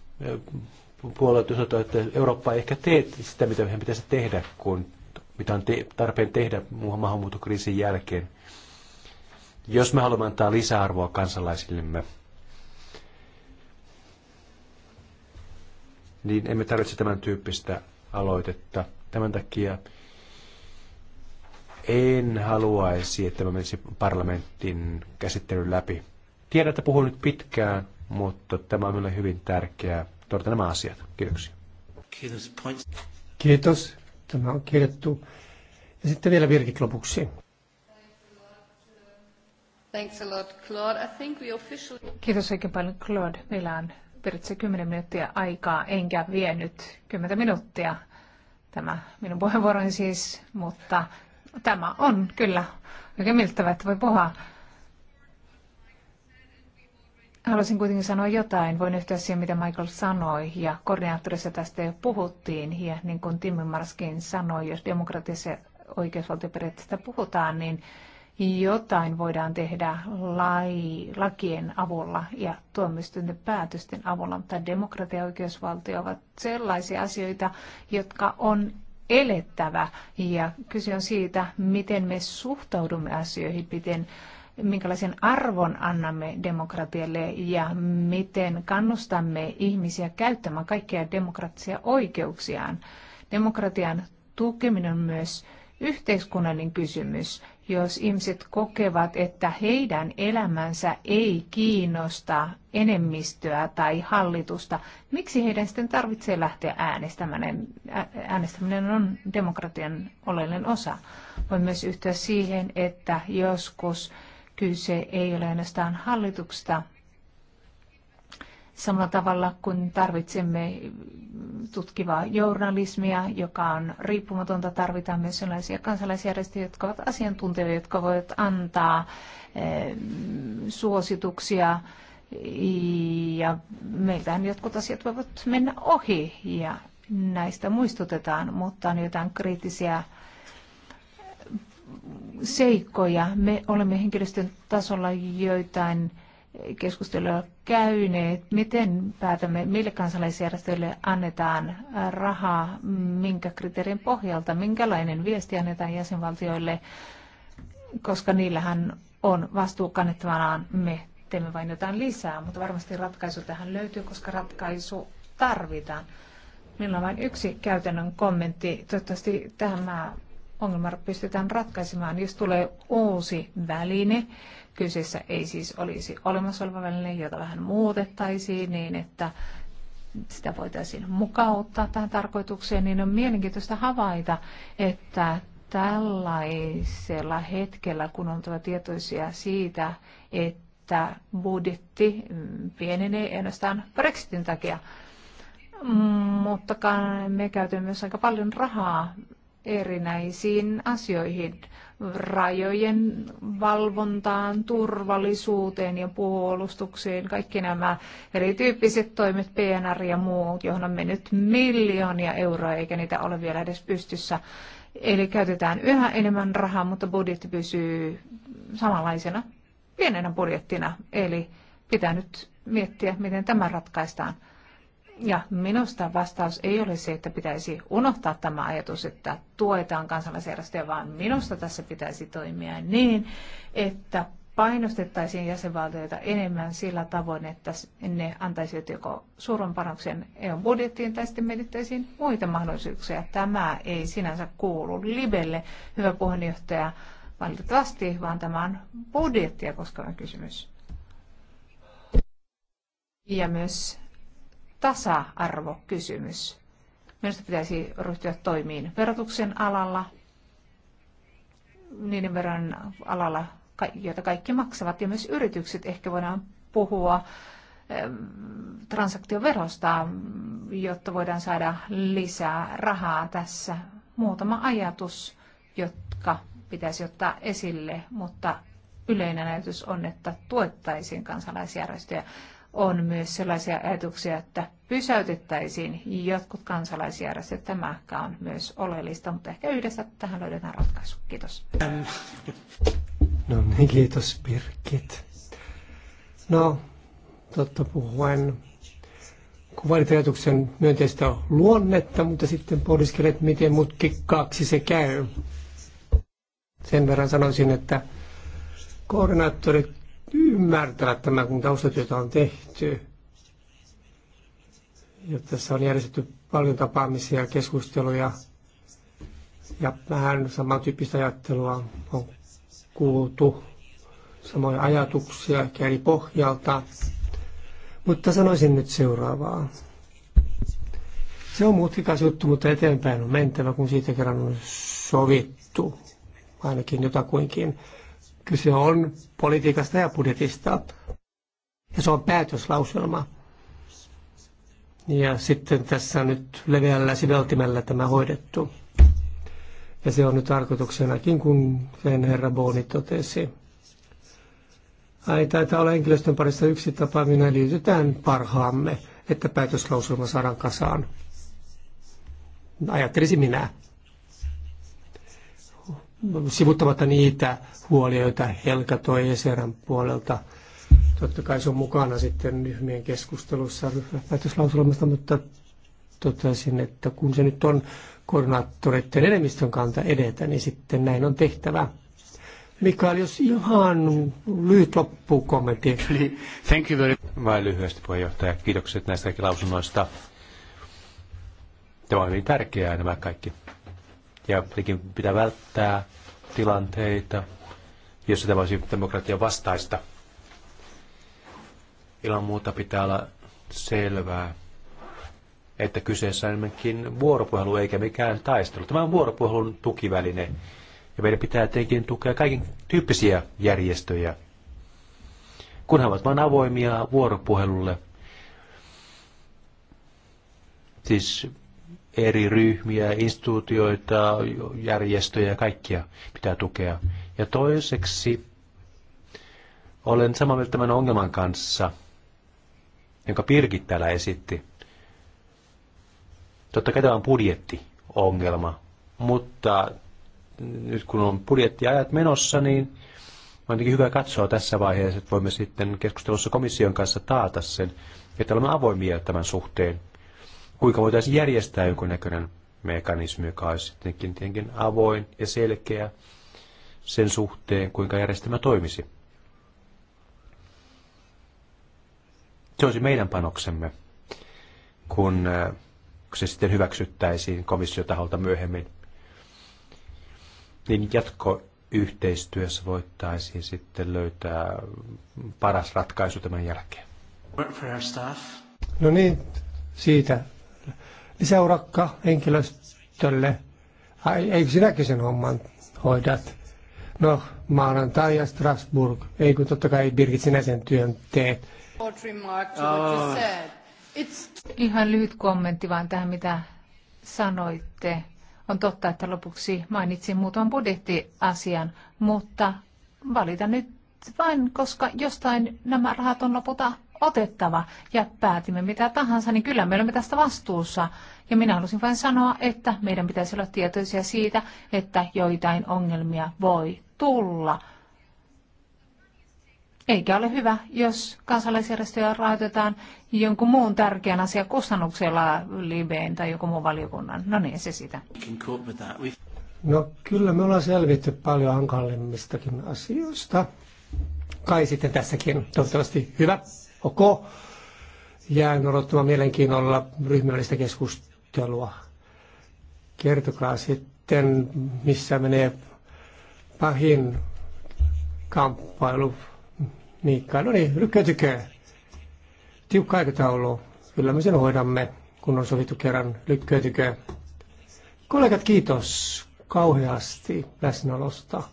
puolueet osoittavat, että Eurooppa ei ehkä tee sitä, mitä meidän pitäisi tehdä, kun, mitä on te, tarpeen tehdä maahanmuuttokriisin jälkeen. Jos me haluamme antaa lisäarvoa kansalaisillemme, niin emme tarvitse tämän tyyppistä aloitetta. Tämän takia en haluaisi, että mä menisin parlamentin käsittelyn läpi. Tiedän, että puhun nyt pitkään, mutta tämä on minulle hyvin tärkeää tuoda nämä asiat. Kiitoksia. Kiitos. Kiitos. Tämä on kirjattu. Ja sitten vielä Virkit lopuksi. Kiitos oikein paljon, Claude. Meillä on periaatteessa 10 minuuttia aikaa, enkä vienyt 10 minuuttia tämä minun puheenvuoroni siis, mutta tämä on kyllä oikein miltävä, että voi puhua. Haluaisin kuitenkin sanoa jotain. Voin yhtyä siihen, mitä Michael sanoi, ja koordinaattorissa tästä jo puhuttiin, ja niin kuin Marskin sanoi, jos demokratiassa oikeusvaltioperiaatteesta puhutaan, niin jotain voidaan tehdä lai, lakien avulla ja tuomioistuinten päätösten avulla, mutta demokratia ja oikeusvaltio ovat sellaisia asioita, jotka on elettävä ja kyse on siitä, miten me suhtaudumme asioihin, miten minkälaisen arvon annamme demokratialle ja miten kannustamme ihmisiä käyttämään kaikkia demokraattisia oikeuksiaan. Demokratian tukeminen on myös yhteiskunnallinen kysymys. Jos ihmiset kokevat, että heidän elämänsä ei kiinnosta enemmistöä tai hallitusta, miksi heidän sitten tarvitsee lähteä äänestämään? Äänestäminen on demokratian oleellinen osa. Voi myös yhtyä siihen, että joskus Kyse ei ole ainoastaan hallituksesta. Samalla tavalla kuin tarvitsemme tutkivaa journalismia, joka on riippumatonta, tarvitaan myös sellaisia kansalaisjärjestöjä, jotka ovat asiantuntijoita, jotka voivat antaa eh, suosituksia ja meiltähän jotkut asiat voivat mennä ohi ja näistä muistutetaan, mutta on jotain kriittisiä seikkoja. Me olemme henkilöstön tasolla joitain keskustelua käyneet, miten päätämme, mille kansalaisjärjestöille annetaan rahaa, minkä kriteerin pohjalta, minkälainen viesti annetaan jäsenvaltioille, koska niillähän on vastuu kannettavanaan me teemme vain jotain lisää, mutta varmasti ratkaisu tähän löytyy, koska ratkaisu tarvitaan. Meillä on vain yksi käytännön kommentti. Toivottavasti tämä ongelma pystytään ratkaisemaan, jos tulee uusi väline. Kyseessä ei siis olisi olemassa oleva väline, jota vähän muutettaisiin niin, että sitä voitaisiin mukauttaa tähän tarkoitukseen, niin on mielenkiintoista havaita, että tällaisella hetkellä, kun on tuota tietoisia siitä, että budjetti pienenee ainoastaan Brexitin takia, mutta me käytämme myös aika paljon rahaa erinäisiin asioihin, rajojen valvontaan, turvallisuuteen ja puolustukseen, kaikki nämä erityyppiset toimet, PNR ja muut, johon on mennyt miljoonia euroa, eikä niitä ole vielä edes pystyssä. Eli käytetään yhä enemmän rahaa, mutta budjetti pysyy samanlaisena, pienenä budjettina, eli pitää nyt miettiä, miten tämä ratkaistaan. Ja minusta vastaus ei ole se, että pitäisi unohtaa tämä ajatus, että tuetaan kansalaisjärjestöjä, vaan minusta tässä pitäisi toimia niin, että painostettaisiin jäsenvaltioita enemmän sillä tavoin, että ne antaisivat joko suuren panoksen eu budjettiin tai sitten mietittäisiin muita mahdollisuuksia. Tämä ei sinänsä kuulu Libelle, hyvä puheenjohtaja, valitettavasti, vaan tämä on budjettia koskeva kysymys. Ja myös tasa-arvokysymys. Minusta pitäisi ryhtyä toimiin verotuksen alalla, niiden veron alalla, joita kaikki maksavat, ja myös yritykset ehkä voidaan puhua transaktioverosta, jotta voidaan saada lisää rahaa tässä. Muutama ajatus, jotka pitäisi ottaa esille, mutta yleinen ajatus on, että tuettaisiin kansalaisjärjestöjä on myös sellaisia ajatuksia, että pysäytettäisiin jotkut kansalaisjärjestöt. Tämäkään on myös oleellista, mutta ehkä yhdessä tähän löydetään ratkaisu. Kiitos. Ähm. No niin, kiitos Pirkit. No, totta puhuen kuvailit ajatuksen myönteistä luonnetta, mutta sitten pohdiskelet, miten mutkikkaaksi se käy. Sen verran sanoisin, että koordinaattorit ymmärtää tämä, kun taustatyötä on tehty. Ja tässä on järjestetty paljon tapaamisia, keskusteluja ja vähän samantyyppistä ajattelua on kuultu, samoja ajatuksia ehkä eri pohjalta. Mutta sanoisin nyt seuraavaa. Se on mutkikas juttu, mutta eteenpäin on mentävä, kun siitä kerran on sovittu, ainakin jotakuinkin. Kyse on politiikasta ja budjetista. Ja se on päätöslauselma. Ja sitten tässä on nyt leveällä siveltimellä tämä hoidettu. Ja se on nyt tarkoituksenakin, kun sen herra Booni totesi. Ai taitaa olla henkilöstön parissa yksi tapa, minä liitytään parhaamme, että päätöslauselma saadaan kasaan. Ajattelisin minä sivuttamatta niitä huolia, joita Helka toi ESRn puolelta. Totta kai se on mukana sitten ryhmien keskustelussa päätöslauselmasta, mutta totesin, että kun se nyt on koordinaattoreiden enemmistön kanta edetä, niin sitten näin on tehtävä. Mikael, jos ihan lyhyt loppukommentti. Thank you very Vai lyhyesti puheenjohtaja. Kiitokset näistä lausunnoista. Tämä on hyvin tärkeää nämä kaikki ja tietenkin pitää välttää tilanteita, jossa tämä olisi demokratian vastaista. Ilman muuta pitää olla selvää, että kyseessä on enemmänkin vuoropuhelu eikä mikään taistelu. Tämä on vuoropuhelun tukiväline ja meidän pitää tietenkin tukea kaiken tyyppisiä järjestöjä, kun he ovat vain avoimia vuoropuhelulle. Siis eri ryhmiä, instituutioita, järjestöjä ja kaikkia pitää tukea. Ja toiseksi olen samaa mieltä tämän ongelman kanssa, jonka Pirkit täällä esitti. Totta kai tämä on budjettiongelma, mutta nyt kun on budjettiajat menossa, niin on jotenkin hyvä katsoa tässä vaiheessa, että voimme sitten keskustelussa komission kanssa taata sen, että olemme avoimia tämän suhteen kuinka voitaisiin järjestää jonkunnäköinen mekanismi, joka olisi tietenkin avoin ja selkeä sen suhteen, kuinka järjestelmä toimisi. Se olisi meidän panoksemme, äh, kun se sitten hyväksyttäisiin komissiotaholta myöhemmin. Niin jatkoyhteistyössä voittaisiin sitten löytää paras ratkaisu tämän jälkeen. No niin, siitä seurakka henkilöstölle. Ai, eikö sinäkin sen homman hoidat? No, maanantai ja Strasbourg. Ei kun totta kai Birgit sinä sen työn teet. Ah. Ihan lyhyt kommentti vaan tähän, mitä sanoitte. On totta, että lopuksi mainitsin muutaman budjettiasian, mutta valita nyt vain, koska jostain nämä rahat on lopulta otettava ja päätimme mitä tahansa, niin kyllä me olemme tästä vastuussa. Ja minä halusin vain sanoa, että meidän pitäisi olla tietoisia siitä, että joitain ongelmia voi tulla. Eikä ole hyvä, jos kansalaisjärjestöjä rahoitetaan jonkun muun tärkeän asian kustannuksella Libeen tai joku muun valiokunnan. No niin, se sitä. No kyllä me ollaan selvitty paljon hankalimmistakin asioista. Kai sitten tässäkin, toivottavasti hyvä ok. Jään odottamaan mielenkiinnolla ryhmällistä keskustelua. Kertokaa sitten, missä menee pahin kamppailu. Miikka, no niin, rykkö tykö. Tiukka aikataulu. Kyllä me sen hoidamme, kun on sovittu kerran lykkö Kollegat, kiitos kauheasti läsnäolosta.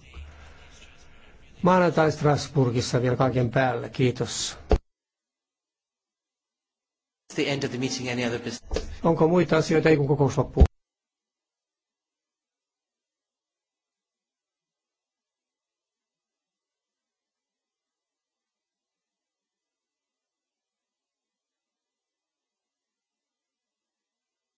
Maanantai Strasburgissa vielä kaiken päällä. Kiitos. Onko muita asioita, ei kun kokous loppuu?